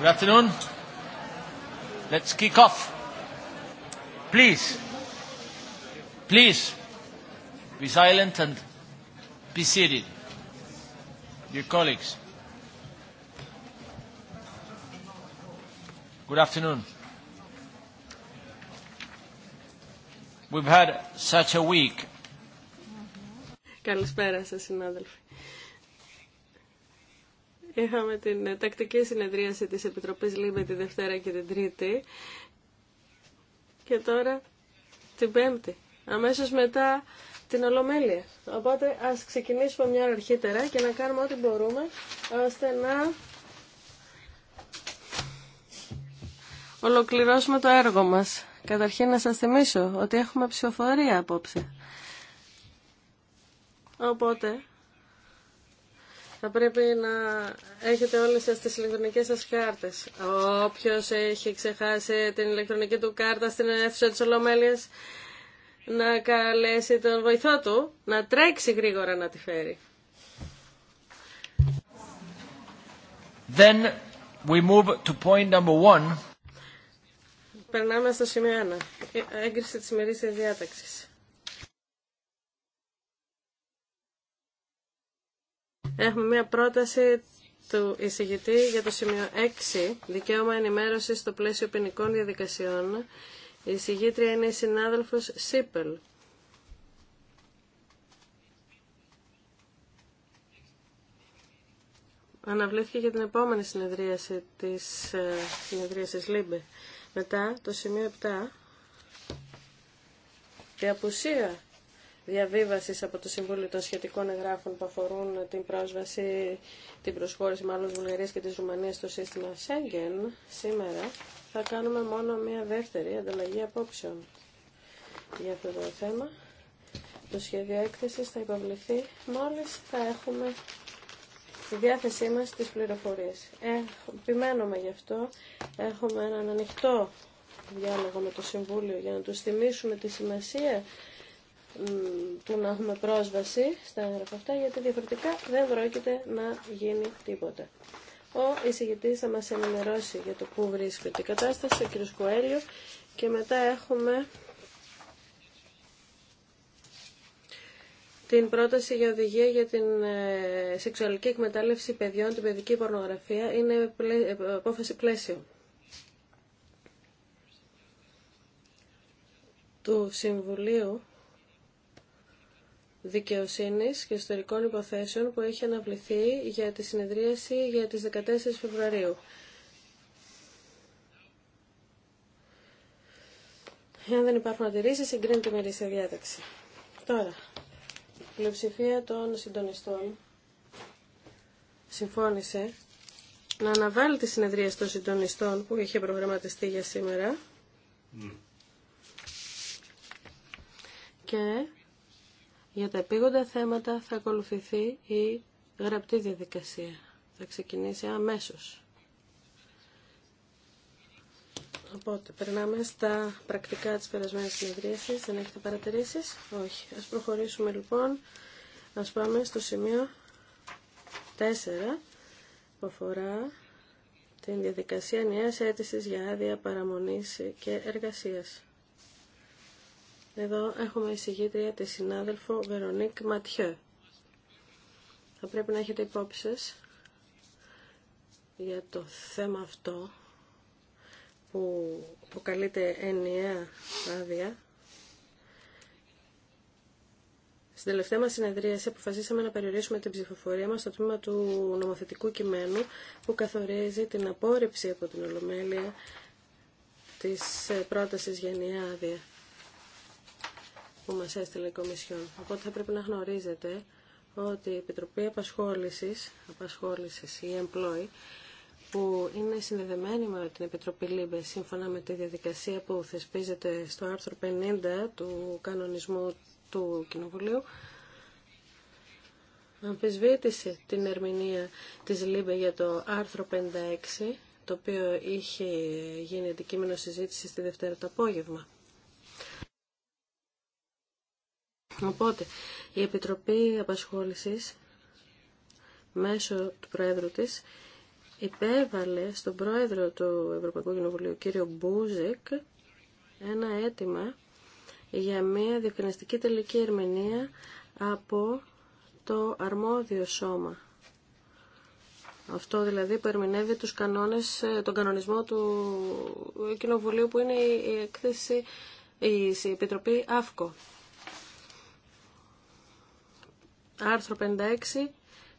Good afternoon. Let's kick off. Please, please be silent and be seated. Dear colleagues, good afternoon. We've had such a week. Καλησπέρα σας συνάδελφοι. Είχαμε την τακτική συνεδρίαση της Επιτροπής Λίμπε τη Δευτέρα και την Τρίτη και τώρα την Πέμπτη, αμέσως μετά την Ολομέλεια. Οπότε ας ξεκινήσουμε μια ώρα αρχίτερα και να κάνουμε ό,τι μπορούμε ώστε να ολοκληρώσουμε το έργο μας. Καταρχήν να σας θυμίσω ότι έχουμε ψηφοφορία απόψε. Οπότε θα πρέπει να έχετε όλες σας τις ηλεκτρονικές σας κάρτες. Όποιος έχει ξεχάσει την ηλεκτρονική του κάρτα στην αίθουσα της Ολομέλειας, να καλέσει τον βοηθό του να τρέξει γρήγορα να τη φέρει. Then we move to point number one. Περνάμε στο σημείο 1. Ε, έγκριση της μερίσης διάταξης. Έχουμε μια πρόταση του εισηγητή για το σημείο 6, δικαίωμα ενημέρωση στο πλαίσιο ποινικών διαδικασιών. Η εισηγήτρια είναι η Συνάδελφο Σίπελ. Αναβλήθηκε για την επόμενη συνεδρίαση της ε, συνεδρίασης ΛΥΜΠΕ. Μετά το σημείο 7, η απουσία Διαβίβαση από το Συμβούλιο των Σχετικών Εγγράφων που αφορούν την πρόσβαση, την προσχώρηση μάλλον της Βουλγαρία και τη Ρουμανία στο σύστημα Σέγγεν, σήμερα θα κάνουμε μόνο μία δεύτερη ανταλλαγή απόψεων για αυτό το θέμα. Το σχέδιο έκθεση θα υποβληθεί μόλι θα έχουμε στη διάθεσή μα τι πληροφορίε. επιμένουμε γι' αυτό. Έχουμε έναν ανοιχτό διάλογο με το Συμβούλιο για να του θυμίσουμε τη σημασία του να έχουμε πρόσβαση στα έγγραφα αυτά, γιατί διαφορετικά δεν πρόκειται να γίνει τίποτα. Ο εισηγητής θα μας ενημερώσει για το πού βρίσκεται η κατάσταση, ο κ. Κουέριο, και μετά έχουμε την πρόταση για οδηγία για την ε, σεξουαλική εκμετάλλευση παιδιών, την παιδική πορνογραφία. Είναι ε, απόφαση πλαίσιο. του Συμβουλίου Δικαιοσύνης και Ιστορικών Υποθέσεων που έχει αναβληθεί για τη συνεδρίαση για τις 14 Φεβρουαρίου. Εάν δεν υπάρχουν αντιρρήσεις, εγκρίνεται με λύση διάταξη. Τώρα, η πλειοψηφία των συντονιστών συμφώνησε να αναβάλει τη συνεδρία των συντονιστών που είχε προγραμματιστεί για σήμερα. Ναι. Και για τα επίγοντα θέματα θα ακολουθηθεί η γραπτή διαδικασία. Θα ξεκινήσει αμέσως. Οπότε, περνάμε στα πρακτικά της περασμένης συνεδρίασης. Δεν έχετε παρατηρήσεις? Όχι. Ας προχωρήσουμε λοιπόν. Ας πάμε στο σημείο 4 που αφορά την διαδικασία νέας αίτησης για άδεια παραμονής και εργασίας. Εδώ έχουμε εισηγήτρια τη συνάδελφο Βερονίκ Ματιέ. Θα πρέπει να έχετε υπόψη για το θέμα αυτό που αποκαλείται ενιαία άδεια. Στην τελευταία μας συνεδρίαση αποφασίσαμε να περιορίσουμε την ψηφοφορία μας στο τμήμα του νομοθετικού κειμένου που καθορίζει την απόρριψη από την Ολομέλεια της πρότασης για ενιαία άδεια που μας έστειλε η Κομισιόν. Οπότε θα πρέπει να γνωρίζετε ότι η Επιτροπή Απασχόλησης, Απασχόλησης ή Εμπλόη που είναι συνδεδεμένη με την Επιτροπή ΛΥΜΠΕ σύμφωνα με τη διαδικασία που θεσπίζεται στο άρθρο 50 του κανονισμού του Κοινοβουλίου, αμφισβήτησε την ερμηνεία της ΛΥΜΠΕ για το άρθρο 56, το οποίο είχε γίνει αντικείμενο συζήτηση στη Δευτέρα το απόγευμα. Οπότε, η Επιτροπή Απασχόλησης, μέσω του Πρόεδρου της, υπέβαλε στον Πρόεδρο του Ευρωπαϊκού Κοινοβουλίου, κύριο Μπούζεκ, ένα αίτημα για μια διευκρινιστική τελική ερμηνεία από το αρμόδιο σώμα. Αυτό δηλαδή που ερμηνεύει τους κανόνες, τον κανονισμό του Κοινοβουλίου που είναι η, εκθέση, η Επιτροπή ΑΦΚΟ. Άρθρο 56,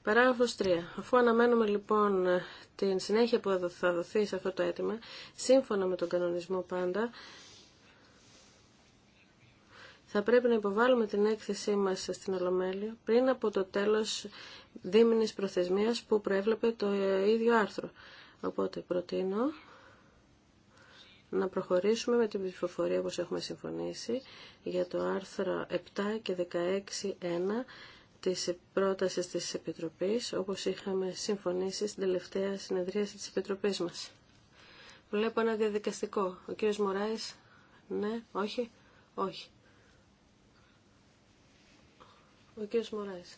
παράγραφος 3. Αφού αναμένουμε λοιπόν την συνέχεια που θα δοθεί σε αυτό το αίτημα, σύμφωνα με τον κανονισμό πάντα, θα πρέπει να υποβάλουμε την έκθεσή μας στην Ολομέλεια πριν από το τέλος δίμηνη προθεσμίας που προέβλεπε το ίδιο άρθρο. Οπότε προτείνω να προχωρήσουμε με την ψηφοφορία όπως έχουμε συμφωνήσει για το άρθρο 7 και 16.1 της πρότασης της Επιτροπής, όπως είχαμε συμφωνήσει στην τελευταία συνεδρίαση της Επιτροπής μας. Βλέπω ένα διαδικαστικό. Ο κύριος Μωράης, ναι, όχι, όχι. Ο κύριος Μωράης.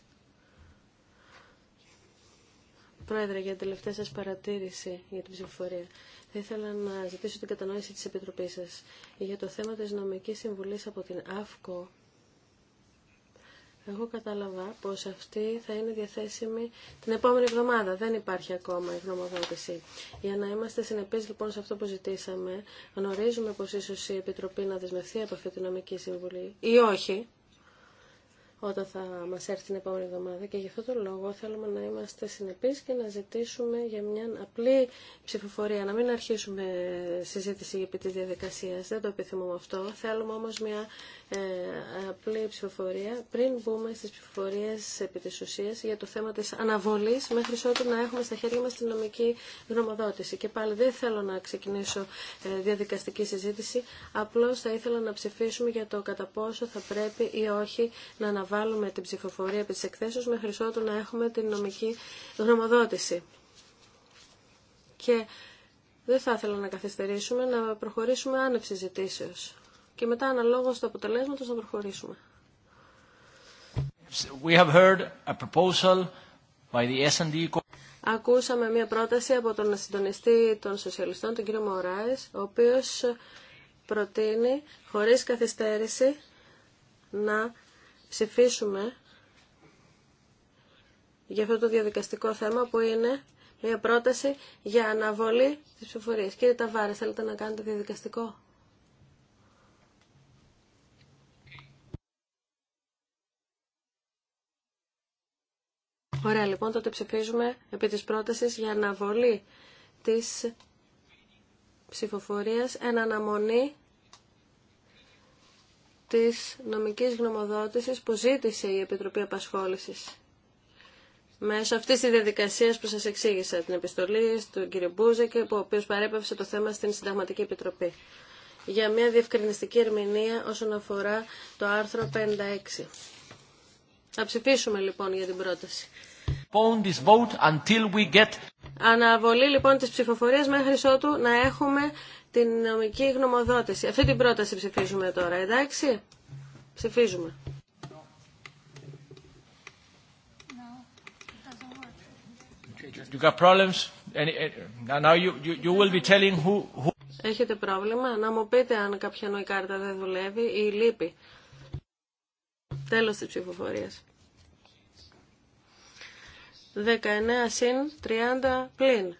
Πρόεδρε, για την τελευταία σας παρατήρηση για την ψηφοφορία. Θα ήθελα να ζητήσω την κατανόηση της Επιτροπής σας για το θέμα της νομικής συμβουλής από την ΑΦΚΟ εγώ κατάλαβα πως αυτή θα είναι διαθέσιμη την επόμενη εβδομάδα. Δεν υπάρχει ακόμα η γνωμοδότηση. Για να είμαστε συνεπείς λοιπόν σε αυτό που ζητήσαμε, γνωρίζουμε πως ίσως η Επιτροπή να δεσμευτεί από αυτή τη νομική συμβουλή ή όχι όταν θα μας έρθει την επόμενη εβδομάδα και γι' αυτό το λόγο θέλουμε να είμαστε συνεπείς και να ζητήσουμε για μια απλή ψηφοφορία, να μην αρχίσουμε συζήτηση επί της διαδικασίας, δεν το επιθυμούμε αυτό. Θέλουμε όμως μια ε, απλή ψηφοφορία πριν μπούμε στις ψηφοφορίες επί της ουσίας για το θέμα της αναβολής μέχρι ότου να έχουμε στα χέρια μας την νομική γνωμοδότηση. Και πάλι δεν θέλω να ξεκινήσω ε, διαδικαστική συζήτηση, απλώς θα ήθελα να ψηφίσουμε για το κατά πόσο θα πρέπει ή όχι να αναβάλουμε βάλουμε την ψηφοφορία επί της εκθέσεως μέχρι ότου να έχουμε την νομική γνωμοδότηση. Και δεν θα ήθελα να καθυστερήσουμε, να προχωρήσουμε άνευ συζητήσεως. Και μετά αναλόγως του αποτελέσματο να προχωρήσουμε. We have heard a proposal by the S&D Ακούσαμε μια πρόταση από τον συντονιστή των σοσιαλιστών, τον κύριο Μωράης, ο οποίος προτείνει χωρίς καθυστέρηση να ψηφίσουμε για αυτό το διαδικαστικό θέμα που είναι μια πρόταση για αναβολή της ψηφοφορίας. Κύριε Ταβάρη, θέλετε να κάνετε διαδικαστικό. Ωραία, λοιπόν, τότε ψηφίζουμε επί της πρότασης για αναβολή της ψηφοφορίας εν αναμονή της νομικής γνωμοδότησης που ζήτησε η Επιτροπή Απασχόλησης. Μέσω αυτής της διαδικασίας που σας εξήγησα, την επιστολή του κ. Μπούζεκ, ο οποίος παρέπευσε το θέμα στην Συνταγματική Επιτροπή, για μια διευκρινιστική ερμηνεία όσον αφορά το άρθρο 56. Θα ψηφίσουμε λοιπόν για την πρόταση. Αναβολή λοιπόν της ψηφοφορίας μέχρι ότου να έχουμε την νομική γνωμοδότηση. Αυτή την πρόταση ψηφίζουμε τώρα, εντάξει. Ψηφίζουμε. You got problems? Eh, now you, you, will be telling who, who... Έχετε πρόβλημα να μου πείτε αν κάποια νόη κάρτα δεν δουλεύει ή λείπει. Τέλος της ψηφοφορίας. 19 συν 30 πλην.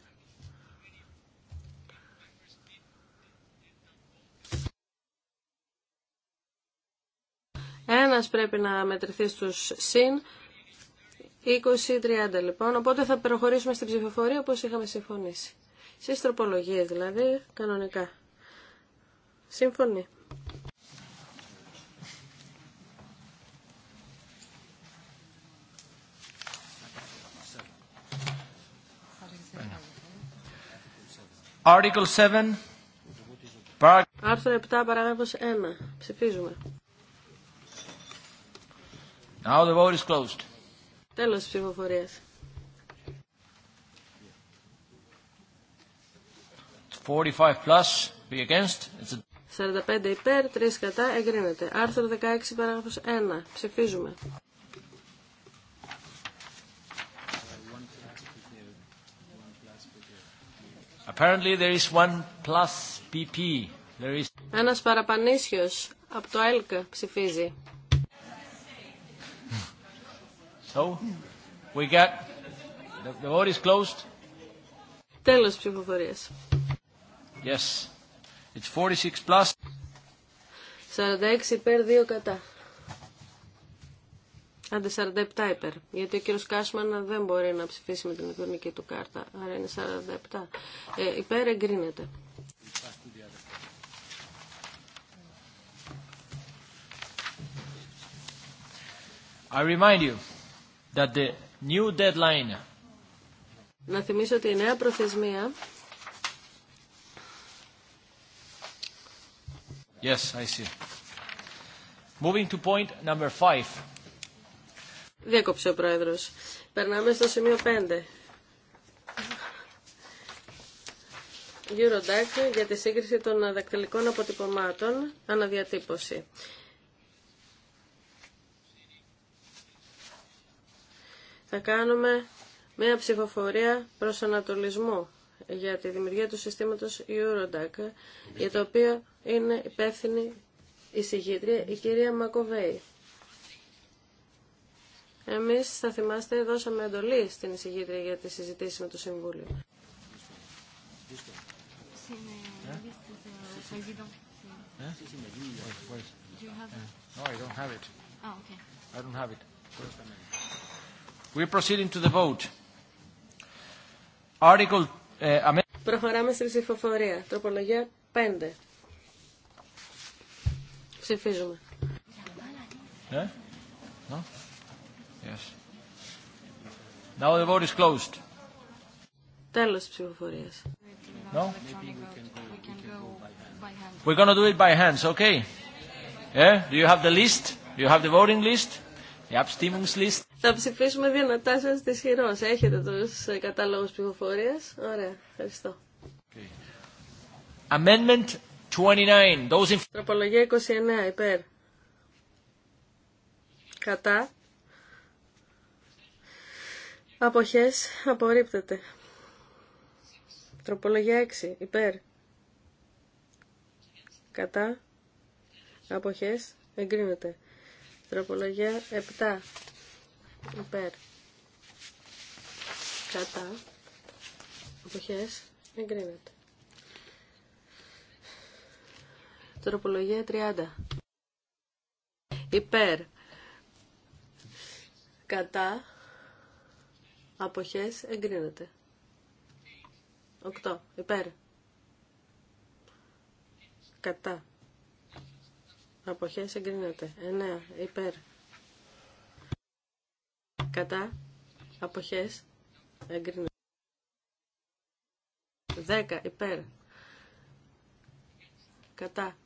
Ένας πρέπει να μετρηθεί στους συν 20-30 λοιπόν, οπότε θα προχωρήσουμε στην ψηφοφορία όπως είχαμε συμφωνήσει. Στις τροπολογίες δηλαδή, κανονικά. Σύμφωνοι. Άρθρο 7, παράγραφος 1. Ψηφίζουμε. Now the vote is closed. Τέλος ψηφοφορίας. 45 plus, be against. It's a... 45 υπέρ, 3 κατά, εγκρίνεται. Άρθρο 16, παράγραφος 1. Ψηφίζουμε. Apparently there is one plus PP. There is... Ένας παραπανήσιος από το ΕΛΚ ψηφίζει. So, we got... The vote is closed. Τέλος ψηφοφορίας. Yes. It's 46 plus. 46 υπέρ, 2 κατά. Άντε 47 υπέρ. Γιατί ο κύριο Κάσμαν δεν μπορεί να ψηφίσει με την εικονική του κάρτα. Άρα είναι 47. Ε, υπέρ εγκρίνεται. I remind you that the new deadline... Να θυμίσω ότι η νέα προθεσμία... Yes, I see. Moving to point number five. Διακοψε ο Πρόεδρος. Περνάμε στο σημείο 5. Eurodac για τη σύγκριση των δακτυλικών αποτυπωμάτων αναδιατύπωση. θα κάνουμε μια ψηφοφορία προς ανατολισμό για τη δημιουργία του συστήματος Eurodac, για το οποίο είναι υπεύθυνη η συγγήτρια, η κυρία Μακοβέη. Εμείς, θα θυμάστε, δώσαμε εντολή στην εισηγήτρια για τη συζητήση με το Συμβούλιο. No, I We're proceeding to the vote. Article, uh, Προχωράμε στην ψηφοφορία. Τροπολογία 5. Ψηφίζουμε. Yeah? No? Yes. Now the vote is closed. Τέλος ψηφοφορίας. No? We're going to do it by hands, okay? Yeah? Do you have the list? Do you have the voting list? Θα ψηφίσουμε δυνατά σα τη χειρό. Έχετε του ε, κατάλογου ψηφοφορία. Ωραία, ευχαριστώ. Amendment 29. Those in... Τροπολογία 29, υπέρ. Κατά. Αποχές, απορρίπτεται. Τροπολογία 6, υπέρ. Κατά. Αποχές, εγκρίνεται. Τροπολογία 7. Υπέρ. Κατά. Αποχές. Εγκρίνεται. Τροπολογία 30. Υπέρ. Κατά. Αποχές. Εγκρίνεται. 8. Υπέρ. Κατά. Αποχέ εγκρίνεται. 9. Υπέρ. Κατά. Αποχέ εγκρίνεται. 10. Υπέρ. Κατά.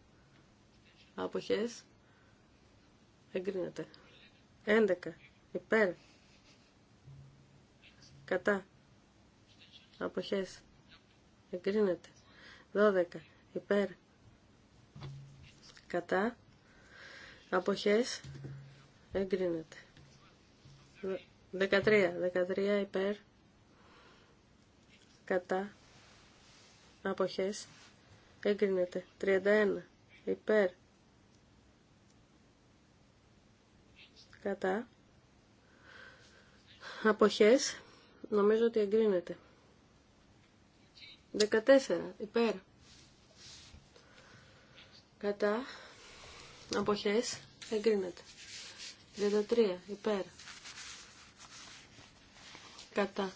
απόχέ, εγκρίνεται. 11. Υπέρ. Κατά. απόχέ. Εγκρίνεται. 12. Υπέρ. Κατά. Αποχές. Εγκρίνεται. 13. 13 υπέρ. Κατά. Αποχές. Εγκρίνεται. 31. Υπέρ. Κατά. Αποχές. Νομίζω ότι εγκρίνεται. 14. Υπέρ. Κατά αποχές εγκρίνεται. 33 υπέρ κατά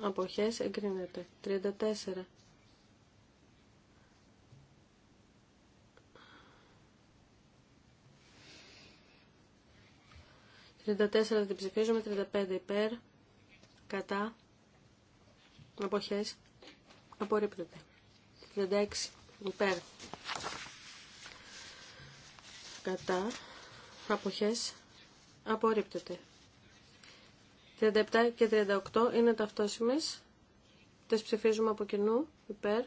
αποχές εγκρίνεται. 34 34 δεν την ψηφίζουμε, 35 υπέρ, κατά, αποχές, απορρίπτεται. 36 υπέρ, κατά αποχές απορρίπτεται. 37 και 38 είναι ταυτόσιμες. Τες ψηφίζουμε από κοινού υπέρ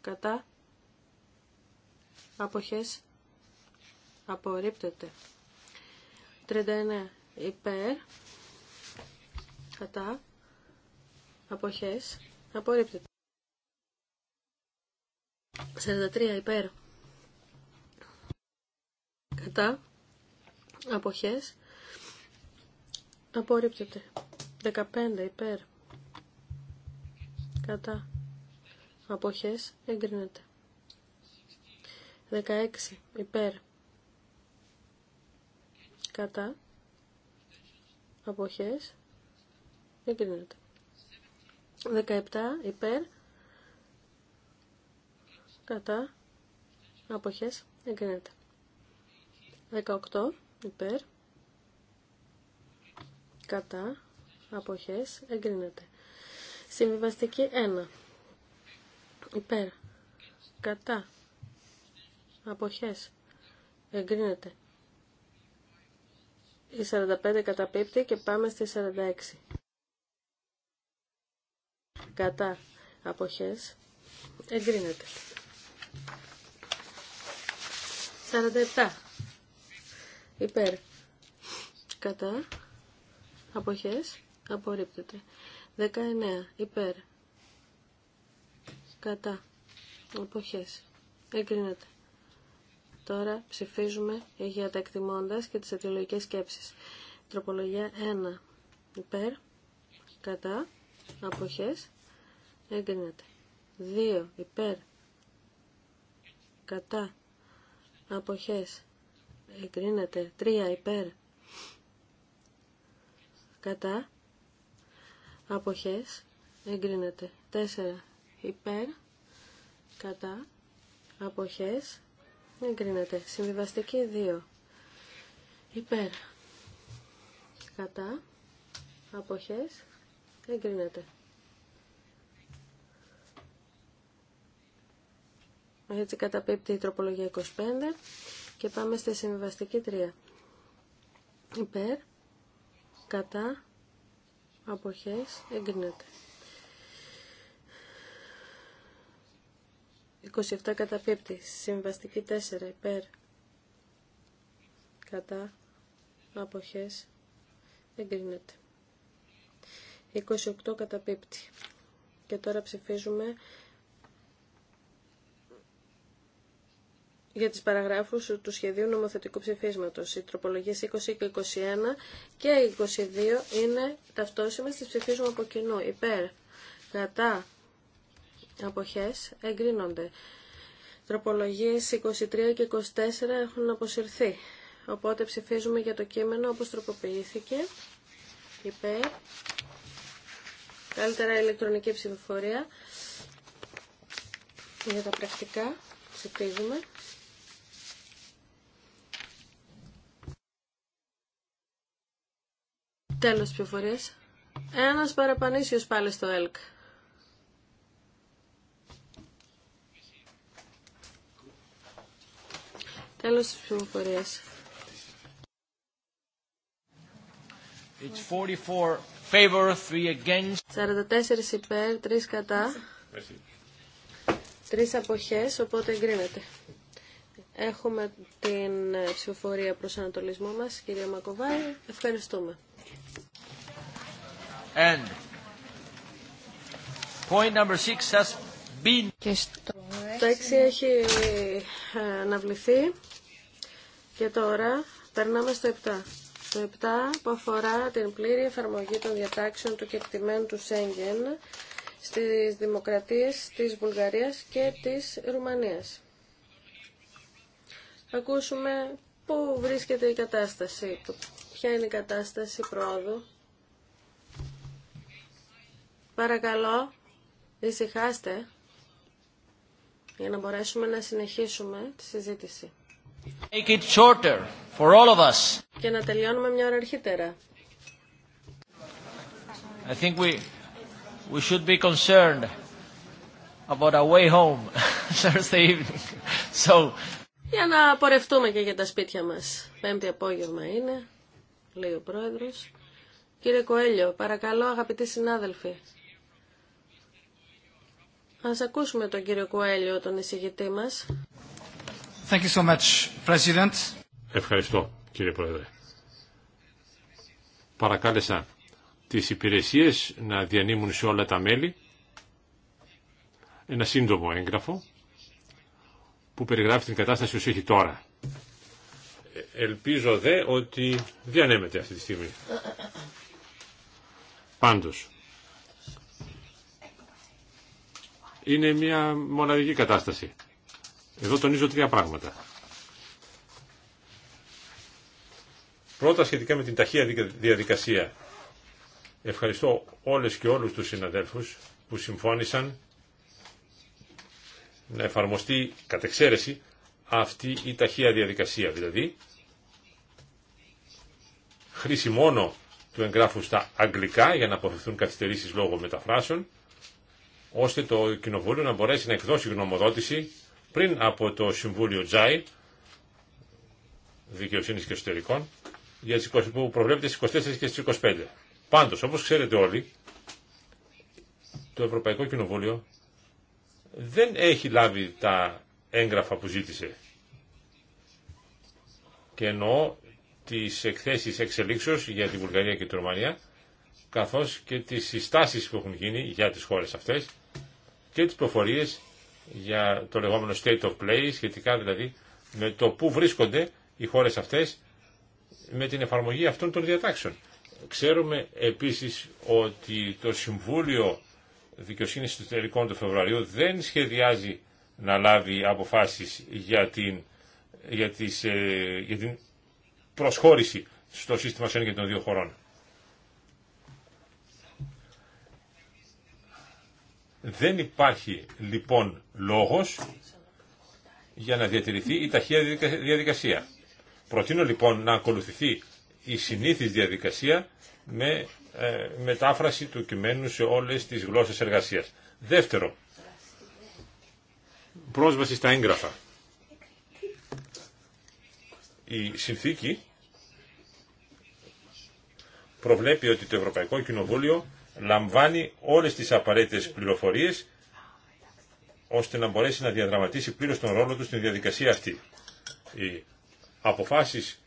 κατά αποχές απορρίπτεται. 39 υπέρ κατά αποχές απορρίπτεται. 43 υπέρ κατά αποχές απορρίπτεται 15 υπέρ κατά αποχές εγκρίνεται 16 υπέρ κατά αποχές εγκρίνεται 17 υπέρ κατά αποχές εγκρίνεται 18 υπέρ κατά αποχές εγκρίνεται. Συμβιβαστική 1 υπέρ κατά αποχές εγκρίνεται. Η 45 καταπίπτει και πάμε στη 46. Κατά αποχές εγκρίνεται. 47 υπέρ κατά αποχές απορρίπτεται 19 υπέρ κατά αποχές εγκρίνεται Τώρα ψηφίζουμε για τα εκτιμώντας και τις αιτιολογικές σκέψεις. Τροπολογία 1. Υπέρ, κατά, αποχές, εγκρίνεται. 2. Υπέρ, κατά, αποχές, εγκρίνεται 3 υπέρ κατά αποχές εγκρίνεται 4 υπέρ κατά αποχές εγκρίνεται συμβιβαστική 2 υπέρ κατά αποχές εγκρίνεται έτσι καταπίπτει η τροπολογία 25 και πάμε στη συμβιβαστική 3. Υπέρ, κατά, αποχές, εγκρίνεται. 27 καταπίπτει. Συμβαστική 4. Υπέρ, κατά, αποχές, εγκρίνεται. 28 καταπίπτει. Και τώρα ψηφίζουμε για τις παραγράφους του σχεδίου νομοθετικού ψηφίσματος. Οι τροπολογίες 20 και 21 και 22 είναι ταυτόσημα στη ψηφίζουμε από κοινού. Υπέρ, κατά, αποχές, εγκρίνονται. Τροπολογίες 23 και 24 έχουν αποσυρθεί. Οπότε ψηφίζουμε για το κείμενο όπως τροποποιήθηκε. Υπέρ. Καλύτερα ηλεκτρονική ψηφοφορία. Για τα πρακτικά ψηφίζουμε. Τέλος πληροφορίας. Ένας παραπανήσιος πάλι στο ΕΛΚ. Τέλος της πληροφορίας. It's 44 favor, against. υπέρ, 3 κατά. 3 αποχές, οπότε εγκρίνεται. Έχουμε την ψηφοφορία προς ανατολισμό μας, κυρία Μακοβάη. Ευχαριστούμε. Το έξι έχει ε, αναβληθεί και τώρα περνάμε στο 7. Το 7 που αφορά την πλήρη εφαρμογή των διατάξεων του κεκτημένου του Σέγγεν στις δημοκρατίες της Βουλγαρίας και της Ρουμανίας. Ακούσουμε πού βρίσκεται η κατάσταση, ποια είναι η κατάσταση πρόοδου Παρακαλώ, ησυχάστε για να μπορέσουμε να συνεχίσουμε τη συζήτηση. Make it shorter for all of us. Και να τελειώνουμε μια ώρα αρχίτερα. I think we, we should be concerned about our way home Thursday evening. So... Για να πορευτούμε και για τα σπίτια μας. Πέμπτη απόγευμα είναι, λέει ο πρόεδρος. Κύριε Κοέλιο, παρακαλώ αγαπητοί συνάδελφοι. Ας ακούσουμε τον κύριο Κουέλιο, τον εισηγητή μας. Thank you so much, President. Ευχαριστώ, κύριε Πρόεδρε. Παρακάλεσα τις υπηρεσίες να διανύμουν σε όλα τα μέλη ένα σύντομο έγγραφο που περιγράφει την κατάσταση όσο έχει τώρα. Ελπίζω δε ότι διανέμεται αυτή τη στιγμή. Πάντως, είναι μια μοναδική κατάσταση. Εδώ τονίζω τρία πράγματα. Πρώτα σχετικά με την ταχεία διαδικασία. Ευχαριστώ όλες και όλους τους συναδέλφους που συμφώνησαν να εφαρμοστεί κατ' εξαίρεση αυτή η ταχεία διαδικασία. Δηλαδή, χρήση μόνο του εγγράφου στα αγγλικά για να αποφευθούν καθυστερήσεις λόγω μεταφράσεων ώστε το Κοινοβούλιο να μπορέσει να εκδώσει γνωμοδότηση πριν από το Συμβούλιο Τζάι, Δικαιοσύνη και Εσωτερικών, για τις 20, που προβλέπεται στι 24 και στι 25. Πάντως, όπω ξέρετε όλοι, το Ευρωπαϊκό Κοινοβούλιο δεν έχει λάβει τα έγγραφα που ζήτησε. Και εννοώ τις εκθέσεις εξελίξεως για τη Βουλγαρία και την Ρουμανία, καθώς και τις συστάσεις που έχουν γίνει για τις χώρες αυτές και τις προφορίες για το λεγόμενο state of play, σχετικά δηλαδή με το πού βρίσκονται οι χώρες αυτές με την εφαρμογή αυτών των διατάξεων. Ξέρουμε επίσης ότι το Συμβούλιο Δικαιοσύνης των Τελικών του Φεβρουαρίου δεν σχεδιάζει να λάβει αποφάσεις για την, για, τις, ε, για την προσχώρηση στο σύστημα Σέγγεν των δύο χωρών. Δεν υπάρχει λοιπόν λόγος για να διατηρηθεί η ταχεία διαδικασία. Προτείνω λοιπόν να ακολουθηθεί η συνήθις διαδικασία με ε, μετάφραση του κειμένου σε όλες τις γλώσσες εργασίας. Δεύτερο, πρόσβαση στα έγγραφα. Η συνθήκη προβλέπει ότι το Ευρωπαϊκό Κοινοβούλιο λαμβάνει όλες τις απαραίτητες πληροφορίες ώστε να μπορέσει να διαδραματίσει πλήρως τον ρόλο του στην διαδικασία αυτή. Οι αποφάσεις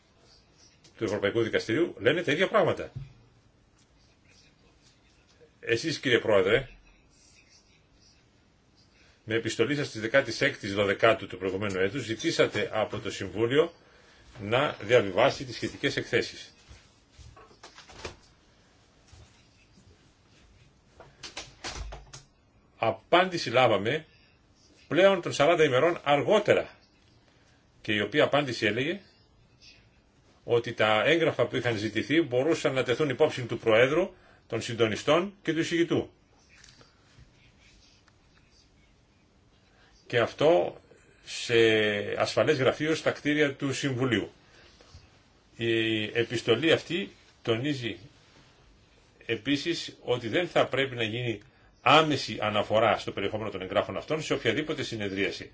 του Ευρωπαϊκού Δικαστηρίου λένε τα ίδια πράγματα. Εσείς κύριε Πρόεδρε, με επιστολή σας της 16ης 12 του προηγουμένου έτους ζητήσατε από το Συμβούλιο να διαβιβάσει τις σχετικές εκθέσεις. απάντηση λάβαμε πλέον των 40 ημερών αργότερα και η οποία απάντηση έλεγε ότι τα έγγραφα που είχαν ζητηθεί μπορούσαν να τεθούν υπόψη του Προέδρου, των συντονιστών και του εισηγητού. Και αυτό σε ασφαλές γραφείο στα κτίρια του Συμβουλίου. Η επιστολή αυτή τονίζει επίσης ότι δεν θα πρέπει να γίνει άμεση αναφορά στο περιεχόμενο των εγγράφων αυτών σε οποιαδήποτε συνεδρίαση.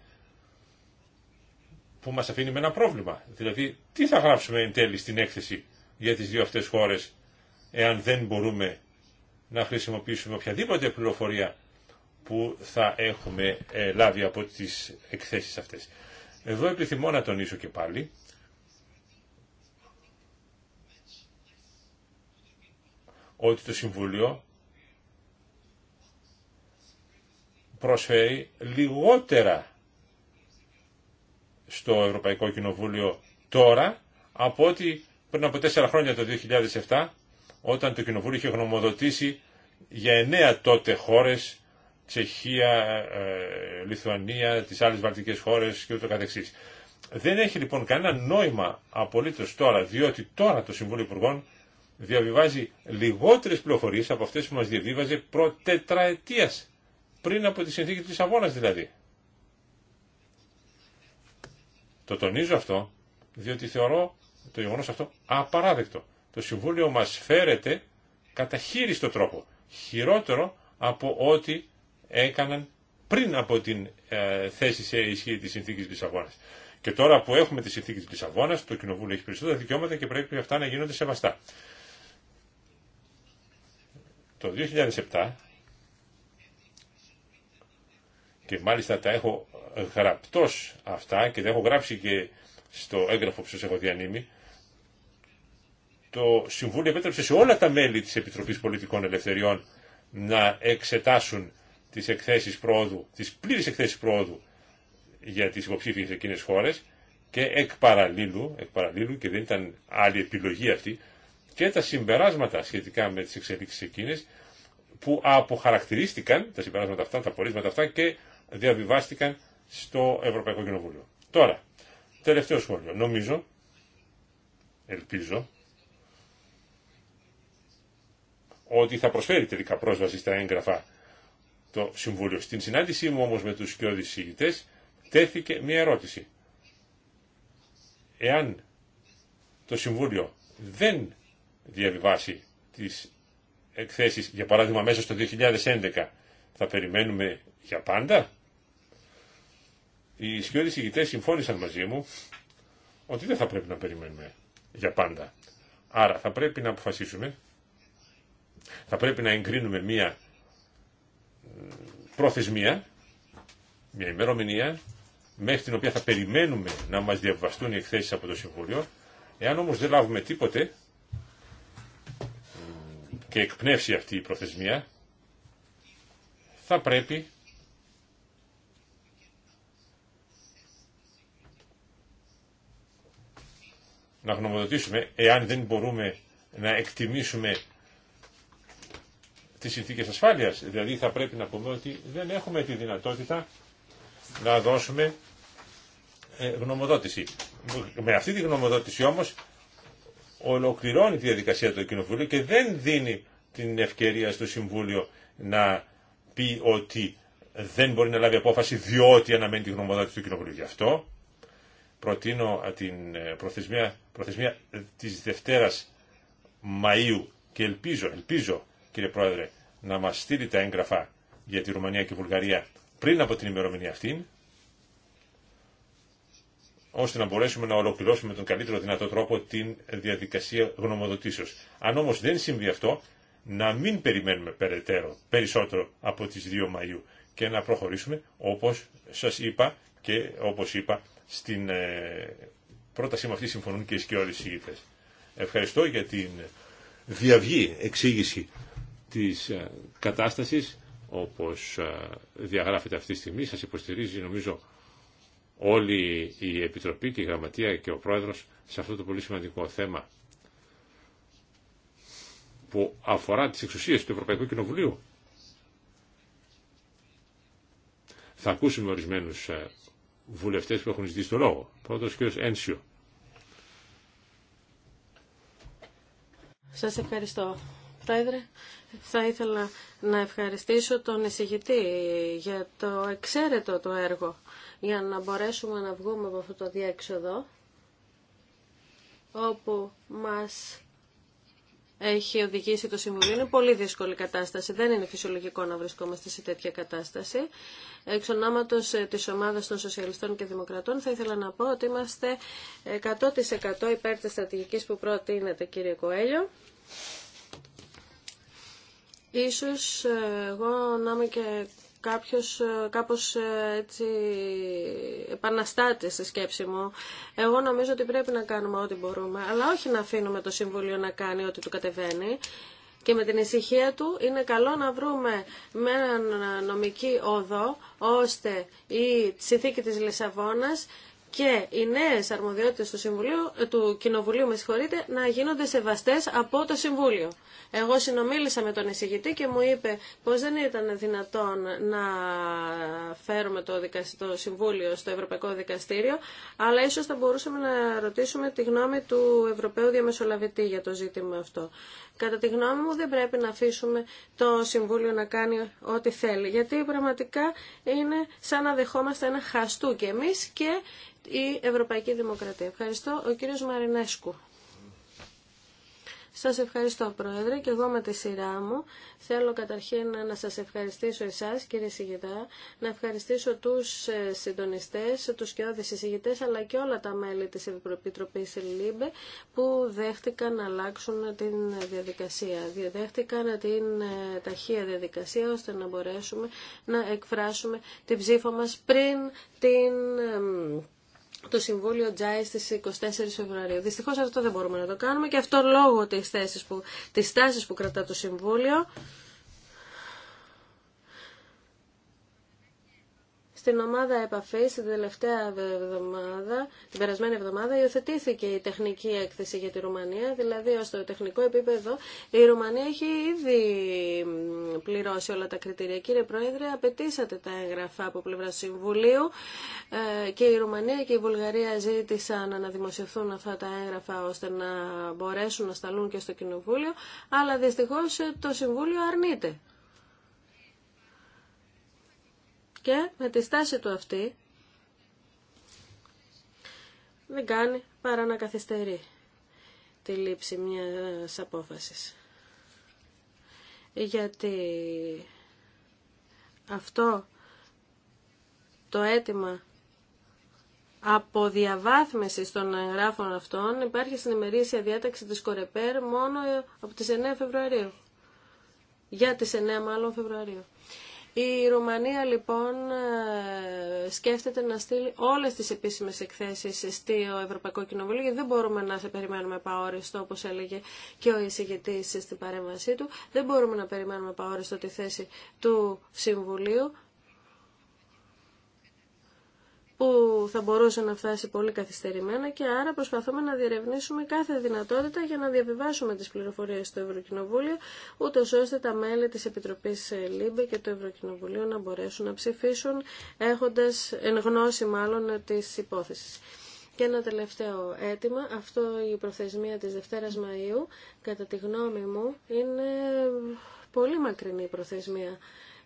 Που μας αφήνει με ένα πρόβλημα. Δηλαδή, τι θα γράψουμε εν τέλει στην έκθεση για τις δύο αυτές χώρες, εάν δεν μπορούμε να χρησιμοποιήσουμε οποιαδήποτε πληροφορία που θα έχουμε ε, λάβει από τις εκθέσεις αυτές. Εδώ επιθυμώ να τονίσω και πάλι ότι το Συμβουλίο προσφέρει λιγότερα στο Ευρωπαϊκό Κοινοβούλιο τώρα από ό,τι πριν από τέσσερα χρόνια το 2007 όταν το Κοινοβούλιο είχε γνωμοδοτήσει για εννέα τότε χώρες Τσεχία, ε, Λιθουανία, τις άλλες βαλτικές χώρες και ούτω καθεξής. Δεν έχει λοιπόν κανένα νόημα απολύτως τώρα, διότι τώρα το Συμβούλιο Υπουργών διαβιβάζει λιγότερες πληροφορίες από αυτές που μας διαβίβαζε προτετραετίας πριν από τη συνθήκη της Αβώνας δηλαδή. Το τονίζω αυτό, διότι θεωρώ το γεγονός αυτό απαράδεκτο. Το Συμβούλιο μας φέρεται κατά χείριστο τρόπο, χειρότερο από ό,τι έκαναν πριν από την ε, θέση σε ισχύ της συνθήκης της Αβώνας. Και τώρα που έχουμε τη συνθήκη της Λισαβόνα, το Κοινοβούλιο έχει περισσότερα δικαιώματα και πρέπει αυτά να γίνονται σεβαστά. Το 2007 και μάλιστα τα έχω γραπτός αυτά και τα έχω γράψει και στο έγγραφο που σας έχω διανύμει, το Συμβούλιο επέτρεψε σε όλα τα μέλη της Επιτροπής Πολιτικών Ελευθεριών να εξετάσουν τις εκθέσεις προόδου, τις πλήρες εκθέσεις προόδου για τις υποψήφιες εκείνες χώρες και εκ παραλίλου, εκ και δεν ήταν άλλη επιλογή αυτή και τα συμπεράσματα σχετικά με τις εξελίξεις εκείνες που αποχαρακτηρίστηκαν τα συμπεράσματα αυτά, τα πορίσματα αυτά και διαβιβάστηκαν στο Ευρωπαϊκό Κοινοβούλιο. Τώρα, τελευταίο σχόλιο. Νομίζω, ελπίζω, ότι θα προσφέρει τελικά πρόσβαση στα έγγραφα το Συμβούλιο. Στην συνάντησή μου όμως με τους σκιώδης τέθηκε μια ερώτηση. Εάν το Συμβούλιο δεν διαβιβάσει τις εκθέσεις, για παράδειγμα μέσα στο 2011, θα περιμένουμε για πάντα οι σκιώδεις ηγητέ συμφώνησαν μαζί μου ότι δεν θα πρέπει να περιμένουμε για πάντα. Άρα θα πρέπει να αποφασίσουμε, θα πρέπει να εγκρίνουμε μία ε, προθεσμία, μία ημερομηνία, μέχρι την οποία θα περιμένουμε να μας διαβαστούν οι εκθέσεις από το Συμβούλιο. Εάν όμως δεν λάβουμε τίποτε και εκπνεύσει αυτή η προθεσμία, θα πρέπει να γνωμοδοτήσουμε εάν δεν μπορούμε να εκτιμήσουμε τις συνθήκες ασφάλειας. Δηλαδή θα πρέπει να πούμε ότι δεν έχουμε τη δυνατότητα να δώσουμε ε, γνωμοδότηση. Με αυτή τη γνωμοδότηση όμως ολοκληρώνει τη διαδικασία του Κοινοβουλίου και δεν δίνει την ευκαιρία στο Συμβούλιο να πει ότι δεν μπορεί να λάβει απόφαση διότι αναμένει τη γνωμοδότηση του Κοινοβουλίου. Γι' αυτό προτείνω την ε, προθεσμία, προθεσμία της Δευτέρας Μαΐου και ελπίζω, ελπίζω κύριε Πρόεδρε να μας στείλει τα έγγραφα για τη Ρουμανία και Βουλγαρία πριν από την ημερομηνία αυτή ώστε να μπορέσουμε να ολοκληρώσουμε με τον καλύτερο δυνατό τρόπο την διαδικασία γνωμοδοτήσεως. Αν όμως δεν συμβεί αυτό, να μην περιμένουμε περαιτέρω περισσότερο από τις 2 Μαΐου και να προχωρήσουμε όπως σας είπα και όπως είπα στην ε, πρότασή μου αυτή συμφωνούν και οι σκιώδεις Ευχαριστώ για την διαυγή εξήγηση της ε, κατάστασης όπως ε, διαγράφεται αυτή τη στιγμή. Σας υποστηρίζει νομίζω όλη η Επιτροπή και η Γραμματεία και ο Πρόεδρος σε αυτό το πολύ σημαντικό θέμα που αφορά τις εξουσίες του Ευρωπαϊκού Κοινοβουλίου. Θα ακούσουμε ορισμένους βουλευτές που έχουν ζητήσει το λόγο. Πρώτος κύριος Ένσιο. Σας ευχαριστώ. Πρόεδρε, θα ήθελα να ευχαριστήσω τον εισηγητή για το εξαίρετο το έργο για να μπορέσουμε να βγούμε από αυτό το διέξοδο όπου μας έχει οδηγήσει το Συμβουλίο. Είναι πολύ δύσκολη κατάσταση. Δεν είναι φυσιολογικό να βρισκόμαστε σε τέτοια κατάσταση. Εξ ονόματο ε, της ομάδας των Σοσιαλιστών και Δημοκρατών θα ήθελα να πω ότι είμαστε 100% ε, υπέρ τη στρατηγική που προτείνεται κύριε Κοέλιο. Ίσως ε, εγώ να είμαι και κάποιος ε, κάπως ε, έτσι επαναστάτη στη σκέψη μου. Εγώ νομίζω ότι πρέπει να κάνουμε ό,τι μπορούμε, αλλά όχι να αφήνουμε το Συμβουλίο να κάνει ό,τι του κατεβαίνει. Και με την ησυχία του είναι καλό να βρούμε με έναν νομική όδο, ώστε η συνθήκη της Λισαβόνας και οι νέε αρμοδιότητε του, ε, του Κοινοβουλίου με να γίνονται σεβαστέ από το Συμβούλιο. Εγώ συνομίλησα με τον εισηγητή και μου είπε πω δεν ήταν δυνατόν να φέρουμε το, το Συμβούλιο στο Ευρωπαϊκό Δικαστήριο, αλλά ίσω θα μπορούσαμε να ρωτήσουμε τη γνώμη του Ευρωπαίου Διαμεσολαβητή για το ζήτημα αυτό. Κατά τη γνώμη μου δεν πρέπει να αφήσουμε το Συμβούλιο να κάνει ό,τι θέλει, γιατί πραγματικά είναι σαν να δεχόμαστε ένα χαστού και εμείς και η Ευρωπαϊκή Δημοκρατία. Ευχαριστώ. Ο κύριος Μαρινέσκου. Σας ευχαριστώ Πρόεδρε και εγώ με τη σειρά μου θέλω καταρχήν να σας ευχαριστήσω εσάς κύριε Σιγητά, να ευχαριστήσω τους ε, συντονιστές, τους και συζητητές, αλλά και όλα τα μέλη της Επιτροπής ΛΥΜΠΕ που δέχτηκαν να αλλάξουν την διαδικασία. Δέχτηκαν την ε, ταχεία διαδικασία ώστε να μπορέσουμε να εκφράσουμε την ψήφο μας πριν την ε, το Συμβούλιο Τζάι στις 24 Φεβρουαρίου. Δυστυχώ αυτό δεν μπορούμε να το κάνουμε και αυτό λόγω τη τάση που, που κρατά το Συμβούλιο. Στην ομάδα επαφή την τελευταία εβδομάδα, την περασμένη εβδομάδα υιοθετήθηκε η τεχνική έκθεση για τη Ρουμανία, δηλαδή ω το τεχνικό επίπεδο η Ρουμανία έχει ήδη πληρώσει όλα τα κριτήρια. Κύριε Πρόεδρε, απαιτήσατε τα έγγραφα από πλευρά Συμβουλίου ε, και η Ρουμανία και η Βουλγαρία ζήτησαν να δημοσιευθούν αυτά τα έγγραφα ώστε να μπορέσουν να σταλούν και στο Κοινοβούλιο, αλλά δυστυχώ το Συμβούλιο αρνείται. και με τη στάση του αυτή δεν κάνει παρά να καθυστερεί τη λήψη μιας απόφασης. Γιατί αυτό το αίτημα από διαβάθμιση των εγγράφων αυτών υπάρχει στην ημερήσια διάταξη της Κορεπέρ μόνο από τις 9 Φεβρουαρίου. Για τις 9 μάλλον Φεβρουαρίου. Η Ρουμανία λοιπόν ε, σκέφτεται να στείλει όλες τις επίσημες εκθέσεις στο Ευρωπαϊκό Κοινοβούλιο γιατί δεν μπορούμε να σε περιμένουμε παόριστο όπως έλεγε και ο εισηγητής στην παρέμβασή του. Δεν μπορούμε να περιμένουμε παόριστο τη θέση του Συμβουλίου που θα μπορούσε να φτάσει πολύ καθυστερημένα και άρα προσπαθούμε να διερευνήσουμε κάθε δυνατότητα για να διαβιβάσουμε τις πληροφορίες στο Ευρωκοινοβούλιο, ούτω ώστε τα μέλη της Επιτροπής ε, ΛΥΜΠΕ και του Ευρωκοινοβουλίου να μπορέσουν να ψηφίσουν έχοντας εν γνώση μάλλον της υπόθεσης. Και ένα τελευταίο αίτημα, αυτό η προθεσμία της Δευτέρας Μαΐου, κατά τη γνώμη μου, είναι πολύ μακρινή προθεσμία.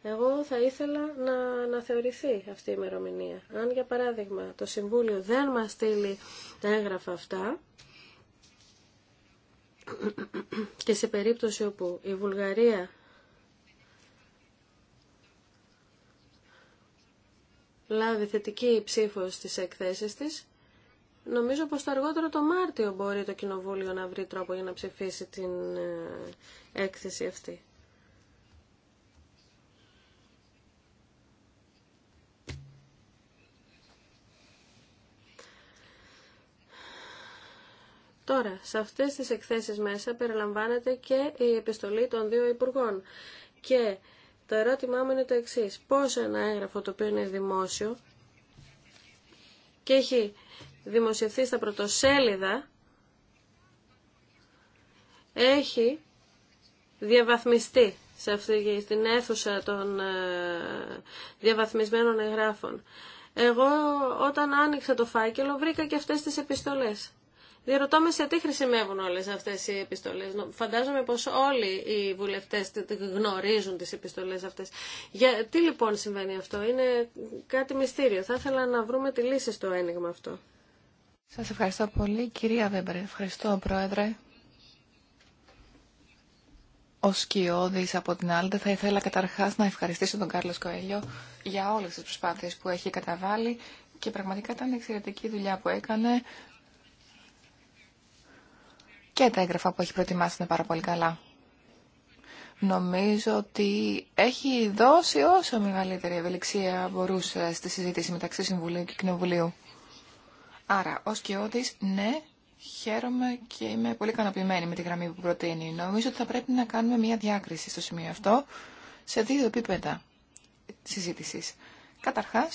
Εγώ θα ήθελα να, να θεωρηθεί αυτή η ημερομηνία. Αν για παράδειγμα το Συμβούλιο δεν μας στείλει τα έγγραφα αυτά, και σε περίπτωση όπου η Βουλγαρία λάβει θετική ψήφο στις εκθέσεις της, νομίζω πως το αργότερο το Μάρτιο μπορεί το Κοινοβούλιο να βρει τρόπο για να ψηφίσει την ε, έκθεση αυτή. Τώρα, σε αυτές τις εκθέσεις μέσα περιλαμβάνεται και η επιστολή των δύο υπουργών. Και το ερώτημά μου είναι το εξής. Πώς ένα έγγραφο το οποίο είναι δημόσιο και έχει δημοσιευθεί στα πρωτοσέλιδα έχει διαβαθμιστεί σε αυτή, στην αίθουσα των ε, διαβαθμισμένων εγγράφων. Εγώ όταν άνοιξα το φάκελο βρήκα και αυτές τις επιστολές. Διαρωτώμε σε τι χρησιμεύουν όλες αυτές οι επιστολές. Φαντάζομαι πως όλοι οι βουλευτές γνωρίζουν τις επιστολές αυτές. Για, τι λοιπόν συμβαίνει αυτό. Είναι κάτι μυστήριο. Θα ήθελα να βρούμε τη λύση στο ένιγμα αυτό. Σας ευχαριστώ πολύ κυρία Βέμπερ. Ευχαριστώ πρόεδρε. Ο Σκιώδης από την άλλη θα ήθελα καταρχάς να ευχαριστήσω τον Κάρλος Κοέλιο για όλες τις προσπάθειες που έχει καταβάλει και πραγματικά ήταν εξαιρετική δουλειά που έκανε και τα έγγραφα που έχει προετοιμάσει είναι πάρα πολύ καλά. Νομίζω ότι έχει δώσει όσο μεγαλύτερη ευελιξία μπορούσε στη συζήτηση μεταξύ Συμβουλίου και Κοινοβουλίου. Άρα, ως και ό,τι ναι, χαίρομαι και είμαι πολύ ικανοποιημένη με τη γραμμή που προτείνει. Νομίζω ότι θα πρέπει να κάνουμε μια διάκριση στο σημείο αυτό σε δύο επίπεδα συζήτηση. Καταρχά.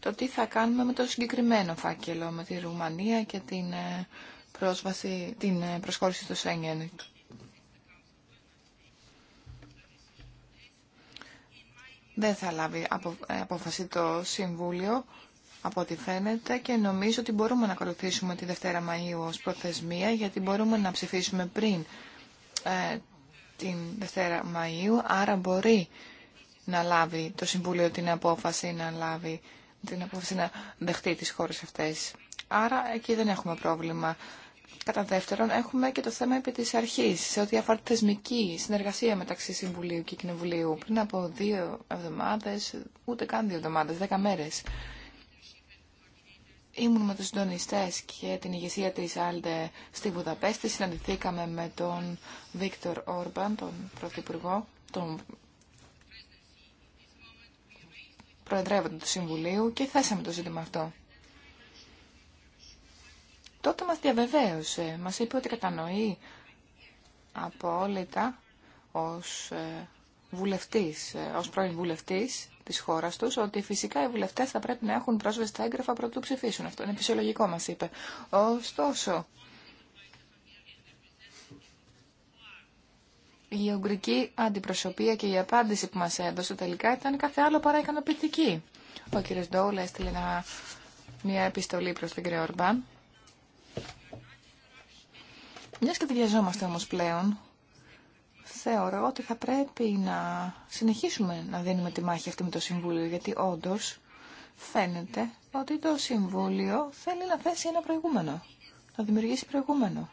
το τι θα κάνουμε με το συγκεκριμένο φάκελο, με τη Ρουμανία και την ε, πρόσβαση, την ε, προσχώρηση του Σέγγεν. Δεν θα λάβει ε, απόφαση το Συμβούλιο, από ό,τι φαίνεται, και νομίζω ότι μπορούμε να ακολουθήσουμε τη Δευτέρα Μαΐου ως προθεσμία, γιατί μπορούμε να ψηφίσουμε πριν ε, την Δευτέρα Μαΐου, άρα μπορεί να λάβει το Συμβούλιο την απόφαση να λάβει την απόφαση να δεχτεί τις χώρες αυτές. Άρα εκεί δεν έχουμε πρόβλημα. Κατά δεύτερον, έχουμε και το θέμα επί της αρχής, σε ό,τι αφορά τη θεσμική συνεργασία μεταξύ Συμβουλίου και Κοινοβουλίου. Πριν από δύο εβδομάδες, ούτε καν δύο εβδομάδες, δέκα μέρες, ήμουν με τους συντονιστές και την ηγεσία της Άλντε στη Βουδαπέστη. Συναντηθήκαμε με τον Βίκτορ Όρμπαν, τον Πρωθυπουργό, τον Προεδρεύοντα του Συμβουλίου και θέσαμε το ζήτημα αυτό τότε μας διαβεβαίωσε, μας είπε ότι κατανοεί απόλυτα ως ε, βουλευτής, ε, ως πρώην βουλευτής της χώρας τους, ότι φυσικά οι βουλευτές θα πρέπει να έχουν πρόσβαση στα έγγραφα πρωτού ψηφίσουν. Αυτό είναι φυσιολογικό, μας είπε. Ωστόσο, η ουγγρική αντιπροσωπεία και η απάντηση που μας έδωσε τελικά ήταν κάθε άλλο παρά ικανοποιητική. Ο κ. Ντόουλα έστειλε μια επιστολή προς τον κ. Ορμπάν μια και βιαζόμαστε όμως πλέον, θεωρώ ότι θα πρέπει να συνεχίσουμε να δίνουμε τη μάχη αυτή με το Συμβούλιο, γιατί όντω φαίνεται ότι το Συμβούλιο θέλει να θέσει ένα προηγούμενο, να δημιουργήσει προηγούμενο.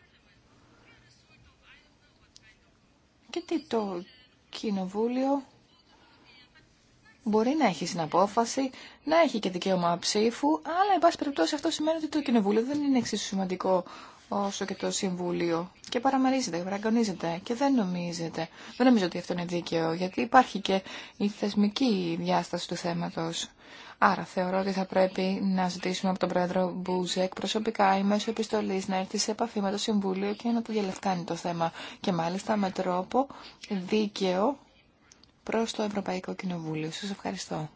Και τι το Κοινοβούλιο μπορεί να έχει συναπόφαση, να έχει και δικαίωμα ψήφου, αλλά εν πάση περιπτώσει αυτό σημαίνει ότι το Κοινοβούλιο δεν είναι εξίσου σημαντικό όσο και το Συμβούλιο και παραμερίζεται, βραγκονίζεται και δεν νομίζετε. Δεν νομίζω ότι αυτό είναι δίκαιο, γιατί υπάρχει και η θεσμική διάσταση του θέματος. Άρα θεωρώ ότι θα πρέπει να ζητήσουμε από τον πρόεδρο Μπούζεκ προσωπικά ή μέσω επιστολή να έρθει σε επαφή με το Συμβούλιο και να το διαλευκάνει το θέμα. Και μάλιστα με τρόπο δίκαιο προς το Ευρωπαϊκό Κοινοβούλιο. Σας ευχαριστώ.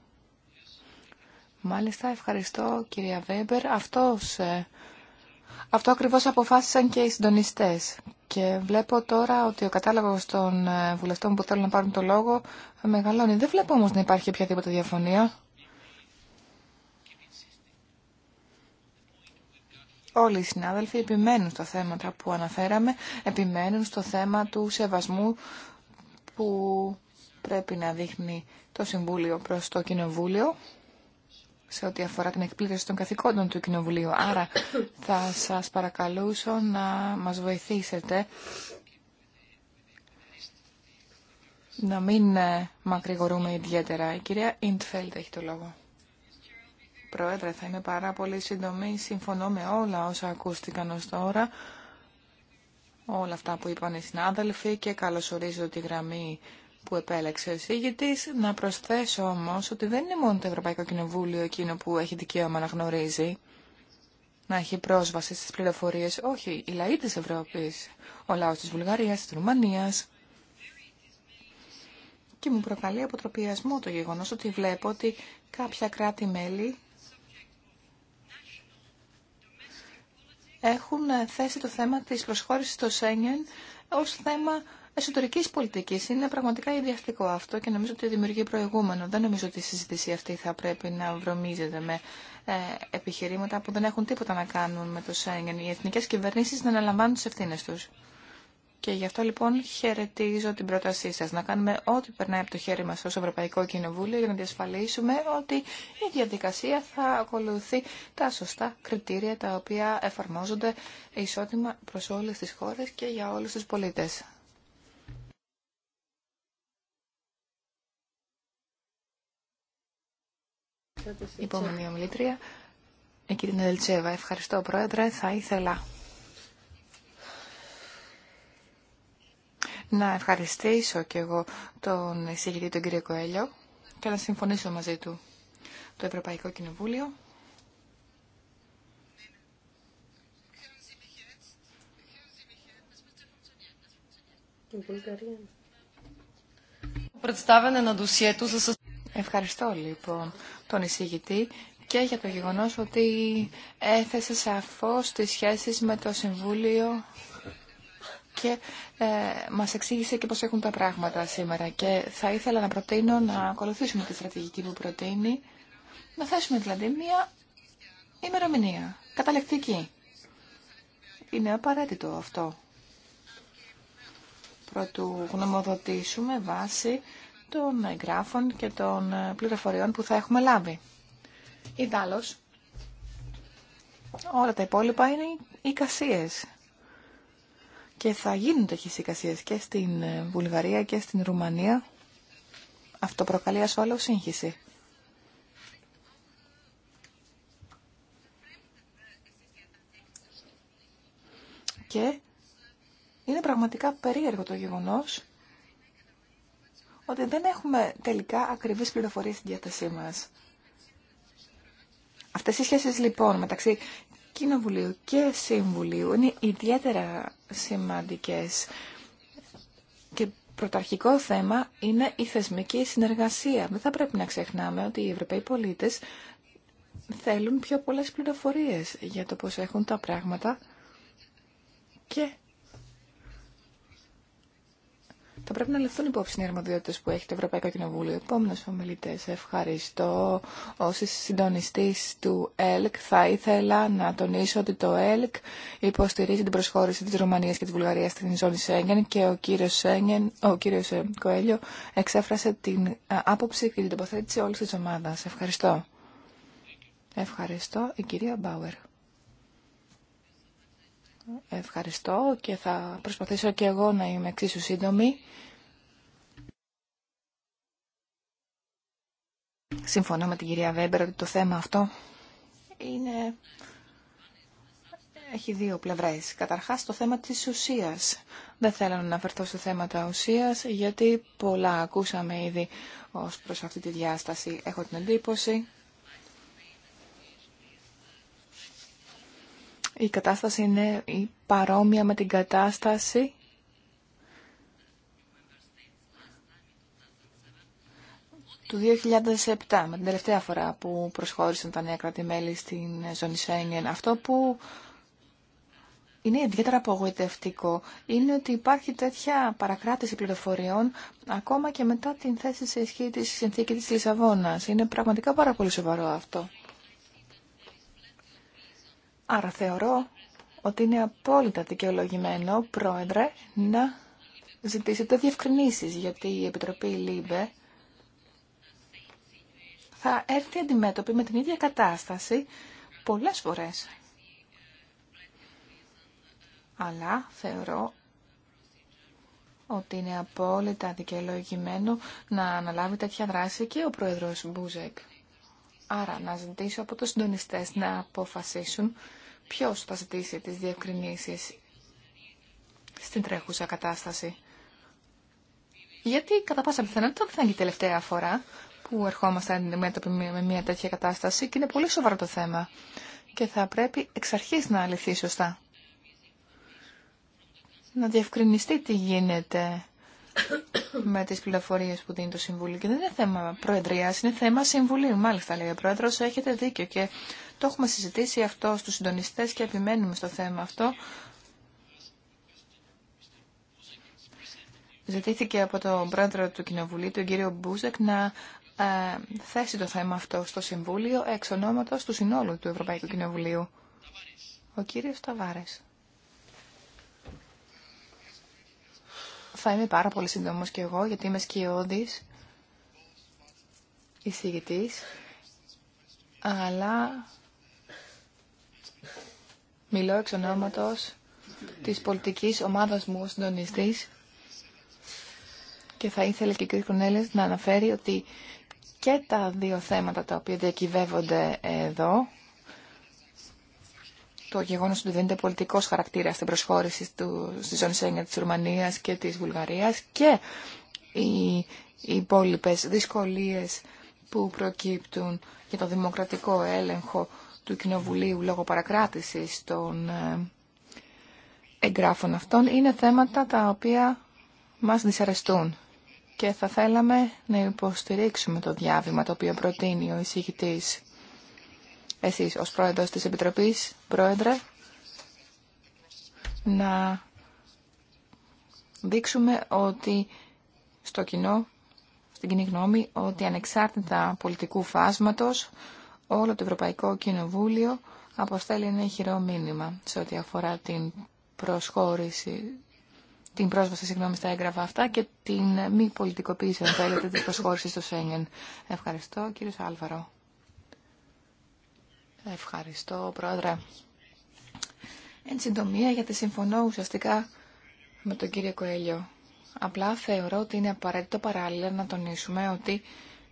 Μάλιστα, ευχαριστώ κυρία Βέμπερ. Αυτός ε, αυτό ακριβώς αποφάσισαν και οι συντονιστές. Και βλέπω τώρα ότι ο κατάλογος των ε, βουλευτών που θέλουν να πάρουν το λόγο μεγαλώνει. Δεν βλέπω όμως να υπάρχει οποιαδήποτε διαφωνία. Όλοι οι συνάδελφοι επιμένουν στα θέματα που αναφέραμε, επιμένουν στο θέμα του σεβασμού που πρέπει να δείχνει το Συμβούλιο προς το Κοινοβούλιο σε ό,τι αφορά την εκπλήρωση των καθηκόντων του Κοινοβουλίου. Άρα θα σας παρακαλούσω να μας βοηθήσετε να μην ε, μακρηγορούμε ιδιαίτερα. Η κυρία Ιντφέλτ έχει το λόγο. Πρόεδρε, θα είμαι πάρα πολύ σύντομη. Συμφωνώ με όλα όσα ακούστηκαν ως τώρα. Όλα αυτά που είπαν οι συνάδελφοι και καλωσορίζω τη γραμμή που επέλεξε ο εισήγητης. Να προσθέσω όμως ότι δεν είναι μόνο το Ευρωπαϊκό Κοινοβούλιο εκείνο που έχει δικαίωμα να γνωρίζει, να έχει πρόσβαση στις πληροφορίες. Όχι, οι λαοί της Ευρώπης, ο λαός της Βουλγαρίας, της Ρουμανίας. Και μου προκαλεί αποτροπιασμό το γεγονός ότι βλέπω ότι κάποια κράτη-μέλη έχουν θέσει το θέμα της προσχώρησης στο Σέγγεν ως θέμα εσωτερική πολιτική Είναι πραγματικά ιδιαστικό αυτό και νομίζω ότι δημιουργεί προηγούμενο. Δεν νομίζω ότι η συζήτηση αυτή θα πρέπει να βρωμίζεται με ε, επιχειρήματα που δεν έχουν τίποτα να κάνουν με το Σέγγεν. Οι εθνικέ κυβερνήσει να αναλαμβάνουν τι ευθύνε του. Και γι' αυτό λοιπόν χαιρετίζω την πρότασή σα να κάνουμε ό,τι περνάει από το χέρι μα ω Ευρωπαϊκό Κοινοβούλιο για να διασφαλίσουμε ότι η διαδικασία θα ακολουθεί τα σωστά κριτήρια τα οποία εφαρμόζονται ισότιμα προ όλε τι χώρε και για όλου του πολίτε. Η επόμενη ομιλήτρια, η ε, κυρία Νελτσέβα. Ευχαριστώ, Πρόεδρε. Θα ήθελα να ευχαριστήσω και εγώ τον εισηγητή τον κύριο Κοέλιο και να συμφωνήσω μαζί του το Ευρωπαϊκό Κοινοβούλιο. на досието за Ευχαριστώ λοιπόν τον εισηγητή και για το γεγονός ότι έθεσε σαφώς τις σχέσεις με το Συμβούλιο και ε, μας εξήγησε και πώς έχουν τα πράγματα σήμερα. Και θα ήθελα να προτείνω να ακολουθήσουμε τη στρατηγική που προτείνει, να θέσουμε δηλαδή μία ημερομηνία, καταλεκτική. Είναι απαραίτητο αυτό. Πρωτού γνωμοδοτήσουμε βάση των εγγράφων και των ε, πληροφοριών που θα έχουμε λάβει. Ιδάλλως, όλα τα υπόλοιπα είναι εικασίες. Και θα γίνουν τέτοιες εικασίες και στην ε, Βουλγαρία και στην Ρουμανία. Αυτό προκαλεί ασφαλώ σύγχυση. Και είναι πραγματικά περίεργο το γεγονός ότι δεν έχουμε τελικά ακριβείς πληροφορίες στην διάθεσή μας. Αυτές οι σχέσεις λοιπόν μεταξύ Κοινοβουλίου και Συμβουλίου είναι ιδιαίτερα σημαντικές και πρωταρχικό θέμα είναι η θεσμική συνεργασία. Δεν θα πρέπει να ξεχνάμε ότι οι Ευρωπαίοι πολίτες θέλουν πιο πολλές πληροφορίες για το πώς έχουν τα πράγματα Θα πρέπει να λεφθούν υπόψη οι αρμοδιότητε που έχει το Ευρωπαϊκό Κοινοβούλιο. Επόμενο ομιλητέ, ευχαριστώ. Ω συντονιστή του ΕΛΚ, θα ήθελα να τονίσω ότι το ΕΛΚ υποστηρίζει την προσχώρηση τη Ρουμανία και τη Βουλγαρία στην ζώνη Σέγγεν και ο κύριο ο κύριος ε, Κοέλιο εξέφρασε την ε, άποψη και την τοποθέτηση όλη τη ομάδα. Ευχαριστώ. Ευχαριστώ, η κυρία Μπάουερ. Ευχαριστώ και θα προσπαθήσω και εγώ να είμαι εξίσου σύντομη. Συμφωνώ με την κυρία Βέμπερ ότι το θέμα αυτό είναι... έχει δύο πλευρές. Καταρχάς το θέμα της ουσίας. Δεν θέλω να αναφερθώ θέμα θέματα ουσίας γιατί πολλά ακούσαμε ήδη ως προς αυτή τη διάσταση. Έχω την εντύπωση η κατάσταση είναι η παρόμοια με την κατάσταση του 2007, με την τελευταία φορά που προσχώρησαν τα νέα κράτη-μέλη στην ζώνη Σέγγεν. Αυτό που είναι ιδιαίτερα απογοητευτικό είναι ότι υπάρχει τέτοια παρακράτηση πληροφοριών ακόμα και μετά την θέση σε ισχύ της συνθήκη της Λισαβόνας. Είναι πραγματικά πάρα πολύ σοβαρό αυτό. Άρα θεωρώ ότι είναι απόλυτα δικαιολογημένο, Πρόεδρε, να ζητήσετε διευκρινήσεις, γιατί η Επιτροπή ΛΥΜΠΕ θα έρθει αντιμέτωπη με την ίδια κατάσταση πολλές φορές. Αλλά θεωρώ ότι είναι απόλυτα δικαιολογημένο να αναλάβει τέτοια δράση και ο Πρόεδρος Μπούζεκ. Άρα να ζητήσω από τους συντονιστές να αποφασίσουν ποιος θα ζητήσει τις διευκρινήσεις στην τρέχουσα κατάσταση. Γιατί κατά πάσα πιθανότητα δεν θα είναι η τελευταία φορά που ερχόμαστε αντιμέτωποι με μια τέτοια κατάσταση και είναι πολύ σοβαρό το θέμα και θα πρέπει εξ αρχής να λυθεί σωστά. Να διευκρινιστεί τι γίνεται με τις πληροφορίες που δίνει το Συμβούλιο. Και δεν είναι θέμα Προεδρίας, είναι θέμα Συμβουλίου. Μάλιστα, λέει ο Πρόεδρος, έχετε δίκιο και το έχουμε συζητήσει αυτό στους συντονιστές και επιμένουμε στο θέμα αυτό. Ζητήθηκε από τον πρόεδρο του Κοινοβουλίου, τον κύριο Μπούζεκ, να ε, θέσει το θέμα αυτό στο Συμβούλιο εξ ονόματος του συνόλου του Ευρωπαϊκού Κοινοβουλίου. Ο κύριος Ταβάρες. Θα είμαι πάρα πολύ σύντομος και εγώ, γιατί είμαι σκιώδης, εισηγητής, αλλά Μιλώ εξ ονόματος της πολιτικής ομάδας μου ως συντονιστής και θα ήθελε και ο κ. να αναφέρει ότι και τα δύο θέματα τα οποία διακυβεύονται εδώ το γεγονό ότι δίνεται πολιτικό χαρακτήρα στην προσχώρηση του, στη ζώνη Σέγγεν τη Ρουμανία και τη Βουλγαρία και οι, οι υπόλοιπε δυσκολίε που προκύπτουν για το δημοκρατικό έλεγχο του Κοινοβουλίου λόγω παρακράτησης των ε, εγγράφων αυτών είναι θέματα τα οποία μας δυσαρεστούν και θα θέλαμε να υποστηρίξουμε το διάβημα το οποίο προτείνει ο εισηγητής. Εσείς ως πρόεδρος της Επιτροπής, πρόεδρε, να δείξουμε ότι στο κοινό, στην κοινή γνώμη, ότι ανεξάρτητα πολιτικού φάσματος όλο το Ευρωπαϊκό Κοινοβούλιο αποστέλει ένα χειρό μήνυμα σε ό,τι αφορά την προσχώρηση την πρόσβαση συγγνώμη, στα έγγραφα αυτά και την μη πολιτικοποίηση, αν θέλετε, της προσχώρησης στο Σέγγεν. Ευχαριστώ, κύριε Άλβαρο. Ευχαριστώ, Πρόεδρε. Εν συντομία, γιατί συμφωνώ ουσιαστικά με τον κύριο Κοέλιο. Απλά θεωρώ ότι είναι απαραίτητο παράλληλα να τονίσουμε ότι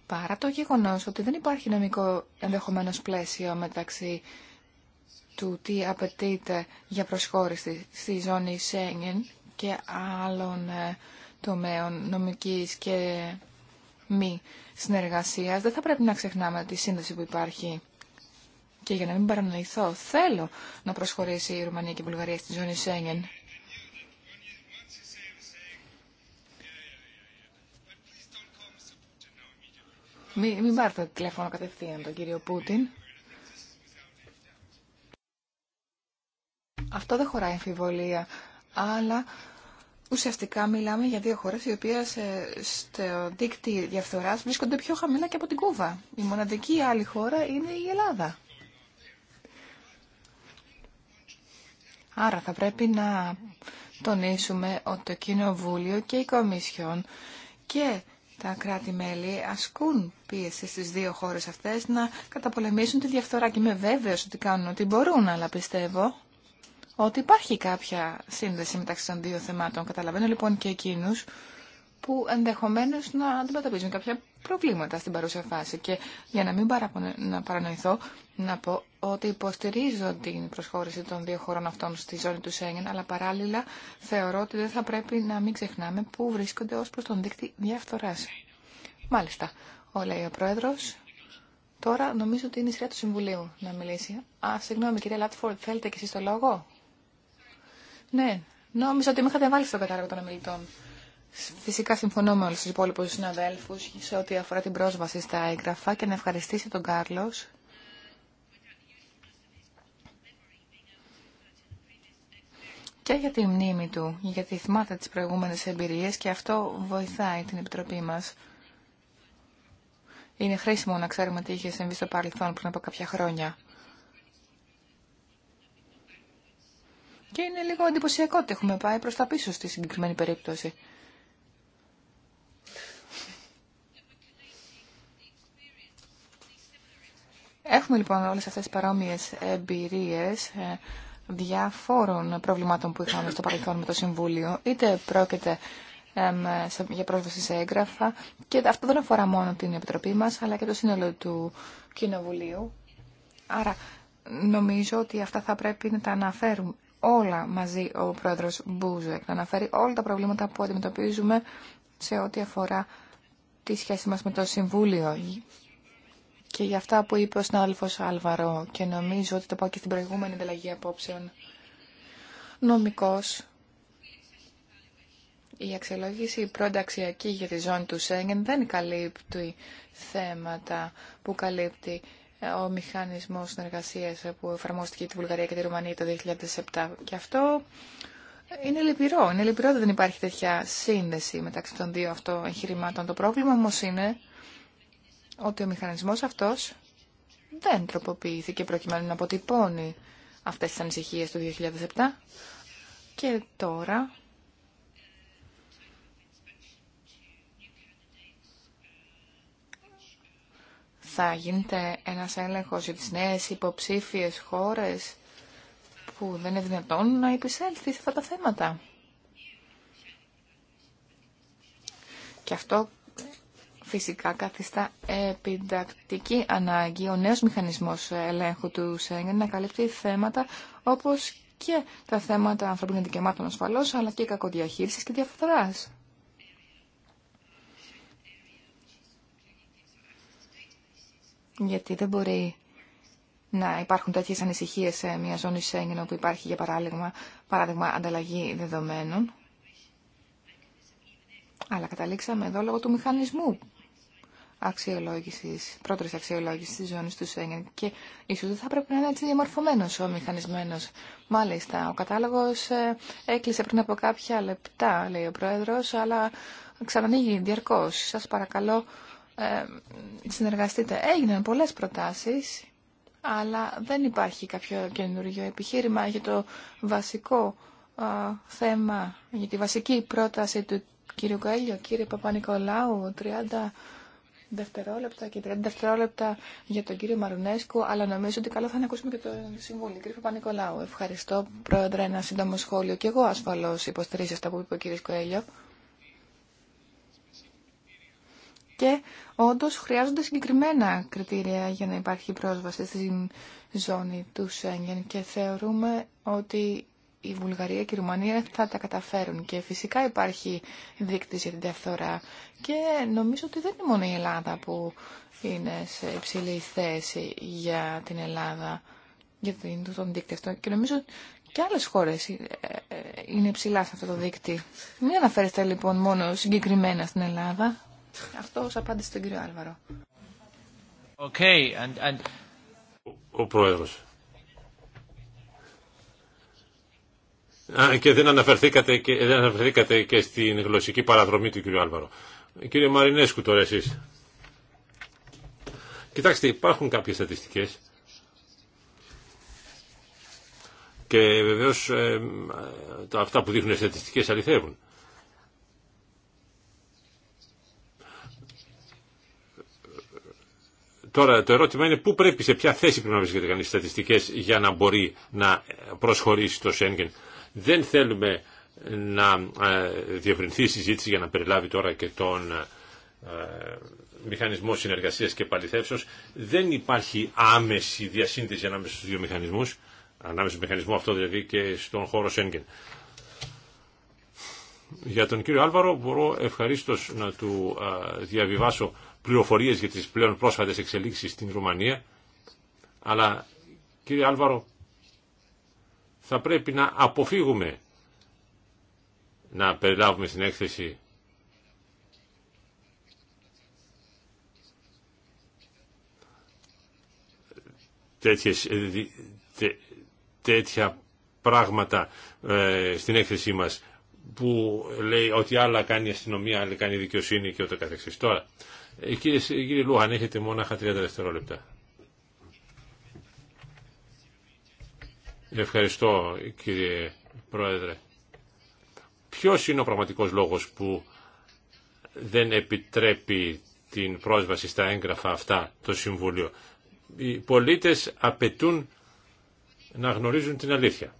Παρά το γεγονός ότι δεν υπάρχει νομικό ενδεχομένω πλαίσιο μεταξύ του τι απαιτείται για προσχώρηση στη ζώνη Σέγγεν και άλλων ε, τομέων νομικής και μη συνεργασίας, δεν θα πρέπει να ξεχνάμε τη σύνδεση που υπάρχει. Και για να μην παρανοηθώ, θέλω να προσχωρήσει η Ρουμανία και η Βουλγαρία στη ζώνη Σέγγεν. Μην, μην πάρετε το τηλέφωνο κατευθείαν τον κύριο Πούτιν. Αυτό δεν χωράει εμφιβολία, αλλά ουσιαστικά μιλάμε για δύο χώρες οι οποίες ε, στο δίκτυο διαφθοράς βρίσκονται πιο χαμηλά και από την Κούβα. Η μοναδική άλλη χώρα είναι η Ελλάδα. Άρα θα πρέπει να τονίσουμε ότι το Κοινοβούλιο και η Κομισιόν και τα κράτη-μέλη ασκούν πίεση στις δύο χώρες αυτές να καταπολεμήσουν τη διαφθορά και είμαι βέβαιος ότι κάνουν ό,τι μπορούν, αλλά πιστεύω ότι υπάρχει κάποια σύνδεση μεταξύ των δύο θεμάτων. Καταλαβαίνω λοιπόν και εκείνους που ενδεχομένω να αντιμετωπίζουν κάποια προβλήματα στην παρούσα φάση. Και για να μην παραπονε... να παρανοηθώ, να πω ότι υποστηρίζω την προσχώρηση των δύο χωρών αυτών στη ζώνη του Σέγγεν, αλλά παράλληλα θεωρώ ότι δεν θα πρέπει να μην ξεχνάμε που βρίσκονται ω προ τον δείκτη διαφθορά. Μάλιστα, Ο λέει ο πρόεδρο. Τώρα νομίζω ότι είναι η σειρά του Συμβουλίου να μιλήσει. Α, συγγνώμη κύριε Λάτφορντ, θέλετε κι εσεί το λόγο. Ναι, νόμιζα ότι με είχατε βάλει στο κατάλογο των ομιλητών. Φυσικά συμφωνώ με όλους τους υπόλοιπους συναδέλφους σε ό,τι αφορά την πρόσβαση στα έγγραφα και να ευχαριστήσω τον Κάρλος και για τη μνήμη του, γιατί θυμάται τις προηγούμενες εμπειρίες και αυτό βοηθάει την Επιτροπή μας. Είναι χρήσιμο να ξέρουμε τι είχε συμβεί στο παρελθόν πριν από κάποια χρόνια. Και είναι λίγο εντυπωσιακό ότι έχουμε πάει προς τα πίσω στη συγκεκριμένη περίπτωση. Έχουμε λοιπόν όλες αυτές τις παρόμοιες εμπειρίες ε, διαφόρων προβλημάτων που είχαμε στο παρελθόν με το Συμβούλιο, είτε πρόκειται για πρόσβαση σε έγγραφα και αυτό δεν αφορά μόνο την Επιτροπή μας αλλά και το σύνολο του Κοινοβουλίου. Άρα νομίζω ότι αυτά θα πρέπει να τα αναφέρουν όλα μαζί ο πρόεδρος Μπούζεκ, να αναφέρει όλα τα προβλήματα που αντιμετωπίζουμε σε ό,τι αφορά τη σχέση μας με το Συμβούλιο και για αυτά που είπε ο συνάδελφος Άλβαρο και νομίζω ότι το πάω και στην προηγούμενη ανταλλαγή απόψεων. Νομικός, η αξιολόγηση αξιακή για τη ζώνη του Σέγγεν δεν καλύπτει θέματα που καλύπτει ε, ο μηχανισμός συνεργασίας που εφαρμόστηκε τη Βουλγαρία και τη Ρουμανία το 2007. Και αυτό είναι λυπηρό. Είναι λυπηρό ότι δεν υπάρχει τέτοια σύνδεση μεταξύ των δύο αυτών εγχειρημάτων. Το πρόβλημα όμω είναι ότι ο μηχανισμός αυτός δεν τροποποιήθηκε προκειμένου να αποτυπώνει αυτές τις ανησυχίες του 2007 και τώρα θα γίνεται ένας έλεγχος για τις νέες υποψήφιες χώρες που δεν είναι δυνατόν να επισέλθει σε αυτά τα θέματα. Και αυτό φυσικά καθιστά επιτακτική ανάγκη ο νέος μηχανισμός ελέγχου του Σέγγεν να καλύπτει θέματα όπως και τα θέματα ανθρωπίνων δικαιωμάτων ασφαλώς, αλλά και κακοδιαχείρισης και διαφθοράς. Γιατί δεν μπορεί να υπάρχουν τέτοιες ανησυχίες σε μια ζώνη Σέγγεν όπου υπάρχει για παράδειγμα, παράδειγμα ανταλλαγή δεδομένων. Αλλά καταλήξαμε εδώ λόγω του μηχανισμού αξιολόγησης, πρώτης αξιολόγησης της ζώνης του Σέγγεν και ίσως δεν θα πρέπει να είναι έτσι διαμορφωμένος ο μηχανισμένος. Μάλιστα, ο κατάλογος ε, έκλεισε πριν από κάποια λεπτά, λέει ο Πρόεδρος, αλλά ξανανοίγει διαρκώ. Σας παρακαλώ, ε, συνεργαστείτε. Έγιναν πολλές προτάσεις, αλλά δεν υπάρχει κάποιο καινούργιο επιχείρημα για το βασικό ε, θέμα, για τη βασική πρόταση του κύριου Καέλιο, κύριε Παπα-Νικολάου, 30 δευτερόλεπτα και 30 δευτερόλεπτα για τον κύριο Μαρουνέσκου, αλλά νομίζω ότι καλό θα είναι να ακούσουμε και το Συμβούλιο. Κύριε Παπα-Νικολάου, ευχαριστώ, Πρόεδρε, ένα σύντομο σχόλιο. Και εγώ ασφαλώ υποστηρίζω αυτά που είπε ο κύριο Κοέλιο. Και όντω χρειάζονται συγκεκριμένα κριτήρια για να υπάρχει πρόσβαση στη ζώνη του Σέγγεν και θεωρούμε ότι η Βουλγαρία και η Ρουμανία θα τα καταφέρουν. Και φυσικά υπάρχει δείκτης για την διαφθορά. Και νομίζω ότι δεν είναι μόνο η Ελλάδα που είναι σε υψηλή θέση για την Ελλάδα, για τον δείκτη αυτό. Και νομίζω και άλλες χώρες ε, ε, είναι ψηλά σε αυτό το δείκτη. Μην αναφέρεστε λοιπόν μόνο συγκεκριμένα στην Ελλάδα. Αυτό ως απάντηση στον κύριο Άλβαρο. Okay, and, and... Ο, ο Πρόεδρος. και δεν αναφερθήκατε και, δεν αναφερθήκατε και στην γλωσσική παραδρομή του κύριου Άλβαρο. Κύριε Μαρινέσκου τώρα εσείς. Κοιτάξτε, υπάρχουν κάποιες στατιστικές και βεβαίως ε, τα, αυτά που δείχνουν οι στατιστικές αληθεύουν. Τώρα το ερώτημα είναι πού πρέπει, σε ποια θέση πρέπει να βρίσκεται κανείς στατιστικές για να μπορεί να προσχωρήσει το Σέγγεν. Δεν θέλουμε να ε, διευρυνθεί η συζήτηση για να περιλάβει τώρα και τον ε, μηχανισμό συνεργασίας και Παλιθέψεως. Δεν υπάρχει άμεση διασύνδεση ανάμεσα στους δύο μηχανισμούς, ανάμεσα στο μηχανισμό αυτό δηλαδή και στον χώρο Σέγγεν. Για τον κύριο Άλβαρο μπορώ ευχαρίστως να του ε, διαβιβάσω πληροφορίες για τις πλέον πρόσφατες εξελίξεις στην Ρουμανία, αλλά κύριε Άλβαρο θα πρέπει να αποφύγουμε να περιλάβουμε στην έκθεση τέτοιες, ε, τέτοια πράγματα ε, στην έκθεσή μας που λέει ότι άλλα κάνει η αστυνομία, άλλα κάνει η δικαιοσύνη και ό,τι καθεξής. Τώρα, ε, κύριε, κύριε Λούχαν, έχετε μόνο 30 δευτερόλεπτα. Ευχαριστώ κύριε Πρόεδρε. Ποιος είναι ο πραγματικός λόγος που δεν επιτρέπει την πρόσβαση στα έγγραφα αυτά το Συμβούλιο. Οι πολίτες απαιτούν να γνωρίζουν την αλήθεια.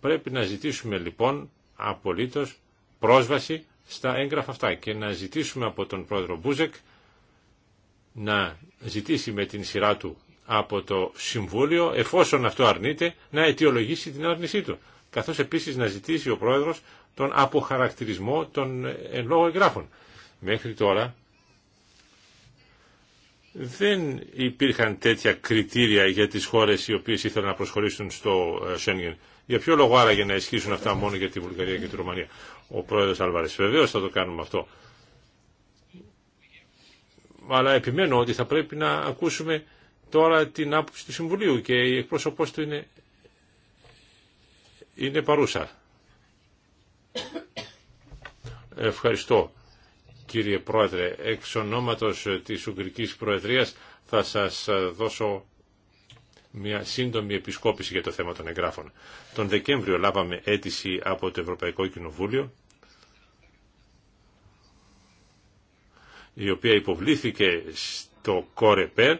Πρέπει να ζητήσουμε λοιπόν απολύτως πρόσβαση στα έγγραφα αυτά και να ζητήσουμε από τον πρόεδρο Μπούζεκ να ζητήσει με την σειρά του από το Συμβούλιο, εφόσον αυτό αρνείται, να αιτιολογήσει την άρνησή του. Καθώς επίσης να ζητήσει ο Πρόεδρος τον αποχαρακτηρισμό των ε, εν λόγω εγγράφων. Μέχρι τώρα δεν υπήρχαν τέτοια κριτήρια για τις χώρες οι οποίες ήθελαν να προσχωρήσουν στο ε, Σένγεν. Για ποιο λόγο άραγε να ισχύσουν αυτά μόνο για τη Βουλγαρία και τη Ρουμανία. Ο πρόεδρος Αλβαρές βεβαίω θα το κάνουμε αυτό. Αλλά επιμένω ότι θα πρέπει να ακούσουμε τώρα την άποψη του Συμβουλίου και η εκπρόσωπός του είναι, είναι παρούσα. Ευχαριστώ κύριε Πρόεδρε. Εξ ονόματος της Ουγγρικής Προεδρίας θα σας δώσω μια σύντομη επισκόπηση για το θέμα των εγγράφων. Τον Δεκέμβριο λάβαμε αίτηση από το Ευρωπαϊκό Κοινοβούλιο η οποία υποβλήθηκε στο Κορεπέρ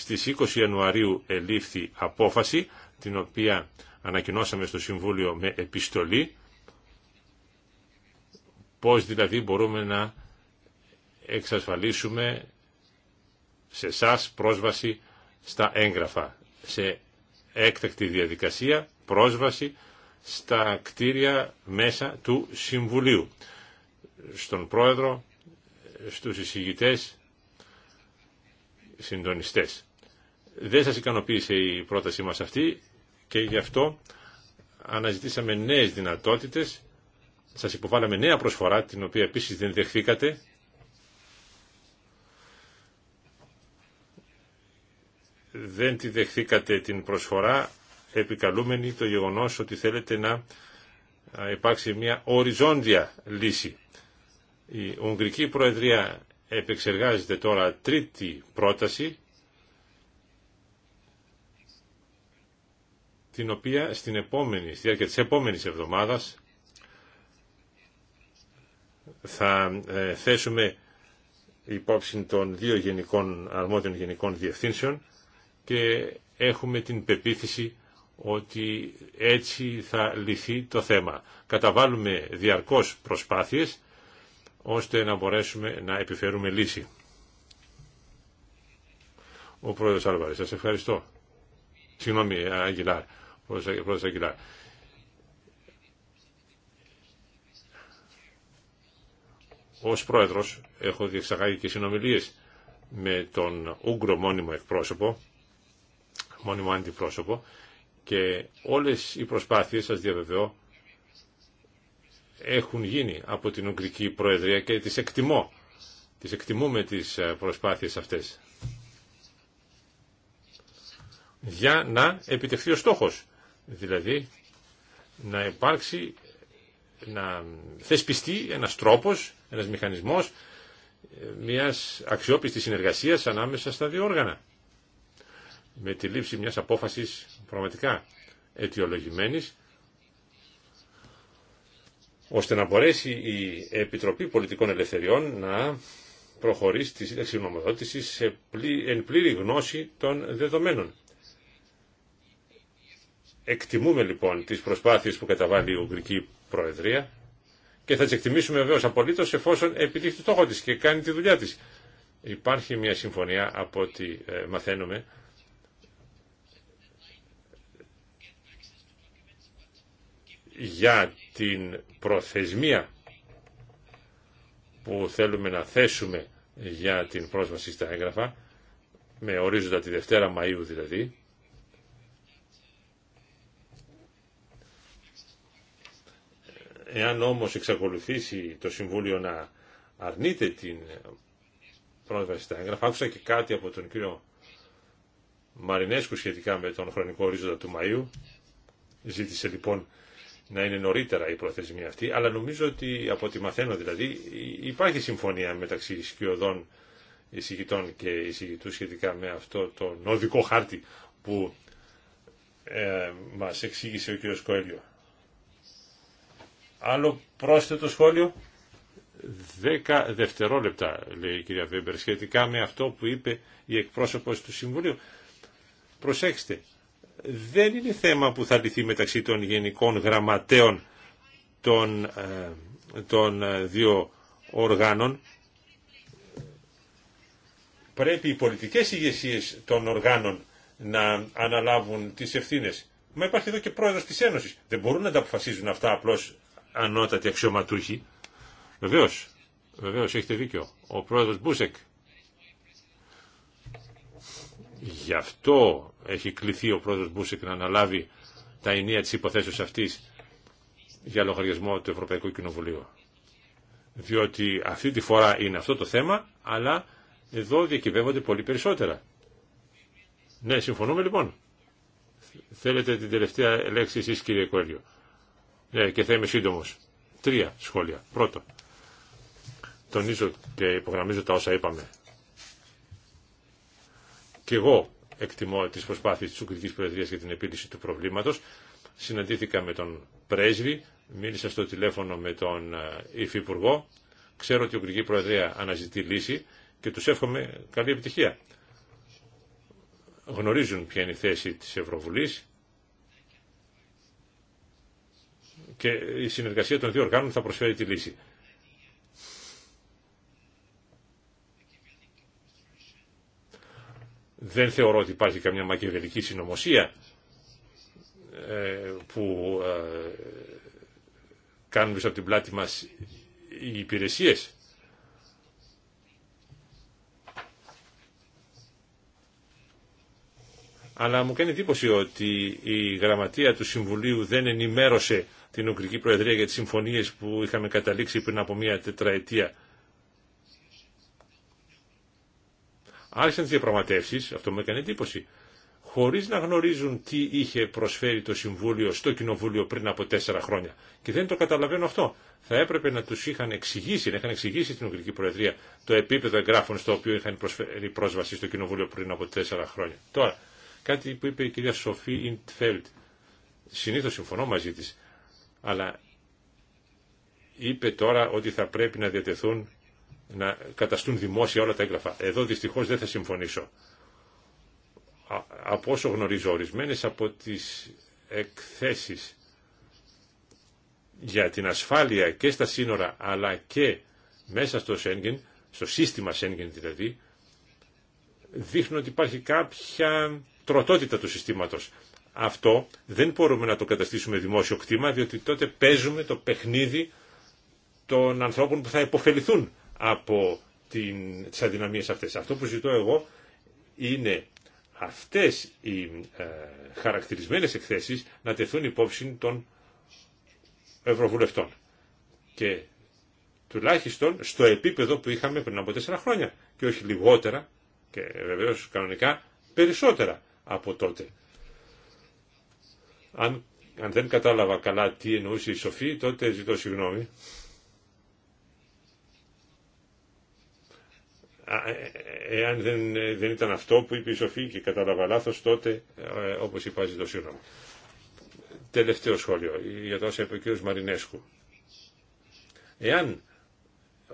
στις 20 Ιανουαρίου ελήφθη απόφαση, την οποία ανακοινώσαμε στο Συμβούλιο με επιστολή, πώς δηλαδή μπορούμε να εξασφαλίσουμε σε εσά πρόσβαση στα έγγραφα, σε έκτακτη διαδικασία πρόσβαση στα κτίρια μέσα του Συμβουλίου, στον Πρόεδρο, στους εισηγητές, συντονιστές. Δεν σας ικανοποίησε η πρότασή μας αυτή και γι' αυτό αναζητήσαμε νέες δυνατότητες, σας υποβάλαμε νέα προσφορά, την οποία επίσης δεν δεχθήκατε. Δεν τη δεχθήκατε την προσφορά, επικαλούμενη το γεγονός ότι θέλετε να υπάρξει μια οριζόντια λύση. Η Ουγγρική Προεδρία επεξεργάζεται τώρα τρίτη πρόταση την οποία στην επόμενη, στη διάρκεια της επόμενης εβδομάδας θα ε, θέσουμε υπόψη των δύο γενικών, αρμόδιων γενικών διευθύνσεων και έχουμε την πεποίθηση ότι έτσι θα λυθεί το θέμα. Καταβάλουμε διαρκώς προσπάθειες ώστε να μπορέσουμε να επιφέρουμε λύση. Ο πρόεδρος Άλβαρης, σας ευχαριστώ. Συγγνώμη, Αγγιλάρ. Ως πρόεδρος έχω διεξαγάγει και συνομιλίες με τον Ούγκρο μόνιμο εκπρόσωπο, μόνιμο αντιπρόσωπο και όλες οι προσπάθειες, σας διαβεβαιώ, έχουν γίνει από την Ουγγρική Προεδρία και τις εκτιμώ. Τις εκτιμούμε τις ε, προσπάθειες αυτές. Για να επιτευχθεί ο στόχος Δηλαδή να υπάρξει, να θεσπιστεί ένας τρόπος, ένας μηχανισμός ε, μιας αξιόπιστης συνεργασίας ανάμεσα στα δύο όργανα. Με τη λήψη μιας απόφασης πραγματικά αιτιολογημένης, ώστε να μπορέσει η Επιτροπή Πολιτικών Ελευθεριών να προχωρήσει τη σύνταξη νομοδότησης εν πλήρη γνώση των δεδομένων. Εκτιμούμε λοιπόν τις προσπάθειες που καταβάλει η Ουγγρική Προεδρία και θα τις εκτιμήσουμε βεβαίως απολύτως εφόσον επιτύχει το στόχο της και κάνει τη δουλειά της. Υπάρχει μια συμφωνία από ό,τι ε, μαθαίνουμε για την προθεσμία που θέλουμε να θέσουμε για την πρόσβαση στα έγγραφα με ορίζοντα τη Δευτέρα Μαΐου δηλαδή Εάν όμως εξακολουθήσει το Συμβούλιο να αρνείται την πρόσβαση στα έγγραφα, άκουσα και κάτι από τον κύριο Μαρινέσκου σχετικά με τον χρονικό ορίζοντα του Μαΐου. Ζήτησε λοιπόν να είναι νωρίτερα η προθεσμία αυτή, αλλά νομίζω ότι από ό,τι μαθαίνω δηλαδή υπάρχει συμφωνία μεταξύ σκιωδών εισηγητών και εισηγητού σχετικά με αυτό το νοδικό χάρτη που ε, μας εξήγησε ο κ. Κοέλιο. Άλλο πρόσθετο σχόλιο. Δέκα δευτερόλεπτα, λέει η κυρία Βέμπερ, σχετικά με αυτό που είπε η εκπρόσωπος του Συμβουλίου. Προσέξτε, δεν είναι θέμα που θα λυθεί μεταξύ των γενικών γραμματέων των, ε, των ε, δύο οργάνων. Πρέπει οι πολιτικές ηγεσίε των οργάνων να αναλάβουν τις ευθύνες. Μα υπάρχει εδώ και πρόεδρος της Ένωσης. Δεν μπορούν να τα αποφασίζουν αυτά απλώς ανώτατη αξιωματούχη. βεβαίω, βεβαίω, έχετε δίκιο. Ο πρόεδρος Μπούσεκ. Γι' αυτό έχει κληθεί ο πρόεδρος Μπούσεκ να αναλάβει τα ενία τη υποθέσεω αυτή για λογαριασμό του Ευρωπαϊκού Κοινοβουλίου. Διότι αυτή τη φορά είναι αυτό το θέμα, αλλά εδώ διακυβεύονται πολύ περισσότερα. Ναι, συμφωνούμε λοιπόν. Θέλετε την τελευταία λέξη εσείς κύριε Κόλλιο. Ε, και θα είμαι σύντομο. Τρία σχόλια. Πρώτο. Τονίζω και υπογραμμίζω τα όσα είπαμε. Κι εγώ εκτιμώ τις προσπάθειες της Ουγγρικής προέδρια για την επίλυση του προβλήματος. Συναντήθηκα με τον πρέσβη, μίλησα στο τηλέφωνο με τον ε, υφυπουργό. Ξέρω ότι η Ουγγρική Προεδρία αναζητεί λύση και τους εύχομαι καλή επιτυχία. Γνωρίζουν ποια είναι η θέση της Ευρωβουλής και η συνεργασία των δύο οργάνων θα προσφέρει τη λύση. Δεν θεωρώ ότι υπάρχει καμιά μακεβελική συνωμοσία ε, που ε, κάνουν πίσω από την πλάτη μας οι υπηρεσίες. Αλλά μου κάνει εντύπωση ότι η γραμματεία του Συμβουλίου δεν ενημέρωσε την Ουγγρική Προεδρία για τις συμφωνίες που είχαμε καταλήξει πριν από μία τετραετία. Άρχισαν τις διαπραγματεύσεις, αυτό μου έκανε εντύπωση, χωρίς να γνωρίζουν τι είχε προσφέρει το Συμβούλιο στο Κοινοβούλιο πριν από τέσσερα χρόνια. Και δεν το καταλαβαίνω αυτό. Θα έπρεπε να τους είχαν εξηγήσει, να είχαν εξηγήσει στην Ουγγρική Προεδρία το επίπεδο εγγράφων στο οποίο είχαν προσφέρει πρόσβαση στο Κοινοβούλιο πριν από τέσσερα χρόνια. Τώρα, κάτι που είπε η κυρία Σοφή Ιντφέλτ. Συνήθως συμφωνώ μαζί της αλλά είπε τώρα ότι θα πρέπει να διατεθούν, να καταστούν δημόσια όλα τα έγγραφα. Εδώ δυστυχώς δεν θα συμφωνήσω. Από όσο γνωρίζω ορισμένε από τις εκθέσεις για την ασφάλεια και στα σύνορα αλλά και μέσα στο Σέγγεν, στο σύστημα Σέγγεν δηλαδή, δείχνουν ότι υπάρχει κάποια τροτότητα του συστήματος αυτό δεν μπορούμε να το καταστήσουμε δημόσιο κτήμα, διότι τότε παίζουμε το παιχνίδι των ανθρώπων που θα υποφεληθούν από την, τις αδυναμίες αυτές. Αυτό που ζητώ εγώ είναι αυτές οι ε, χαρακτηρισμένες εκθέσεις να τεθούν υπόψη των ευρωβουλευτών. Και τουλάχιστον στο επίπεδο που είχαμε πριν από τέσσερα χρόνια και όχι λιγότερα και βεβαίως κανονικά περισσότερα από τότε. Αν, αν δεν κατάλαβα καλά τι εννοούσε η Σοφή, τότε ζητώ συγγνώμη. Ε, ε, εάν δεν, ε, δεν ήταν αυτό που είπε η Σοφή και κατάλαβα λάθος, τότε, όπως είπα, ζητώ συγγνώμη. Τελευταίο σχόλιο για το όσα είπε ο κ. Μαρινέσκου. Εάν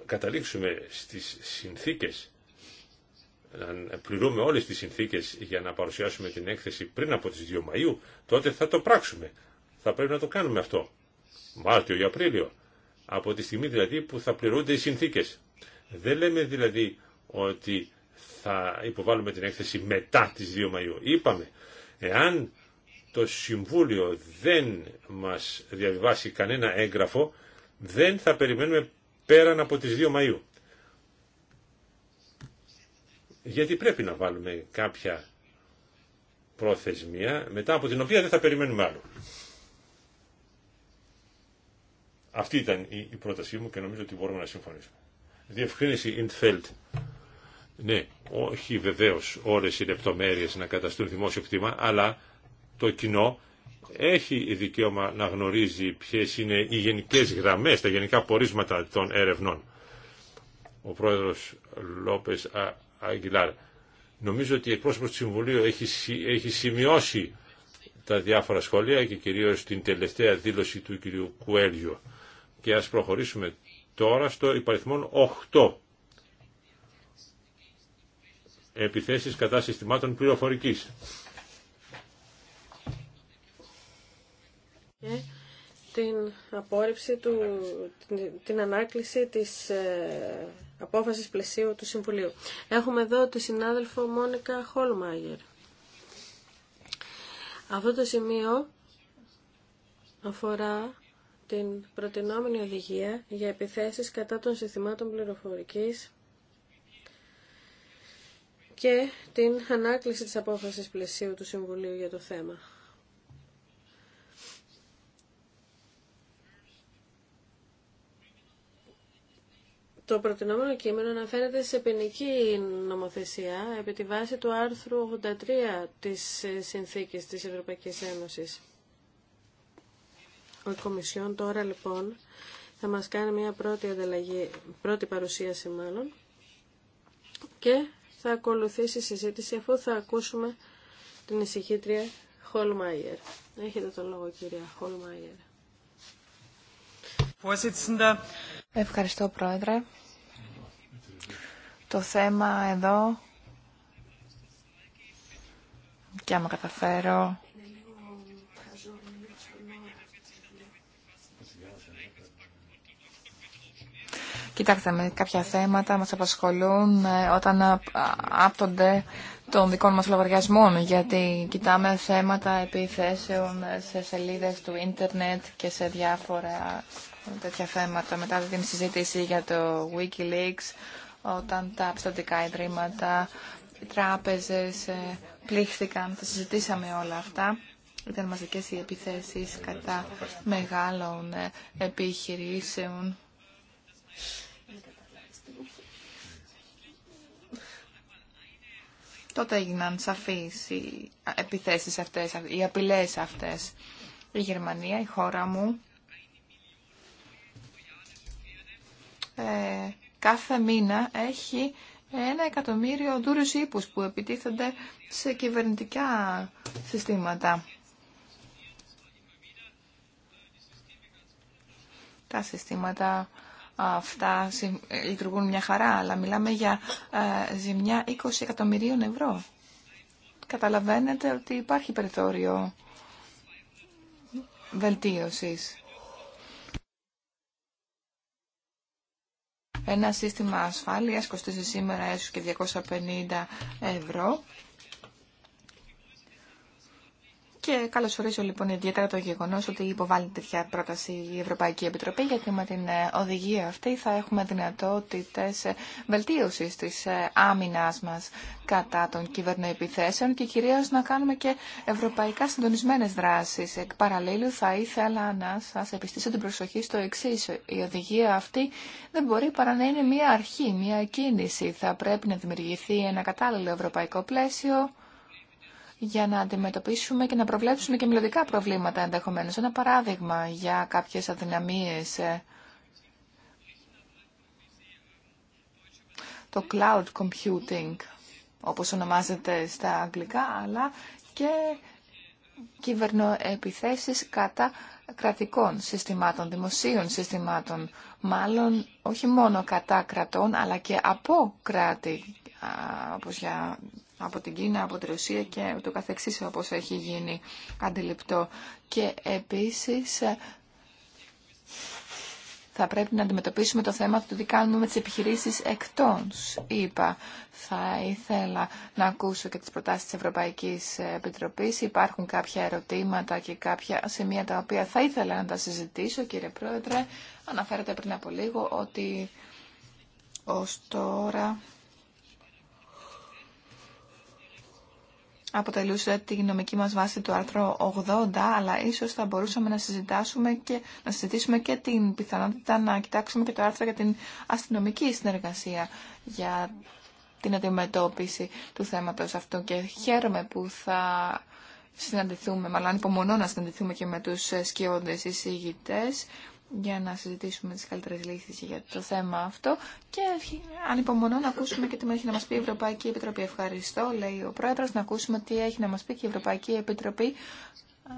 καταλήξουμε στις συνθήκες αν πληρούμε όλες τις συνθήκες για να παρουσιάσουμε την έκθεση πριν από τις 2 Μαΐου, τότε θα το πράξουμε. Θα πρέπει να το κάνουμε αυτό. Μάρτιο ή Απρίλιο. Από τη στιγμή δηλαδή που θα πληρούνται οι συνθήκες. Δεν λέμε δηλαδή ότι θα υποβάλουμε την έκθεση μετά τις 2 Μαΐου. Είπαμε, εάν το Συμβούλιο δεν μας διαβιβάσει κανένα έγγραφο, δεν θα περιμένουμε πέραν από τις 2 Μαΐου γιατί πρέπει να βάλουμε κάποια προθεσμία μετά από την οποία δεν θα περιμένουμε άλλο. Αυτή ήταν η πρότασή μου και νομίζω ότι μπορούμε να συμφωνήσουμε. Διευκρίνηση Ιντφέλτ. Ναι, όχι βεβαίω όλε ή λεπτομέρειε να καταστούν δημόσιο κτήμα, αλλά το κοινό έχει δικαίωμα να γνωρίζει ποιε είναι οι γενικέ γραμμέ, τα γενικά πορίσματα των έρευνών. Ο πρόεδρο Λόπε Αγγιλάρ. Νομίζω ότι η εκπρόσωπος του Συμβουλίου έχει, έχει σημειώσει τα διάφορα σχόλια και κυρίως την τελευταία δήλωση του κυρίου Κουέλιο. Και ας προχωρήσουμε τώρα στο υπαριθμόν 8. Επιθέσεις κατά συστημάτων πληροφορικής. την απόρριψη του, την, ανάκληση της ε, Απόφαση πλαισίου του Συμβουλίου. Έχουμε εδώ τη συνάδελφο Μόνικα Χόλμαγερ. Αυτό το σημείο αφορά την προτινόμενη οδηγία για επιθέσεις κατά των συστημάτων πληροφορικής και την ανάκληση της απόφασης πλαισίου του Συμβουλίου για το θέμα. Το προτινόμενο κείμενο αναφέρεται σε ποινική νομοθεσία επί τη βάση του άρθρου 83 της Συνθήκης της Ευρωπαϊκής Ένωσης. Ο Κομισιόν τώρα λοιπόν θα μας κάνει μια πρώτη, ανταλλαγή, πρώτη παρουσίαση μάλλον και θα ακολουθήσει η συζήτηση αφού θα ακούσουμε την ησυχήτρια Χολμάιερ. Έχετε το λόγο κυρία Χολμάιερ. Ευχαριστώ, Πρόεδρε. Το θέμα εδώ, και άμα καταφέρω, Κοιτάξτε, με κάποια θέματα μας απασχολούν ε, όταν άπτονται των δικών μας λογαριασμών, γιατί κοιτάμε θέματα επιθέσεων σε σελίδες του ίντερνετ και σε διάφορα τέτοια θέματα μετά την συζήτηση για το Wikileaks, όταν τα πιστοτικά ιδρύματα, οι τράπεζες ε, πλήχθηκαν, τα συζητήσαμε όλα αυτά. Ήταν μαζικές οι επιθέσεις κατά μεγάλων ε, επιχειρήσεων. Τότε έγιναν σαφείς οι επιθέσεις αυτές, οι απειλές αυτές. Η Γερμανία, η χώρα μου, Ε, κάθε μήνα έχει ένα εκατομμύριο δούρους ύπους που επιτίθενται σε κυβερνητικά συστήματα. Τα συστήματα αυτά ε, λειτουργούν μια χαρά, αλλά μιλάμε για ε, ζημιά 20 εκατομμυρίων ευρώ. Καταλαβαίνετε ότι υπάρχει περιθώριο βελτίωσης. Ένα σύστημα ασφάλειας κοστίζει σήμερα έσου και 250 ευρώ και καλωσορίζω λοιπόν ιδιαίτερα το γεγονό ότι υποβάλλει τέτοια πρόταση η Ευρωπαϊκή Επιτροπή, γιατί με την ε, οδηγία αυτή θα έχουμε δυνατότητε ε, βελτίωση τη ε, άμυνά μα κατά των κυβερνοεπιθέσεων και κυρίω να κάνουμε και ευρωπαϊκά συντονισμένε δράσει. Εκ παραλλήλου, θα ήθελα να σα επιστήσω την προσοχή στο εξή. Η οδηγία αυτή δεν μπορεί παρά να είναι μια αρχή, μια κίνηση. Θα πρέπει να δημιουργηθεί ένα κατάλληλο ευρωπαϊκό πλαίσιο για να αντιμετωπίσουμε και να προβλέψουμε και μελλοντικά προβλήματα ενδεχομένω. Ένα παράδειγμα για κάποιε αδυναμίε. Ε, το cloud computing, όπως ονομάζεται στα αγγλικά, αλλά και κυβερνοεπιθέσεις κατά κρατικών συστημάτων, δημοσίων συστημάτων, μάλλον όχι μόνο κατά κρατών, αλλά και από κράτη, όπως για από την Κίνα, από τη Ρωσία και το καθεξής όπως έχει γίνει αντιληπτό. Και επίσης ε, θα πρέπει να αντιμετωπίσουμε το θέμα του τι κάνουμε με τις επιχειρήσεις εκτός, είπα. Θα ήθελα να ακούσω και τις προτάσεις της Ευρωπαϊκής Επιτροπής. Υπάρχουν κάποια ερωτήματα και κάποια σημεία τα οποία θα ήθελα να τα συζητήσω, κύριε Πρόεδρε. Αναφέρατε πριν από λίγο ότι ως τώρα αποτελούσε τη νομική μας βάση του άρθρου 80, αλλά ίσως θα μπορούσαμε να, συζητάσουμε και, να συζητήσουμε και την πιθανότητα να κοιτάξουμε και το άρθρο για την αστυνομική συνεργασία για την αντιμετώπιση του θέματος αυτού και χαίρομαι που θα συναντηθούμε, μάλλον ανυπομονώ να συναντηθούμε και με τους σκιώδες εισηγητές για να συζητήσουμε τις καλύτερες λύσεις για το θέμα αυτό και ανυπομονώ να ακούσουμε και τι έχει να μας πει η Ευρωπαϊκή Επιτροπή. Ευχαριστώ, λέει ο Πρόεδρος, να ακούσουμε τι έχει να μας πει και η Ευρωπαϊκή Επιτροπή.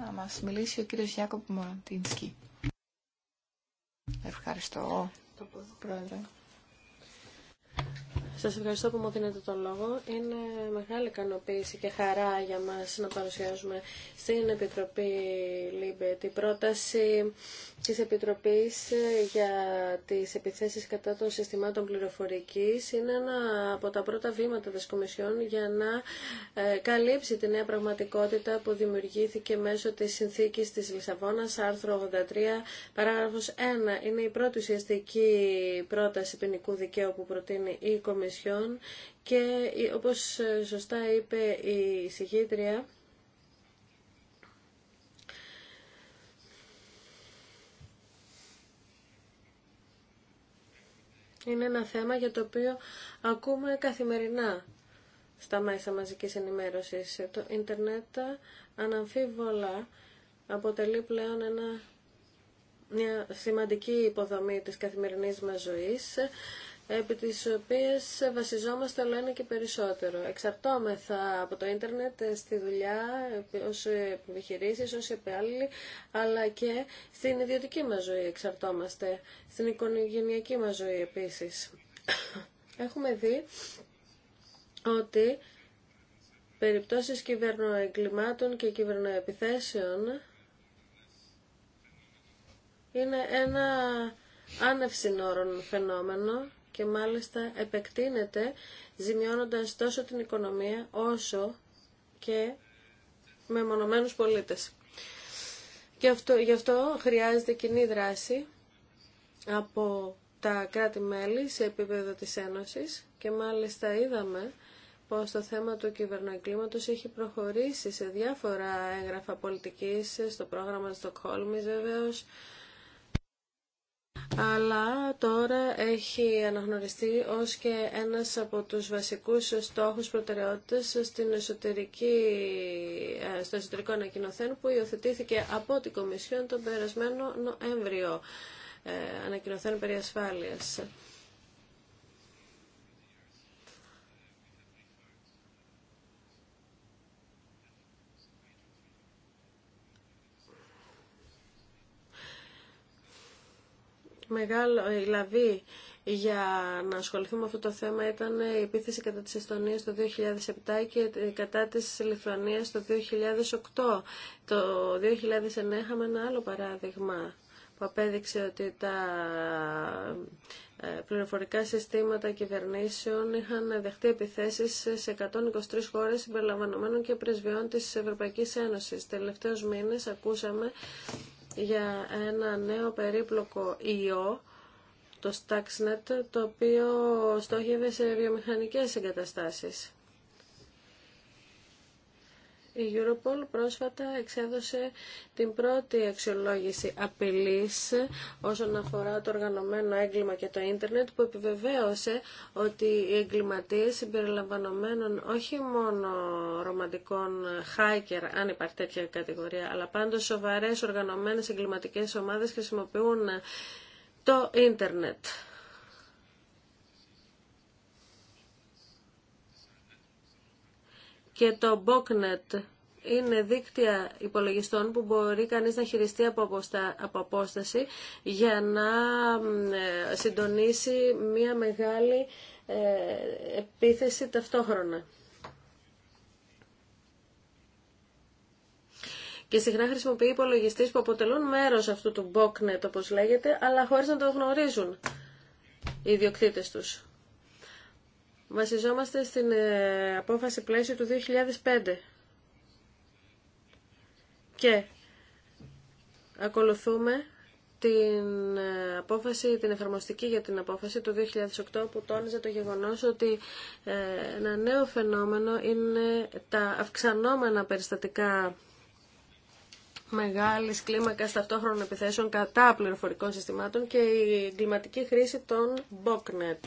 Να μας μιλήσει ο κύριος Γιάκοπ Μοντίνσκι. Ευχαριστώ, Πρόεδρε. Σας ευχαριστώ που μου δίνετε τον λόγο. Είναι μεγάλη ικανοποίηση και χαρά για μας να παρουσιάζουμε στην Επιτροπή ΛΥΜΠΕ την πρόταση της Επιτροπής για τις επιθέσεις κατά των συστημάτων πληροφορικής. Είναι ένα από τα πρώτα βήματα της Κομισιόν για να ε, καλύψει τη νέα πραγματικότητα που δημιουργήθηκε μέσω της συνθήκης της Λισαβόνας, άρθρο 83, παράγραφος 1. Είναι η πρώτη ουσιαστική πρόταση ποινικού δικαίου που προτείνει η Κομισιόν και όπως σωστά είπε η συγχύτρια, είναι ένα θέμα για το οποίο ακούμε καθημερινά στα μέσα μαζικής ενημέρωσης. Το ίντερνετ αναμφίβολα αποτελεί πλέον ένα, μια σημαντική υποδομή της καθημερινής μας ζωής επί της οποίας βασιζόμαστε όλο ένα και περισσότερο. Εξαρτώμεθα από το ίντερνετ ε, στη δουλειά, ε, ως επιχειρήσεις, ως υπάλληλοι, αλλά και στην ιδιωτική μας ζωή εξαρτώμαστε, στην οικογενειακή μας ζωή επίσης. Έχουμε δει ότι περιπτώσεις κυβερνοεγκλημάτων και κυβερνοεπιθέσεων είναι ένα άνευ συνόρων φαινόμενο και μάλιστα επεκτείνεται ζημιώνοντας τόσο την οικονομία όσο και με μονομένους πολίτες. αυτό, γι' αυτό χρειάζεται κοινή δράση από τα κράτη-μέλη σε επίπεδο της Ένωσης και μάλιστα είδαμε πως το θέμα του κυβερνοεγκλήματος έχει προχωρήσει σε διάφορα έγγραφα πολιτικής, στο πρόγραμμα Στοκχόλμης βεβαίως, αλλά τώρα έχει αναγνωριστεί ως και ένας από τους βασικούς στόχους προτεραιότητας στην εσωτερική, ε, στο εσωτερικό ανακοινοθέν που υιοθετήθηκε από την Κομισιόν τον περασμένο Νοέμβριο ε, ανακοινοθέν περί ασφάλειας. μεγάλο, ε, η για να ασχοληθούμε με αυτό το θέμα ήταν ε, η επίθεση κατά της Εστονίας το 2007 και ε, κατά της Λιθουανίας το 2008. Το 2009 είχαμε ένα άλλο παράδειγμα που απέδειξε ότι τα πληροφορικά συστήματα κυβερνήσεων είχαν δεχτεί επιθέσεις σε 123 χώρες συμπεριλαμβανομένων και πρεσβειών της Ευρωπαϊκής Ένωσης. Τελευταίους μήνες ακούσαμε για ένα νέο περίπλοκο ιό, το Stuxnet, το οποίο στόχευε σε βιομηχανικές εγκαταστάσεις. Η Europol πρόσφατα εξέδωσε την πρώτη αξιολόγηση απειλής όσον αφορά το οργανωμένο έγκλημα και το ίντερνετ που επιβεβαίωσε ότι οι εγκληματίες συμπεριλαμβανομένων όχι μόνο ρομαντικών χάικερ, αν υπάρχει τέτοια κατηγορία, αλλά πάντως σοβαρές οργανωμένες εγκληματικές ομάδες χρησιμοποιούν το ίντερνετ. και το BOCnet είναι δίκτυα υπολογιστών που μπορεί κανείς να χειριστεί από, απόσταση για να ε, συντονίσει μια μεγάλη ε, επίθεση ταυτόχρονα. Και συχνά χρησιμοποιεί υπολογιστέ που αποτελούν μέρος αυτού του BOCnet όπως λέγεται, αλλά χωρίς να το γνωρίζουν οι ιδιοκτήτες τους βασιζόμαστε στην ε, απόφαση πλαίσιο του 2005 και ακολουθούμε την ε, απόφαση, την εφαρμοστική για την απόφαση του 2008 που τόνιζε το γεγονός ότι ε, ένα νέο φαινόμενο είναι τα αυξανόμενα περιστατικά μεγάλη κλίμακας ταυτόχρονων επιθέσεων κατά πληροφορικών συστημάτων και η εγκληματική χρήση των BOCNET.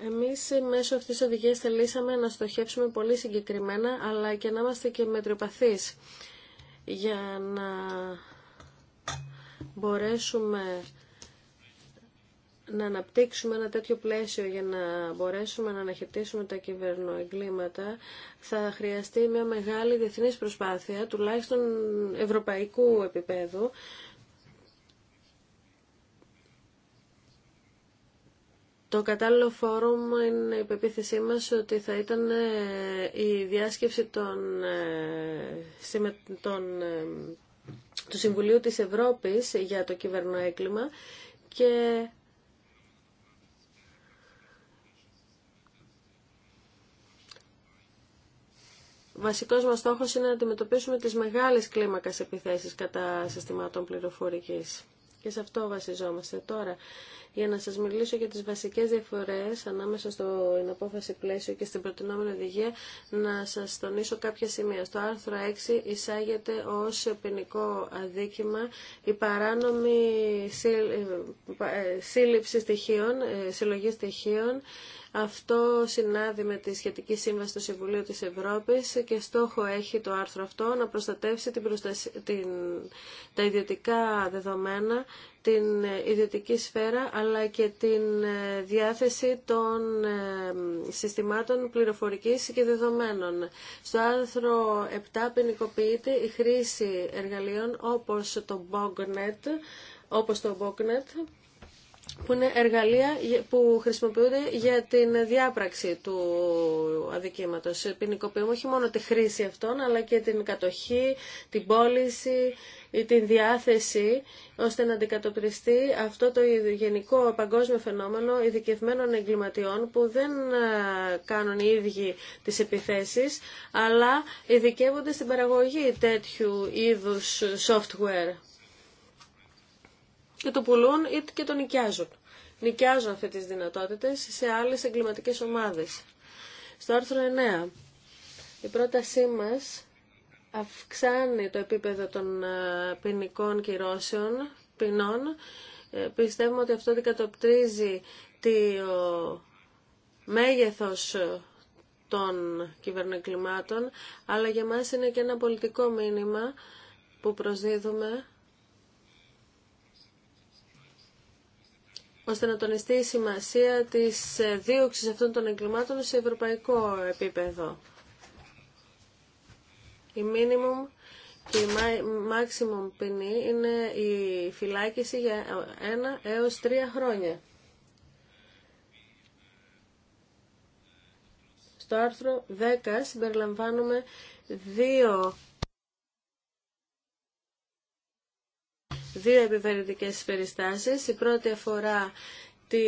Εμείς μέσω αυτής της οδηγίας θελήσαμε να στοχεύσουμε πολύ συγκεκριμένα, αλλά και να είμαστε και μετριοπαθεί για να μπορέσουμε να αναπτύξουμε ένα τέτοιο πλαίσιο για να μπορέσουμε να αναχαιτήσουμε τα κυβερνοεγκλήματα θα χρειαστεί μια μεγάλη διεθνής προσπάθεια, τουλάχιστον ευρωπαϊκού επίπεδου, Το κατάλληλο φόρουμ είναι η πεποίθησή μας ότι θα ήταν ε, η διάσκεψη των, ε, ε, του Συμβουλίου της Ευρώπης για το έγκλημα και βασικός μας στόχος είναι να αντιμετωπίσουμε τις μεγάλες κλίμακες επιθέσεις κατά συστημάτων πληροφορικής. Και σε αυτό βασιζόμαστε τώρα για να σας μιλήσω για τις βασικές διαφορές ανάμεσα στο απόφαση πλαίσιο και στην προτινόμενη οδηγία, να σας τονίσω κάποια σημεία. Στο άρθρο 6 εισάγεται ως ποινικό αδίκημα η παράνομη ε, ε, σύλληψη στοιχείων, ε, συλλογή στοιχείων, αυτό συνάδει με τη σχετική σύμβαση του Συμβουλίου της Ευρώπης και στόχο έχει το άρθρο αυτό να προστατεύσει την την, τα ιδιωτικά δεδομένα την ε, ιδιωτική σφαίρα αλλά και την ε, διάθεση των ε, συστημάτων πληροφορικής και δεδομένων. Στο άρθρο 7 ποινικοποιείται η χρήση εργαλείων όπως το BOGNET, όπως το BOGNET που είναι εργαλεία που χρησιμοποιούνται για την διάπραξη του αδικήματος. Ποινικοποιούμε όχι μόνο τη χρήση αυτών, αλλά και την κατοχή, την πώληση ή την διάθεση, ώστε να αντικατοπτριστεί αυτό το γενικό παγκόσμιο φαινόμενο ειδικευμένων εγκληματιών που δεν ε, κάνουν οι ίδιοι τις επιθέσεις, αλλά ειδικεύονται στην παραγωγή τέτοιου είδους software και το πουλούν ή και το νοικιάζουν. Νοικιάζουν αυτές τις δυνατότητες σε άλλες εγκληματικές ομάδες. Στο άρθρο 9, η πρότασή μας αυξάνει το επίπεδο των ε, ποινικών κυρώσεων, ποινών. Ε, πιστεύουμε ότι αυτό δικατοπτρίζει το μέγεθος των κυβερνοκλημάτων, αλλά για μας είναι και ένα πολιτικό μήνυμα που προσδίδουμε ώστε να τονιστεί η σημασία της δίωξης αυτών των εγκλημάτων σε ευρωπαϊκό επίπεδο. Η minimum και η maximum ποινή είναι η φυλάκιση για ένα έως τρία χρόνια. Στο άρθρο 10 συμπεριλαμβάνουμε δύο δύο επιβαρυντικές περιστάσεις. Η πρώτη αφορά τη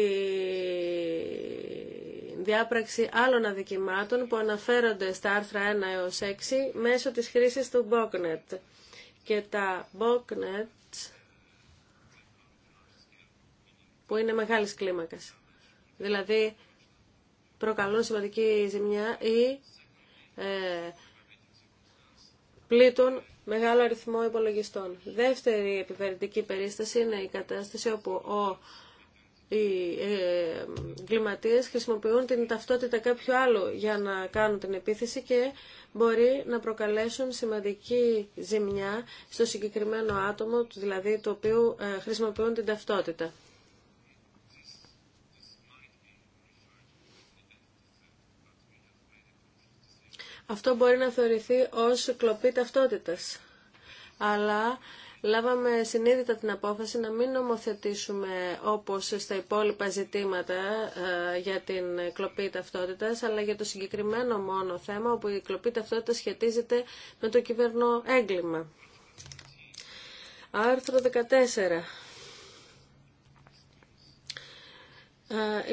διάπραξη άλλων αδικημάτων που αναφέρονται στα άρθρα 1 έως 6 μέσω της χρήσης του BOCNET. Και τα BOCNET που είναι μεγάλης κλίμακας. Δηλαδή προκαλούν σημαντική ζημιά ή ε, πλήττουν μεγάλο αριθμό υπολογιστών. Δεύτερη επιβαρυντική περίσταση είναι η κατάσταση όπου ο, οι ε, κλιματίες χρησιμοποιούν την ταυτότητα κάποιου άλλου για να κάνουν την επίθεση και μπορεί να προκαλέσουν σημαντική ζημιά στο συγκεκριμένο άτομο, δηλαδή το οποίο ε, χρησιμοποιούν την ταυτότητα. αυτό μπορεί να θεωρηθεί ως κλοπή ταυτότητας. Αλλά λάβαμε συνείδητα την απόφαση να μην νομοθετήσουμε όπως στα υπόλοιπα ζητήματα ε, για την κλοπή ταυτότητας, αλλά για το συγκεκριμένο μόνο θέμα όπου η κλοπή ταυτότητας σχετίζεται με το κυβερνό έγκλημα. Άρθρο 14. Ε,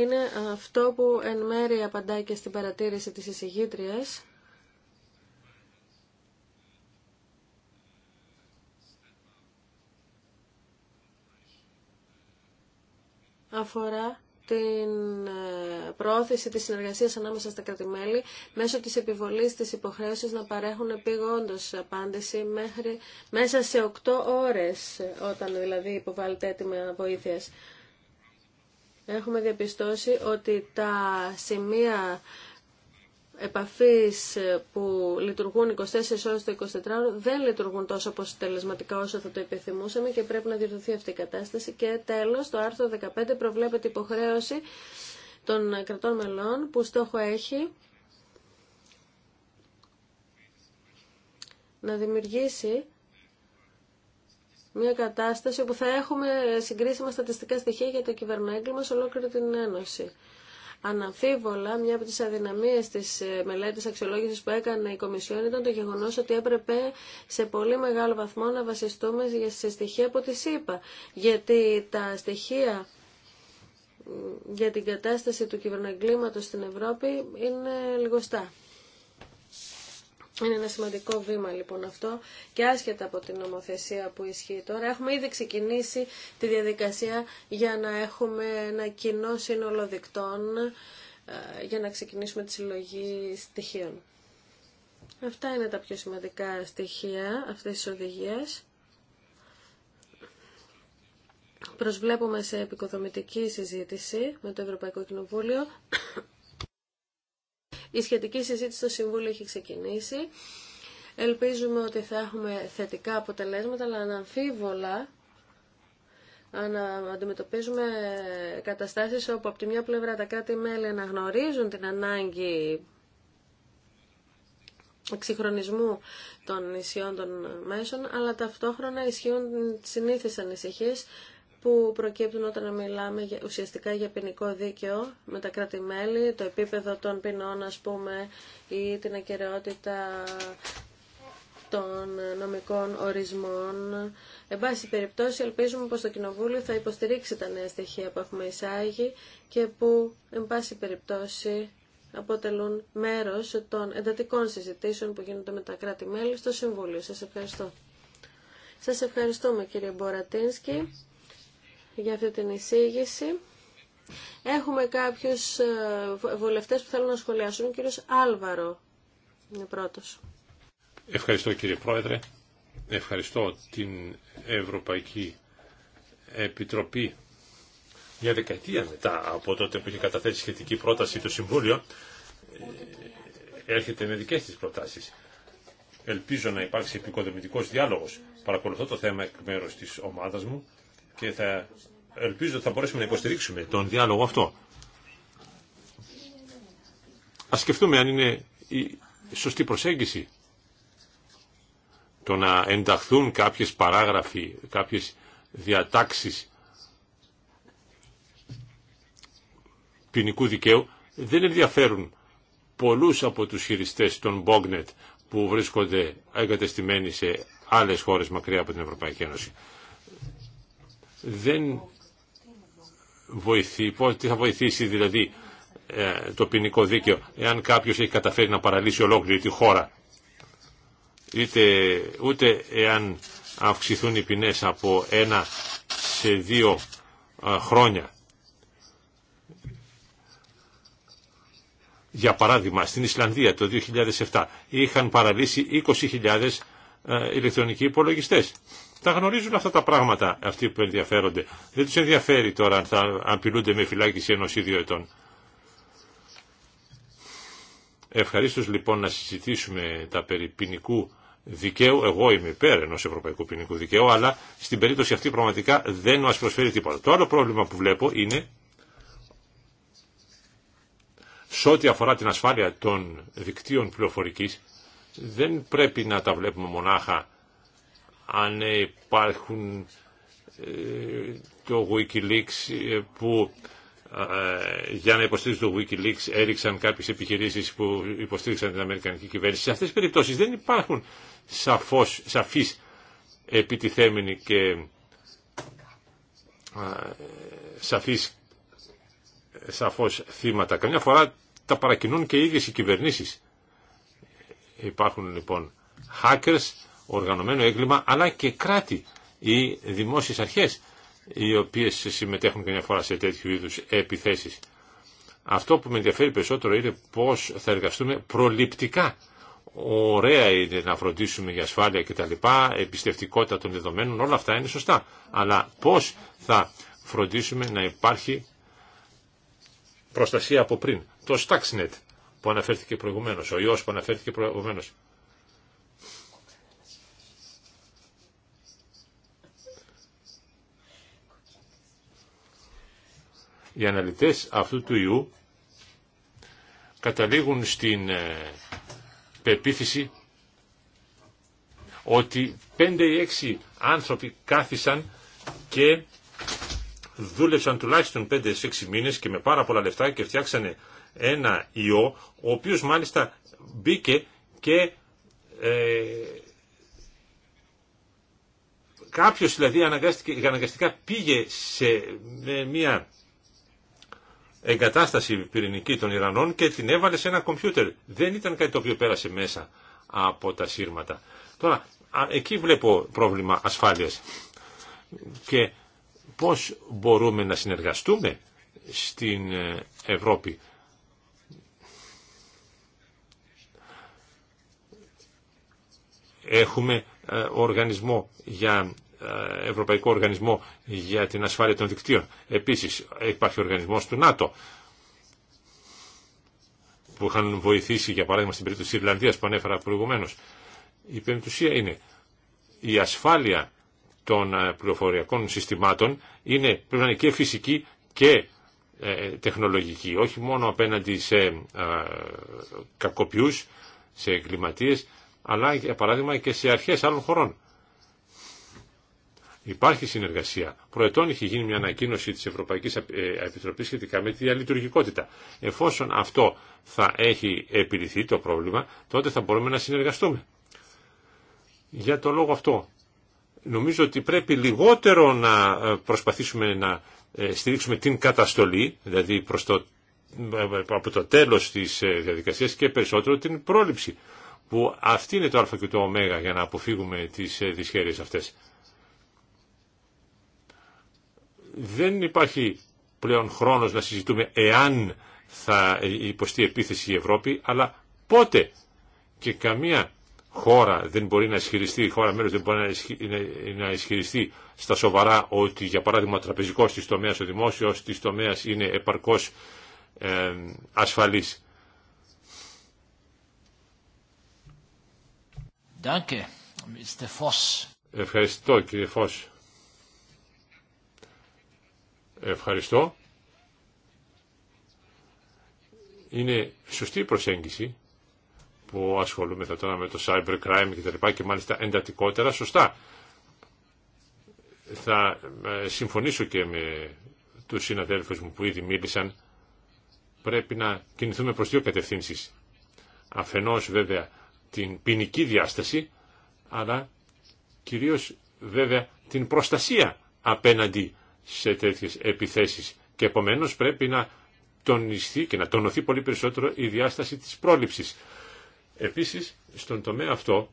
είναι αυτό που εν μέρει απαντάει και στην παρατήρηση της εισηγήτριας. αφορά την ε, πρόθεση της συνεργασίας ανάμεσα στα κρατημέλη μέσω της επιβολής της υποχρέωσης να παρέχουν επίγοντος απάντηση μέχρι, μέσα σε 8 ώρες όταν δηλαδή υποβάλλεται έτοιμα βοήθειας. Έχουμε διαπιστώσει ότι τα σημεία επαφής ε, που λειτουργούν 24 ώρες το 24 ώρο δεν λειτουργούν τόσο αποτελεσματικά όσο θα το επιθυμούσαμε και πρέπει να διορθωθεί αυτή η κατάσταση. Και τέλος, το άρθρο 15 προβλέπεται υποχρέωση των κρατών μελών που στόχο έχει να δημιουργήσει μια κατάσταση όπου θα έχουμε συγκρίσιμα στατιστικά στοιχεία για το κυβερνοέγκλημα σε ολόκληρη την Ένωση. Αναμφίβολα, μια από τις αδυναμίες της ε, μελέτης αξιολόγησης που έκανε η Κομισιόν ήταν το γεγονός ότι έπρεπε σε πολύ μεγάλο βαθμό να βασιστούμε σε στοιχεία από τη ΣΥΠΑ. Γιατί τα στοιχεία για την κατάσταση του κυβερνοεγκλήματος στην Ευρώπη είναι λιγοστά. Είναι ένα σημαντικό βήμα λοιπόν αυτό και άσχετα από την νομοθεσία που ισχύει τώρα. Έχουμε ήδη ξεκινήσει τη διαδικασία για να έχουμε ένα κοινό σύνολο δικτών ε, για να ξεκινήσουμε τη συλλογή στοιχείων. Αυτά είναι τα πιο σημαντικά στοιχεία αυτής της οδηγίας. Προσβλέπουμε σε επικοδομητική συζήτηση με το Ευρωπαϊκό Κοινοβούλιο η σχετική συζήτηση στο Συμβούλιο έχει ξεκινήσει. Ελπίζουμε ότι θα έχουμε θετικά αποτελέσματα, αλλά αναμφίβολα αντιμετωπίζουμε καταστάσεις όπου από τη μια πλευρά τα κράτη-μέλη αναγνωρίζουν την ανάγκη εξυγχρονισμού των ισιών των μέσων, αλλά ταυτόχρονα ισχύουν συνήθεις ανησυχίες που προκύπτουν όταν μιλάμε ουσιαστικά για ποινικό δίκαιο με τα κράτη-μέλη, το επίπεδο των ποινών ας πούμε ή την ακαιρεότητα των νομικών ορισμών. Εν πάση περιπτώσει, ελπίζουμε πως το Κοινοβούλιο θα υποστηρίξει τα νέα στοιχεία που έχουμε εισάγει και που, εν πάση περιπτώσει, αποτελούν μέρος των εντατικών συζητήσεων που γίνονται με τα κράτη-μέλη στο Συμβούλιο. Σας ευχαριστώ. Σας ευχαριστούμε κύριε Μπορατίνσκι για αυτή την εισήγηση. Έχουμε κάποιους ε, βουλευτές που θέλουν να σχολιάσουν. Ο κύριος Άλβαρο είναι πρώτος. Ευχαριστώ κύριε Πρόεδρε. Ευχαριστώ την Ευρωπαϊκή Επιτροπή μια δεκαετία μετά από τότε που είχε καταθέσει σχετική πρόταση το Συμβούλιο ε, έρχεται με δικές της προτάσεις. Ελπίζω να υπάρξει επικοδομητικός διάλογος. Παρακολουθώ το θέμα εκ μέρους της ομάδας μου και θα ελπίζω ότι θα μπορέσουμε να υποστηρίξουμε τον διάλογο αυτό. Α σκεφτούμε αν είναι η σωστή προσέγγιση το να ενταχθούν κάποιες παράγραφοι, κάποιες διατάξεις ποινικού δικαίου δεν ενδιαφέρουν πολλούς από τους χειριστές των Bognet που βρίσκονται εγκατεστημένοι σε άλλες χώρες μακριά από την Ευρωπαϊκή Ένωση δεν βοηθεί, τι θα βοηθήσει δηλαδή ε, το ποινικό δίκαιο εάν κάποιος έχει καταφέρει να παραλύσει ολόκληρη τη χώρα είτε, ούτε εάν αυξηθούν οι ποινές από ένα σε δύο ε, χρόνια για παράδειγμα στην Ισλανδία το 2007 είχαν παραλύσει 20.000 ε, ηλεκτρονικοί υπολογιστές τα γνωρίζουν αυτά τα πράγματα αυτοί που ενδιαφέρονται. Δεν τους ενδιαφέρει τώρα αν θα απειλούνται με φυλάκιση ενός ή δύο ετών. Ευχαρίστως λοιπόν να συζητήσουμε τα περί ποινικού δικαίου. Εγώ είμαι υπέρ ενός ευρωπαϊκού ποινικού δικαίου, αλλά στην περίπτωση αυτή πραγματικά δεν μας προσφέρει τίποτα. Το άλλο πρόβλημα που βλέπω είναι σε ό,τι αφορά την ασφάλεια των δικτύων πληροφορικής δεν πρέπει να τα βλέπουμε μονάχα αν υπάρχουν ε, το Wikileaks ε, που ε, για να υποστήριξουν το Wikileaks έριξαν κάποιες επιχειρήσεις που υποστήριξαν την Αμερικανική κυβέρνηση. Σε αυτές τις περιπτώσεις δεν υπάρχουν σαφώς, σαφείς επιτιθέμενοι και σαφείς, σαφώς θύματα. Καμιά φορά τα παρακινούν και οι ίδιες οι κυβερνήσεις. Υπάρχουν λοιπόν hackers οργανωμένο έγκλημα, αλλά και κράτη ή δημόσιες αρχές, οι οποίες συμμετέχουν καμιά φορά σε τέτοιου είδους επιθέσεις. Αυτό που με ενδιαφέρει περισσότερο είναι πώς θα εργαστούμε προληπτικά. Ωραία είναι να φροντίσουμε για ασφάλεια κτλ, Επιστευτικότητα των δεδομένων, όλα αυτά είναι σωστά. Αλλά πώς θα φροντίσουμε να υπάρχει προστασία από πριν. Το Stuxnet που αναφέρθηκε προηγουμένως, ο ιός που αναφέρθηκε προηγουμένως. οι αναλυτές αυτού του ιού καταλήγουν στην ε, πεποίθηση ότι 5 ή 6 άνθρωποι κάθισαν και δούλεψαν τουλάχιστον 5-6 μήνες και με πάρα πολλά λεφτά και φτιάξανε ένα ιό, ο οποίος μάλιστα μπήκε και ε, κάποιος δηλαδή αναγκαστικά πήγε σε μια εγκατάσταση πυρηνική των Ιρανών και την έβαλε σε ένα κομπιούτερ. Δεν ήταν κάτι το οποίο πέρασε μέσα από τα σύρματα. Τώρα, εκεί βλέπω πρόβλημα ασφάλειας. Και πώς μπορούμε να συνεργαστούμε στην ε, Ευρώπη. Έχουμε ε, οργανισμό για ε, Ευρωπαϊκό Οργανισμό για την Ασφάλεια των Δικτύων. Επίσης υπάρχει ο οργανισμός του ΝΑΤΟ που είχαν βοηθήσει για παράδειγμα στην περίπτωση της Ιρλανδίας που ανέφερα προηγουμένως. Η πεμπτουσία είναι η ασφάλεια των ε, πληροφοριακών συστημάτων είναι, πρέπει να είναι και φυσική και ε, τεχνολογική, όχι μόνο απέναντι σε ε, κακοποιούς, σε εγκληματίες, αλλά για παράδειγμα και σε αρχές άλλων χωρών. Υπάρχει συνεργασία. Προετών είχε γίνει μια ανακοίνωση της Ευρωπαϊκής ε, Επιτροπής σχετικά με τη διαλειτουργικότητα. Εφόσον αυτό θα έχει επιληθεί το πρόβλημα, τότε θα μπορούμε να συνεργαστούμε. Για το λόγο αυτό, νομίζω ότι πρέπει λιγότερο να ε, προσπαθήσουμε να ε, στηρίξουμε την καταστολή, δηλαδή προς το, από το τέλος της διαδικασίας και περισσότερο την πρόληψη, που αυτή είναι το α και το ω για να αποφύγουμε τις δυσχέρειες αυτές δεν υπάρχει πλέον χρόνος να συζητούμε εάν θα υποστεί επίθεση η Ευρώπη, αλλά πότε και καμία χώρα δεν μπορεί να ισχυριστεί, η χώρα μέλος δεν μπορεί να ισχυριστεί στα σοβαρά ότι για παράδειγμα τραπεζικός της τομέας, ο δημόσιος της τομέας είναι επαρκώς ε, ασφαλής. Ευχαριστώ κύριε Φως. Ευχαριστώ. Είναι σωστή η προσέγγιση που ασχολούμαι τώρα με το cybercrime και τα λοιπά και μάλιστα εντατικότερα σωστά. Θα ε, συμφωνήσω και με τους συναδέλφους μου που ήδη μίλησαν. Πρέπει να κινηθούμε προς δύο κατευθύνσεις. Αφενός βέβαια την ποινική διάσταση, αλλά κυρίως βέβαια την προστασία απέναντι σε τέτοιες επιθέσεις και επομένως πρέπει να τονιστεί και να τονωθεί πολύ περισσότερο η διάσταση της πρόληψης. Επίσης, στον τομέα αυτό,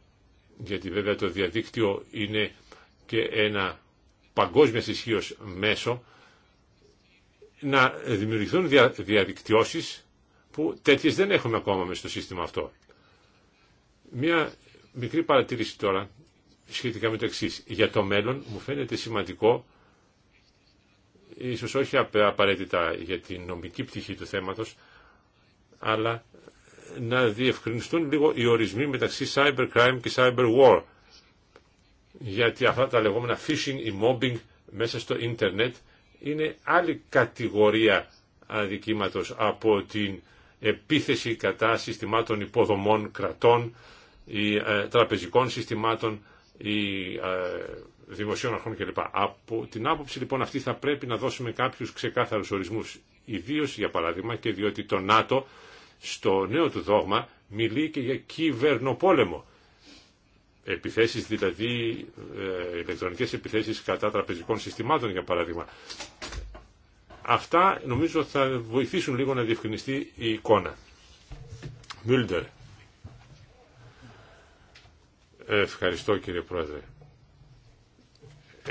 γιατί βέβαια το διαδίκτυο είναι και ένα παγκόσμια ισχύω μέσο, να δημιουργηθούν δια, που τέτοιες δεν έχουμε ακόμα μες στο σύστημα αυτό. Μία μικρή παρατήρηση τώρα σχετικά με το εξή. Για το μέλλον μου φαίνεται σημαντικό ίσως όχι απαραίτητα για την νομική πτυχή του θέματος, αλλά να διευκρινιστούν λίγο οι ορισμοί μεταξύ cybercrime και cyber war. Γιατί αυτά τα λεγόμενα phishing ή mobbing μέσα στο ίντερνετ είναι άλλη κατηγορία αδικήματος από την επίθεση κατά συστημάτων υποδομών κρατών ή ε, τραπεζικών συστημάτων ή ε, δημοσίων αρχών κλπ. Από την άποψη λοιπόν αυτή θα πρέπει να δώσουμε κάποιους ξεκάθαρους ορισμούς, ιδίως για παράδειγμα και διότι το ΝΑΤΟ στο νέο του δόγμα μιλεί και για κυβερνοπόλεμο. Επιθέσεις δηλαδή, ε, ηλεκτρονικές επιθέσεις κατά τραπεζικών συστημάτων για παράδειγμα. Αυτά νομίζω θα βοηθήσουν λίγο να διευκρινιστεί η εικόνα. Μιλντερ. Ευχαριστώ κύριε Πρόεδρε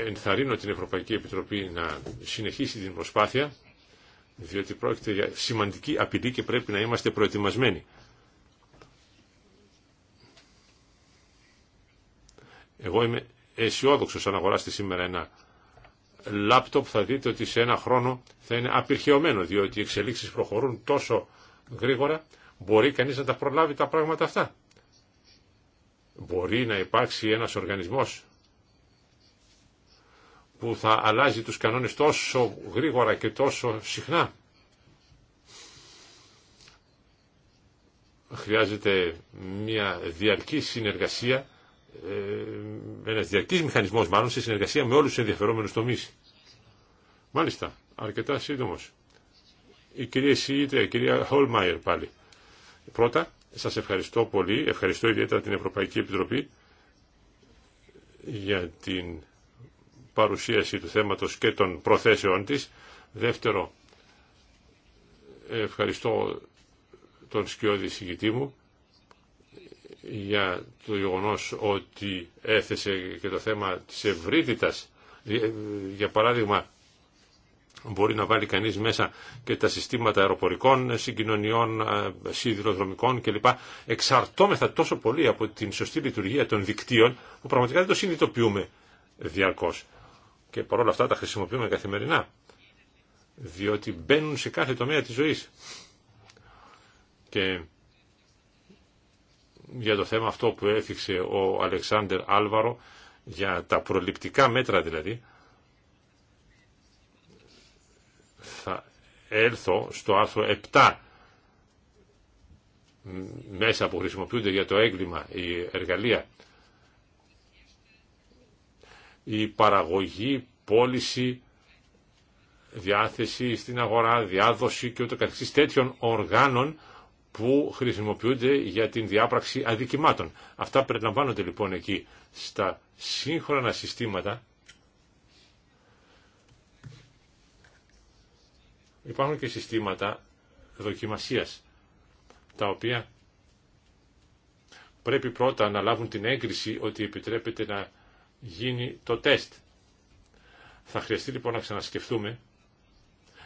ενθαρρύνω την Ευρωπαϊκή Επιτροπή να συνεχίσει την προσπάθεια, διότι πρόκειται για σημαντική απειλή και πρέπει να είμαστε προετοιμασμένοι. Εγώ είμαι αισιόδοξο αν αγοράσετε σήμερα ένα λάπτοπ θα δείτε ότι σε ένα χρόνο θα είναι απειρχαιωμένο, διότι οι εξελίξεις προχωρούν τόσο γρήγορα, μπορεί κανείς να τα προλάβει τα πράγματα αυτά. Μπορεί να υπάρξει ένας οργανισμός που θα αλλάζει τους κανόνες τόσο γρήγορα και τόσο συχνά. Χρειάζεται μια διαρκή συνεργασία, ε, ένας διαρκής μηχανισμός μάλλον, σε συνεργασία με όλους τους ενδιαφερόμενους τομείς. Μάλιστα, αρκετά σύντομος. Η κυρία Σιήτρια, η κυρία Χολμάιερ πάλι. Πρώτα, σας ευχαριστώ πολύ, ευχαριστώ ιδιαίτερα την Ευρωπαϊκή Επιτροπή για την παρουσίαση του θέματος και των προθέσεών της. Δεύτερο, ευχαριστώ τον σκιώδη συγκητή μου για το γεγονό ότι έθεσε και το θέμα της ευρύτητας. Για παράδειγμα, μπορεί να βάλει κανείς μέσα και τα συστήματα αεροπορικών, συγκοινωνιών, ε, σιδηροδρομικών κλπ. Εξαρτώμεθα τόσο πολύ από την σωστή λειτουργία των δικτύων που πραγματικά δεν το συνειδητοποιούμε διαρκώς και παρόλα αυτά τα χρησιμοποιούμε καθημερινά διότι μπαίνουν σε κάθε τομέα της ζωής. Και για το θέμα αυτό που έφυξε ο Αλεξάνδρ Άλβαρο, για τα προληπτικά μέτρα δηλαδή, θα έλθω στο άρθρο 7 μέσα που χρησιμοποιούνται για το έγκλημα η εργαλεία η παραγωγή, πώληση, διάθεση στην αγορά, διάδοση και ούτω καθεξής τέτοιων οργάνων που χρησιμοποιούνται για την διάπραξη αδικημάτων. Αυτά περιλαμβάνονται λοιπόν εκεί στα σύγχρονα συστήματα. Υπάρχουν και συστήματα δοκιμασίας, τα οποία πρέπει πρώτα να λάβουν την έγκριση ότι επιτρέπεται να γίνει το τεστ. Θα χρειαστεί λοιπόν να ξανασκεφτούμε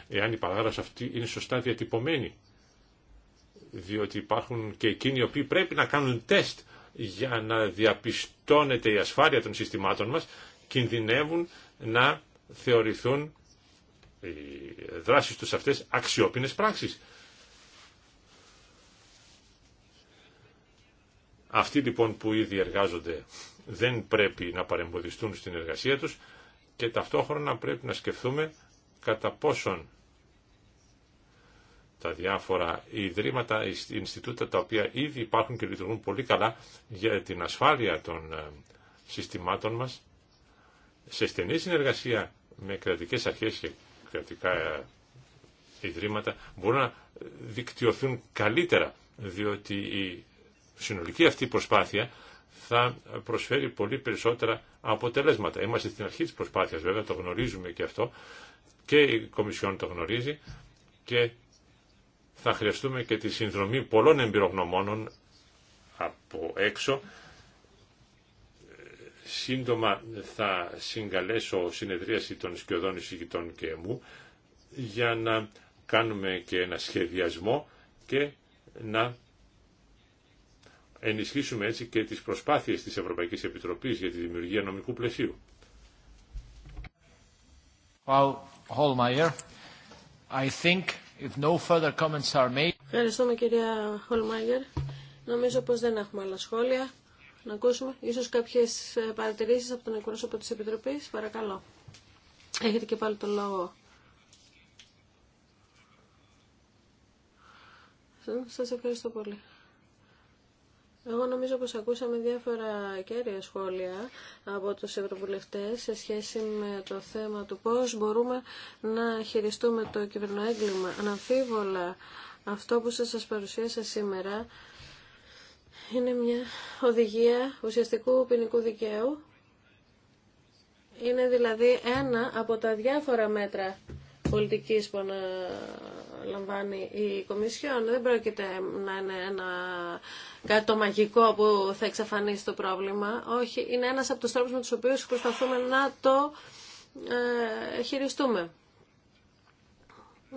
εάν η παράγραφος αυτή είναι σωστά διατυπωμένη. Διότι υπάρχουν και εκείνοι οι οποίοι πρέπει να κάνουν τεστ για να διαπιστώνεται η ασφάλεια των συστημάτων μας, κινδυνεύουν να θεωρηθούν οι δράσεις τους αυτές αξιόπινες πράξεις. Αυτοί λοιπόν που ήδη εργάζονται δεν πρέπει να παρεμποδιστούν στην εργασία τους και ταυτόχρονα πρέπει να σκεφτούμε κατά πόσον τα διάφορα ιδρύματα, Ινστιτούτα τα οποία ήδη υπάρχουν και λειτουργούν πολύ καλά για την ασφάλεια των ε, συστημάτων μας σε στενή συνεργασία με κρατικές αρχές και κρατικά ε, ιδρύματα μπορούν να δικτυωθούν καλύτερα διότι η συνολική αυτή προσπάθεια θα προσφέρει πολύ περισσότερα αποτελέσματα. Είμαστε στην αρχή της προσπάθειας βέβαια, το γνωρίζουμε και αυτό και η Κομισιόν το γνωρίζει και θα χρειαστούμε και τη συνδρομή πολλών εμπειρογνωμόνων από έξω. Σύντομα θα συγκαλέσω συνεδρίαση των σκιωδών εισηγητών και εμού για να κάνουμε και ένα σχεδιασμό και να ενισχύσουμε έτσι και τις προσπάθειες της Ευρωπαϊκής Επιτροπής για τη δημιουργία νομικού πλαισίου. Ευχαριστούμε κυρία Χολμάγερ. Νομίζω πως δεν έχουμε άλλα σχόλια. Να ακούσουμε ίσως κάποιες ε, παρατηρήσεις από τον εκπρόσωπο της Επιτροπής. Παρακαλώ. Έχετε και πάλι τον λόγο. Σας ευχαριστώ πολύ. Εγώ νομίζω πως ακούσαμε διάφορα κέρια σχόλια από τους ευρωβουλευτές σε σχέση με το θέμα του πώς μπορούμε να χειριστούμε το κυβερνοέγκλημα. Αναμφίβολα αυτό που σας παρουσίασα σήμερα είναι μια οδηγία ουσιαστικού ποινικού δικαίου. Είναι δηλαδή ένα από τα διάφορα μέτρα πολιτικής που αναλαμβάνει η Κομισιόν. Δεν πρόκειται να είναι ένα κάτι το μαγικό που θα εξαφανίσει το πρόβλημα. Όχι, είναι ένας από τους τρόπους με τους οποίους προσπαθούμε να το ε, χειριστούμε.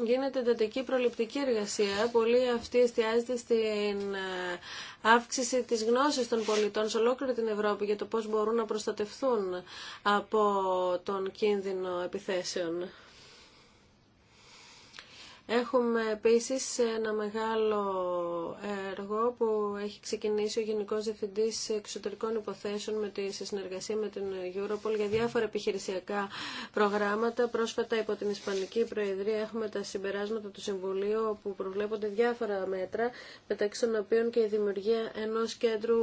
Γίνεται εντατική προληπτική εργασία. Πολύ αυτή εστιάζεται στην ε, αύξηση της γνώσης των πολιτών σε ολόκληρη την Ευρώπη για το πώς μπορούν να προστατευθούν από τον κίνδυνο επιθέσεων. Έχουμε επίσης ένα μεγάλο έργο που έχει ξεκινήσει ο Γενικός Διευθυντής Εξωτερικών Υποθέσεων με τη συνεργασία με την Europol για διάφορα επιχειρησιακά προγράμματα. Πρόσφατα υπό την Ισπανική Προεδρία έχουμε τα συμπεράσματα του Συμβουλίου που προβλέπονται διάφορα μέτρα μεταξύ των οποίων και η δημιουργία ενός κέντρου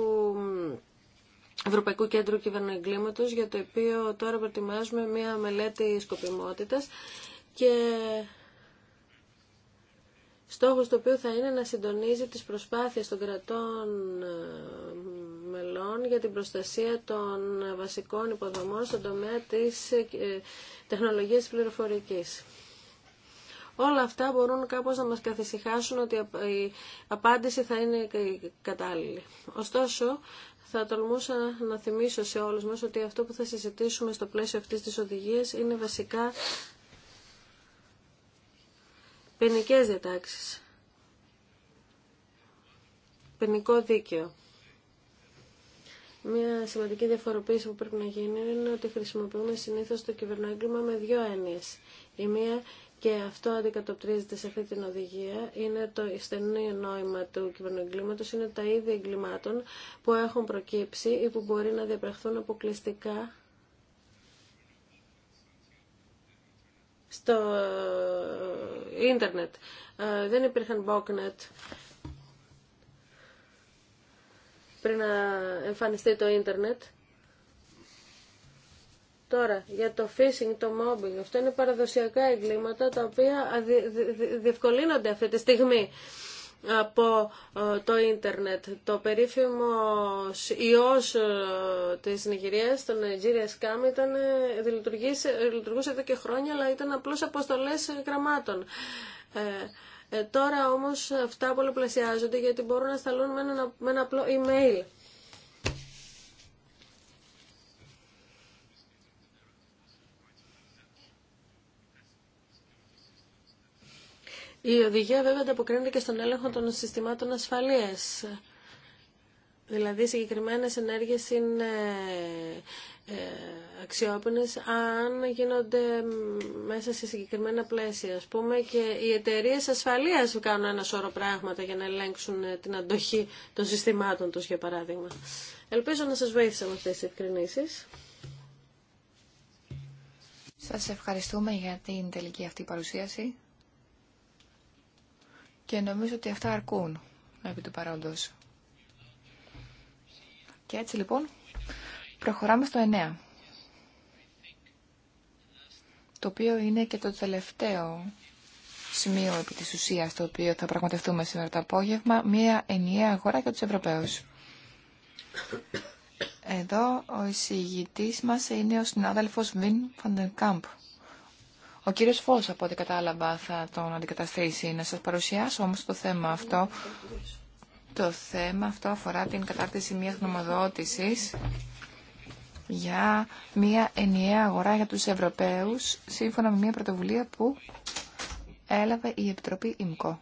Ευρωπαϊκού Κέντρου Κυβερνοεγκλήματος για το οποίο τώρα προετοιμάζουμε μια μελέτη σκοπιμότητας και στόχος το οποίο θα είναι να συντονίζει τις προσπάθειες των κρατών ε, μελών για την προστασία των βασικών υποδομών στον τομέα της ε, ε, τεχνολογίας της πληροφορικής. Όλα αυτά μπορούν κάπως να μας καθησυχάσουν ότι η απάντηση θα είναι κατάλληλη. Ωστόσο, θα τολμούσα να θυμίσω σε όλους μας ότι αυτό που θα συζητήσουμε στο πλαίσιο αυτής της οδηγίας είναι βασικά Πενικές διατάξει. Ποινικό δίκαιο. Μια σημαντική διαφοροποίηση που πρέπει να γίνει είναι ότι χρησιμοποιούμε συνήθως το κυβερνόγκλημα με δύο έννοιες. Η μία και αυτό αντικατοπτρίζεται σε αυτή την οδηγία, είναι το στενό νόημα του κυβερνογκλήματο, είναι τα είδη εγκλημάτων που έχουν προκύψει ή που μπορεί να διαπραχθούν αποκλειστικά στο ίντερνετ. Ε, δεν υπήρχαν μπόκνετ. πριν να εμφανιστεί το ίντερνετ. Τώρα, για το phishing, το mobbing, αυτό είναι παραδοσιακά εγκλήματα τα οποία διευκολύνονται αυτή τη στιγμή από ε, το ίντερνετ. Το περίφημο ιός ε, της Νιγηρίας, το Nigeria Scam, ήταν, ε, λειτουργούσε εδώ και χρόνια, αλλά ήταν απλώς αποστολές γραμμάτων. Ε, τώρα όμως αυτά πολλοπλασιάζονται γιατί μπορούν να σταλούν με ένα, με ένα απλό email. Η οδηγία βέβαια ανταποκρίνεται και στον έλεγχο των συστημάτων ασφαλείας. Δηλαδή συγκεκριμένες ενέργειες είναι ε, αξιόπινες αν γίνονται μέσα σε συγκεκριμένα πλαίσια. Ας πούμε και οι εταιρείες ασφαλείας κάνουν ένα σώρο πράγματα για να ελέγξουν ε, την αντοχή των συστημάτων τους για παράδειγμα. Ελπίζω να σας βοήθησα με αυτές τις ευκρινήσεις. Σας ευχαριστούμε για την τελική αυτή παρουσίαση. Και νομίζω ότι αυτά αρκούν επί του παρόντος. Και έτσι λοιπόν προχωράμε στο 9. Το οποίο είναι και το τελευταίο σημείο επί της ουσίας το οποίο θα πραγματευτούμε σήμερα το απόγευμα. Μία ενιαία αγορά για τους Ευρωπαίους. Εδώ ο εισηγητής μας είναι ο συνάδελφος Βιν Φαντενκάμπ. Ο κύριο Φω, από ό,τι κατάλαβα, θα τον αντικαταστήσει. Να σα παρουσιάσω όμω το θέμα αυτό. Το θέμα αυτό αφορά την κατάρτιση μια νομοδότησης για μια ενιαία αγορά για τους Ευρωπαίου σύμφωνα με μια πρωτοβουλία που έλαβε η Επιτροπή ΙΜΚΟ,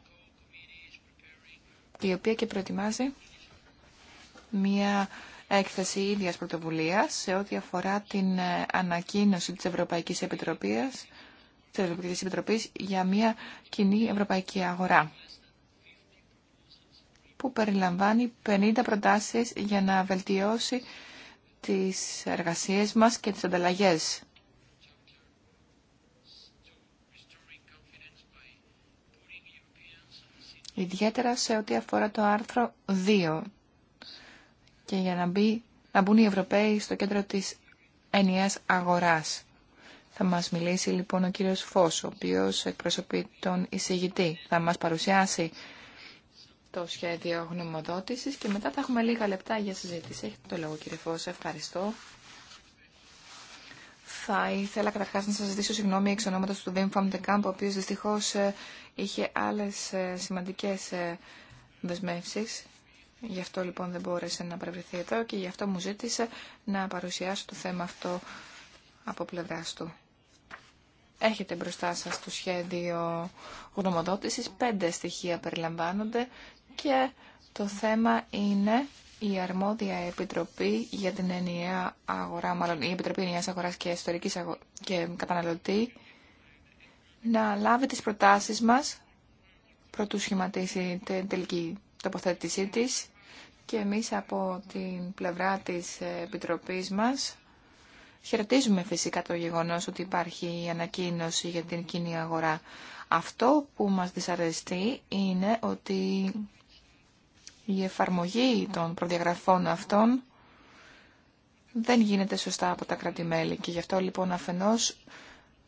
η οποία και προετοιμάζει μια έκθεση ίδιας πρωτοβουλίας σε ό,τι αφορά την ανακοίνωση της Ευρωπαϊκής Επιτροπής τη Ευρωπαϊκή Επιτροπή για μια κοινή ευρωπαϊκή αγορά που περιλαμβάνει 50 προτάσεις για να βελτιώσει τις εργασίες μας και τις ανταλλαγές. Ιδιαίτερα σε ό,τι αφορά το άρθρο 2 και για να, μπουν οι Ευρωπαίοι στο κέντρο της ενιαίας αγοράς. Θα μας μιλήσει λοιπόν ο κύριος Φως, ο οποίος εκπροσωπεί τον εισηγητή. Θα μας παρουσιάσει το σχέδιο γνωμοδότησης και μετά θα έχουμε λίγα λεπτά για συζήτηση. Έχετε το λόγο κύριε Φως, ευχαριστώ. Θα ήθελα καταρχάς να σας ζητήσω συγγνώμη εξ ονόματος του Wim ο οποίος δυστυχώς ε, είχε άλλες ε, σημαντικές ε, δεσμεύσεις. Γι' αυτό λοιπόν δεν μπόρεσε να παρευρεθεί εδώ και γι' αυτό μου ζήτησε να παρουσιάσω το θέμα αυτό από πλευράς του. Έχετε μπροστά σας το σχέδιο γνωμοδότησης, πέντε στοιχεία περιλαμβάνονται και το θέμα είναι η αρμόδια επιτροπή για την ενιαία αγορά, μάλλον η Επιτροπή Ενιαίας Αγοράς και ιστορική και Καταναλωτή, να λάβει τις προτάσεις μας, προτού σχηματίσει την τελική τοποθέτησή της και εμείς από την πλευρά της Επιτροπής μας Χαιρετίζουμε φυσικά το γεγονός ότι υπάρχει η ανακοίνωση για την κοινή αγορά. Αυτό που μας δυσαρεστεί είναι ότι η εφαρμογή των προδιαγραφών αυτών δεν γίνεται σωστά από τα κρατη και γι' αυτό λοιπόν αφενός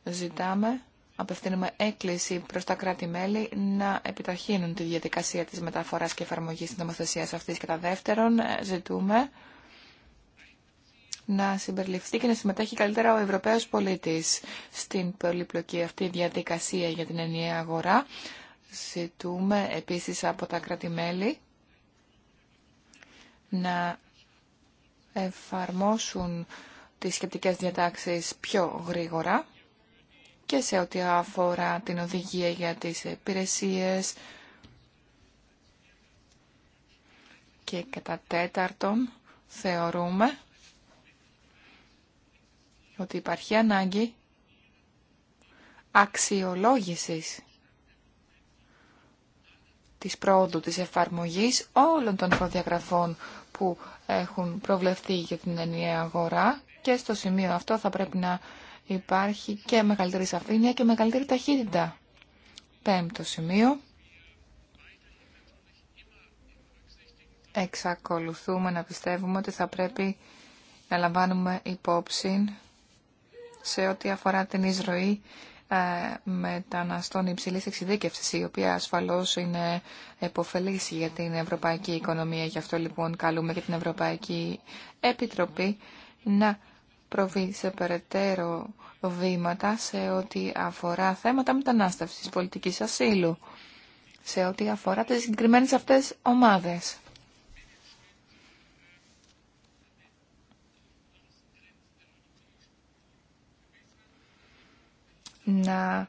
ζητάμε, απευθύνουμε έκκληση προς τα κράτη-μέλη να επιταχύνουν τη διαδικασία της μεταφοράς και εφαρμογής της νομοθεσίας αυτής και τα δεύτερον ε, ζητούμε να συμπεριληφθεί και να συμμετέχει καλύτερα ο Ευρωπαίος πολίτης στην πολυπλοκή αυτή διαδικασία για την ενιαία αγορά. Ζητούμε επίσης από τα κράτη-μέλη να εφαρμόσουν τις σχετικές διατάξεις πιο γρήγορα και σε ό,τι αφορά την οδηγία για τις υπηρεσίες και κατά τέταρτον θεωρούμε ότι υπάρχει ανάγκη αξιολόγησης της πρόοδου της εφαρμογής όλων των προδιαγραφών που έχουν προβλεφθεί για την ενιαία αγορά και στο σημείο αυτό θα πρέπει να υπάρχει και μεγαλύτερη σαφήνεια και μεγαλύτερη ταχύτητα. Πέμπτο σημείο. Εξακολουθούμε να πιστεύουμε ότι θα πρέπει να λαμβάνουμε υπόψη σε ό,τι αφορά την εισρωή ε, μεταναστών υψηλής εξειδίκευσης, η οποία ασφαλώς είναι επωφελής για την ευρωπαϊκή οικονομία. Γι' αυτό λοιπόν καλούμε και την Ευρωπαϊκή Επιτροπή να προβεί σε περαιτέρω βήματα σε ό,τι αφορά θέματα μετανάστευσης, πολιτικής ασύλου, σε ό,τι αφορά τις συγκεκριμένες αυτές ομάδες. να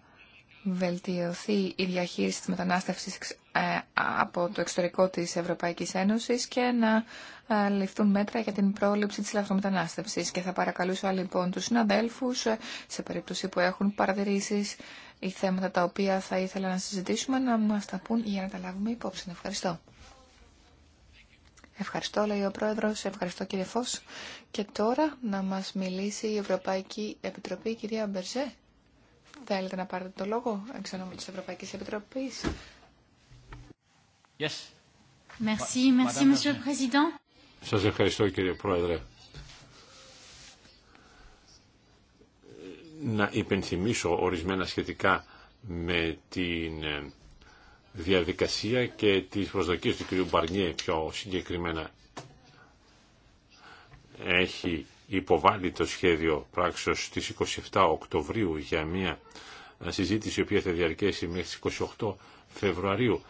βελτιωθεί η διαχείριση της μετανάστευσης ε, από το εξωτερικό της Ευρωπαϊκής Ένωσης και να ε, ληφθούν μέτρα για την πρόληψη της λαθρομετανάστευσης. Και θα παρακαλούσα λοιπόν τους συναδέλφους, ε, σε περίπτωση που έχουν παρατηρήσεις ή θέματα τα οποία θα ήθελα να συζητήσουμε, να μας τα πούν για να τα λάβουμε υπόψη. Ευχαριστώ. Ευχαριστώ, λέει ο πρόεδρο, Ευχαριστώ, κύριε Φω. Και τώρα να μα μιλήσει η Ευρωπαϊκή Επιτροπή, κυρία Μπερζέ. Θέλετε να πάρετε το λόγο εξ ονόματο τη Ευρωπαϊκή Επιτροπή. Yes. Merci, merci, Monsieur le Président. Σας ευχαριστώ κύριε Πρόεδρε. Να υπενθυμίσω ορισμένα σχετικά με την ε, διαδικασία και τις προσδοκίες του κυρίου Μπαρνιέ πιο συγκεκριμένα. Έχει υποβάλει το σχέδιο πράξεως στις 27 Οκτωβρίου για μια ε, συζήτηση η οποία θα διαρκέσει μέχρι τις 28 Φεβρουαρίου.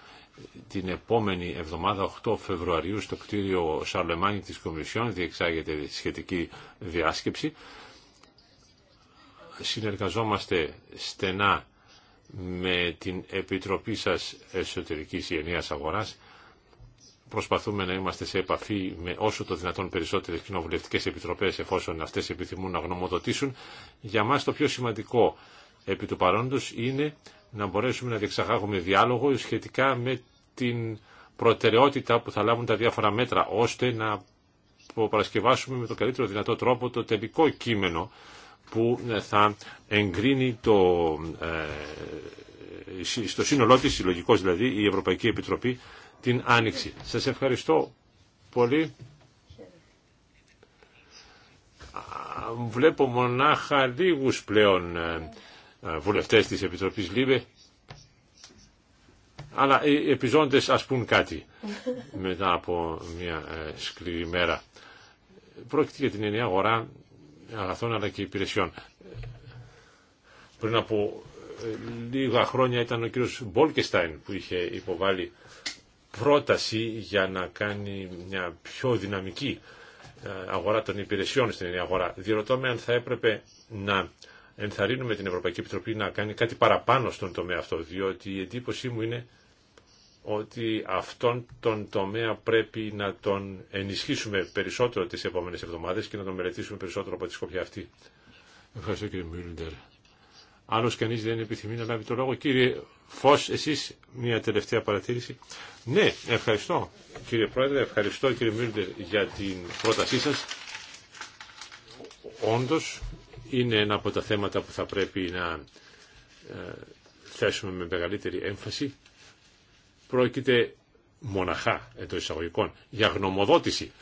Την επόμενη εβδομάδα 8 Φεβρουαρίου στο κτίριο Σαρλεμάνι της Κομισιόν διεξάγεται σχετική διάσκεψη. Συνεργαζόμαστε στενά με την Επιτροπή σας Εσωτερικής Ιενίας Αγοράς Προσπαθούμε να είμαστε σε επαφή με όσο το δυνατόν περισσότερε κοινοβουλευτικέ επιτροπέ εφόσον αυτέ επιθυμούν να γνωμοδοτήσουν. Για μας το πιο σημαντικό επί του παρόντο είναι να μπορέσουμε να διεξαγάγουμε διάλογο σχετικά με την προτεραιότητα που θα λάβουν τα διάφορα μέτρα ώστε να παρασκευάσουμε με τον καλύτερο δυνατό τρόπο το τελικό κείμενο που ε, θα εγκρίνει το, ε, ε, στο σύνολό της, συλλογικός δηλαδή, η Ευρωπαϊκή Επιτροπή την Άνοιξη. Σας ευχαριστώ πολύ. Βλέπω μονάχα λίγους πλέον ε, ε, βουλευτές της Επιτροπής ΛΥΒΕ αλλά οι επιζώντες ας πούν κάτι μετά από μια ε, σκληρή μέρα. Πρόκειται για την ενιαία αγορά αγαθών αλλά και υπηρεσιών. Πριν από λίγα χρόνια ήταν ο κύριος Μπόλκεστάιν που είχε υποβάλει πρόταση για να κάνει μια πιο δυναμική ε, αγορά των υπηρεσιών στην ενιαία αγορά. Διερωτώ με αν θα έπρεπε να ενθαρρύνουμε την Ευρωπαϊκή Επιτροπή να κάνει κάτι παραπάνω στον τομέα αυτό, διότι η εντύπωσή μου είναι ότι αυτόν τον τομέα πρέπει να τον ενισχύσουμε περισσότερο τις επόμενες εβδομάδες και να τον μελετήσουμε περισσότερο από τη σκοπιά αυτή. Ευχαριστώ κύριε Μιλντέρ. Άλλο κανεί δεν επιθυμεί να λάβει το λόγο. Κύριε Φως, εσείς μια τελευταία παρατήρηση. Ναι, ευχαριστώ κύριε Πρόεδρε, ευχαριστώ κύριε Μίλντερ για την πρότασή σας. Όντω, είναι ένα από τα θέματα που θα πρέπει να ε, θέσουμε με μεγαλύτερη έμφαση. Πρόκειται μοναχά εντό εισαγωγικών για γνωμοδότηση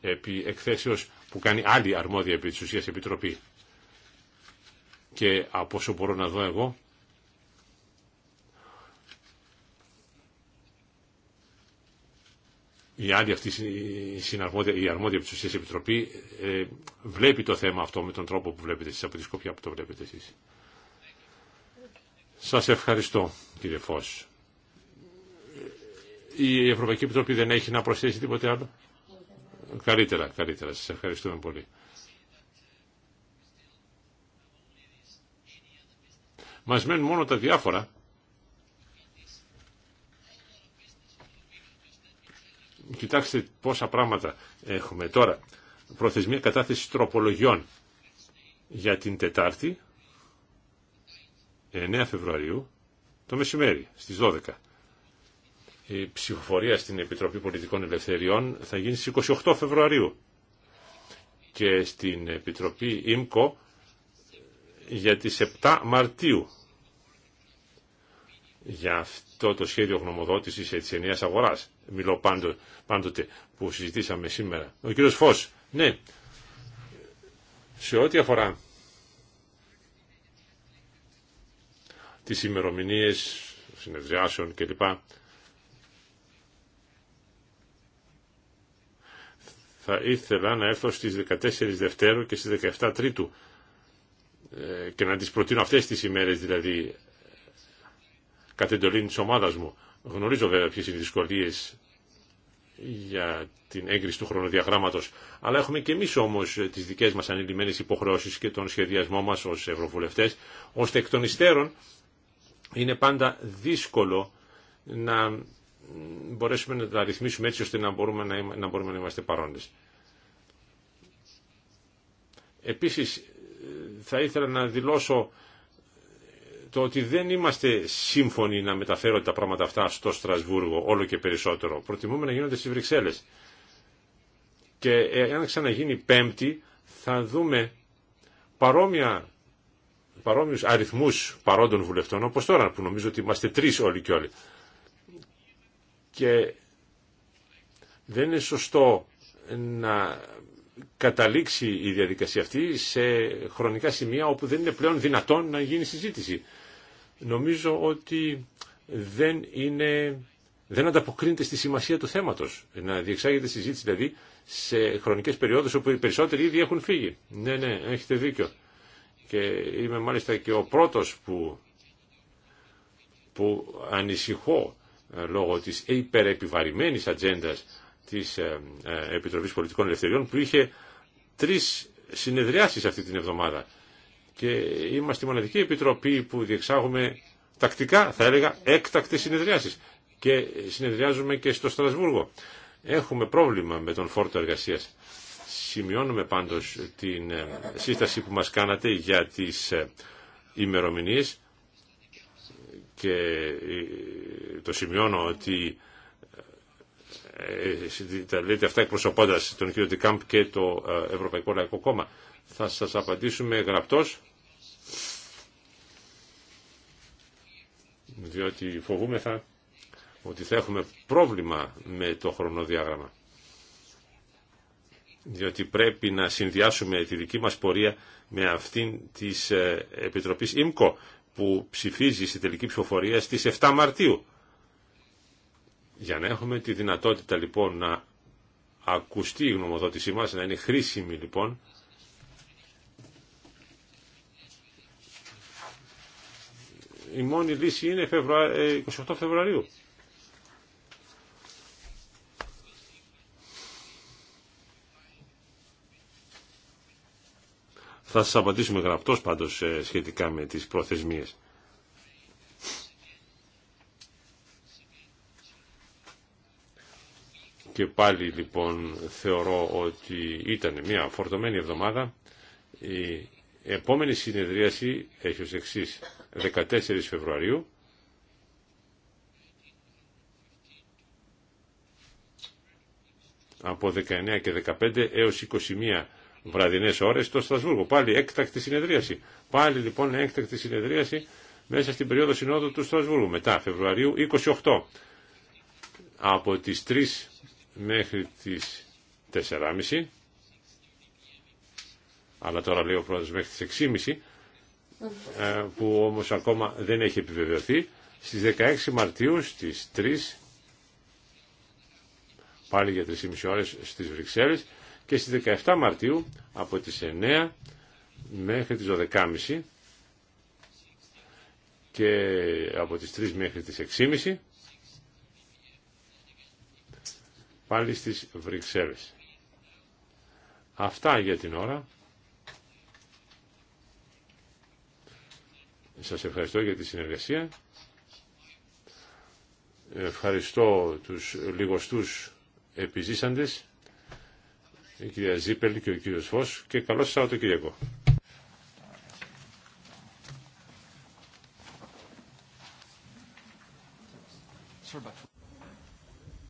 επί εκθέσεως που κάνει άλλη αρμόδια επί της ουσίας επιτροπή και από όσο μπορώ να δω εγώ η άλλη αυτή συναρμόδια, η αρμόδια της Ουσίας Επιτροπή ε, βλέπει το θέμα αυτό με τον τρόπο που βλέπετε εσείς, από τη σκοπιά που το βλέπετε εσείς. Σας ευχαριστώ κύριε Φως. Η Ευρωπαϊκή Επιτροπή δεν έχει να προσθέσει τίποτε άλλο. Καλύτερα, καλύτερα. Σας ευχαριστούμε πολύ. Μας μένουν μόνο τα διάφορα. Κοιτάξτε πόσα πράγματα έχουμε τώρα. Προθεσμία κατάθεση τροπολογιών για την Τετάρτη, 9 Φεβρουαρίου, το μεσημέρι, στις 12. Η ψηφοφορία στην Επιτροπή Πολιτικών Ελευθεριών θα γίνει στις 28 Φεβρουαρίου και στην Επιτροπή ΙΜΚΟ για τις 7 Μαρτίου για αυτό το σχέδιο γνωμοδότησης της ενιαίας αγοράς. Μιλώ πάντοτε που συζητήσαμε σήμερα. Ο κύριος Φως, ναι, σε ό,τι αφορά τις ημερομηνίες συνεδριάσεων κλπ. Θα ήθελα να έρθω στις 14 Δευτέρου και στις 17 Τρίτου ε, και να τις προτείνω αυτές τις ημέρες δηλαδή κατ' εντολή της ομάδας μου. Γνωρίζω βέβαια ποιες είναι οι δυσκολίες για την έγκριση του χρονοδιαγράμματος, αλλά έχουμε και εμείς όμως τις δικές μας ανηλυμένες υποχρεώσεις και τον σχεδιασμό μας ως ευρωβουλευτές, ώστε εκ των υστέρων είναι πάντα δύσκολο να μπορέσουμε να τα ρυθμίσουμε έτσι ώστε να μπορούμε να, να, μπορούμε να είμαστε παρόντες. Επίσης, θα ήθελα να δηλώσω το ότι δεν είμαστε σύμφωνοι να μεταφέρω τα πράγματα αυτά στο Στρασβούργο όλο και περισσότερο. Προτιμούμε να γίνονται στις Βρυξέλλες. Και αν ξαναγίνει πέμπτη θα δούμε παρόμοια, παρόμοιους αριθμούς παρόντων βουλευτών όπως τώρα που νομίζω ότι είμαστε τρεις όλοι και όλοι. Και δεν είναι σωστό να καταλήξει η διαδικασία αυτή σε χρονικά σημεία όπου δεν είναι πλέον δυνατόν να γίνει συζήτηση. Νομίζω ότι δεν, είναι, δεν ανταποκρίνεται στη σημασία του θέματος να διεξάγεται συζήτηση δηλαδή σε χρονικές περιόδους όπου οι περισσότεροι ήδη έχουν φύγει. Ναι, ναι, έχετε δίκιο. Και είμαι μάλιστα και ο πρώτος που, που ανησυχώ ε, λόγω της υπερεπιβαρημένης ατζέντα της ε, ε, Επιτροπής Πολιτικών Ελευθεριών που είχε τρεις συνεδριάσεις αυτή την εβδομάδα και είμαστε η μοναδική επιτροπή που διεξάγουμε τακτικά, θα έλεγα, έκτακτες συνεδριάσεις και συνεδριάζουμε και στο Στρασβούργο. Έχουμε πρόβλημα με τον φόρτο εργασίας. Σημειώνουμε πάντως την ε, σύσταση που μας κάνατε για τις ημερομηνίες και το σημειώνω ότι τα λέτε αυτά εκπροσωπώντας τον κύριο Τικάμπ και το ε, Ευρωπαϊκό Λαϊκό Κόμμα. Θα σας απαντήσουμε γραπτός, διότι φοβούμεθα ότι θα έχουμε πρόβλημα με το χρονοδιάγραμμα. Διότι πρέπει να συνδυάσουμε τη δική μας πορεία με αυτήν της ε, Επιτροπής ΙΜΚΟ που ψηφίζει στη τελική ψηφοφορία στις 7 Μαρτίου. Για να έχουμε τη δυνατότητα λοιπόν να ακουστεί η γνωμοδότησή μας, να είναι χρήσιμη λοιπόν, η μόνη λύση είναι 28 ε, Φεβρουαρίου. Θα σας απαντήσουμε γραπτός πάντως ε, σχετικά με τις προθεσμίες. Και πάλι λοιπόν θεωρώ ότι ήταν μια φορτωμένη εβδομάδα. Η επόμενη συνεδρίαση έχει ως εξής 14 Φεβρουαρίου. από 19 και 15 έως 21 βραδινές ώρες στο Στρασβούργο. Πάλι έκτακτη συνεδρίαση. Πάλι λοιπόν έκτακτη συνεδρίαση μέσα στην περίοδο συνόδου του Στρασβούργου. Μετά Φεβρουαρίου 28 από τις 3 μέχρι τις 4.30 αλλά τώρα λέει ο πρόεδρος μέχρι τις 6.30 ε, που όμως ακόμα δεν έχει επιβεβαιωθεί στις 16 Μαρτίου στις 3 πάλι για 3.30 ώρες στις Βρυξέλλες και στις 17 Μαρτίου από τις 9 μέχρι τις 12.30 και από τις 3 μέχρι τις 6.30 πάλι στις Βρυξέλλες. Αυτά για την ώρα. Σας ευχαριστώ για τη συνεργασία. Ευχαριστώ τους λιγοστούς επιζήσαντες, η κυρία Ζίπελ και ο κύριος Φως και καλό σας Σαββατοκύριακο.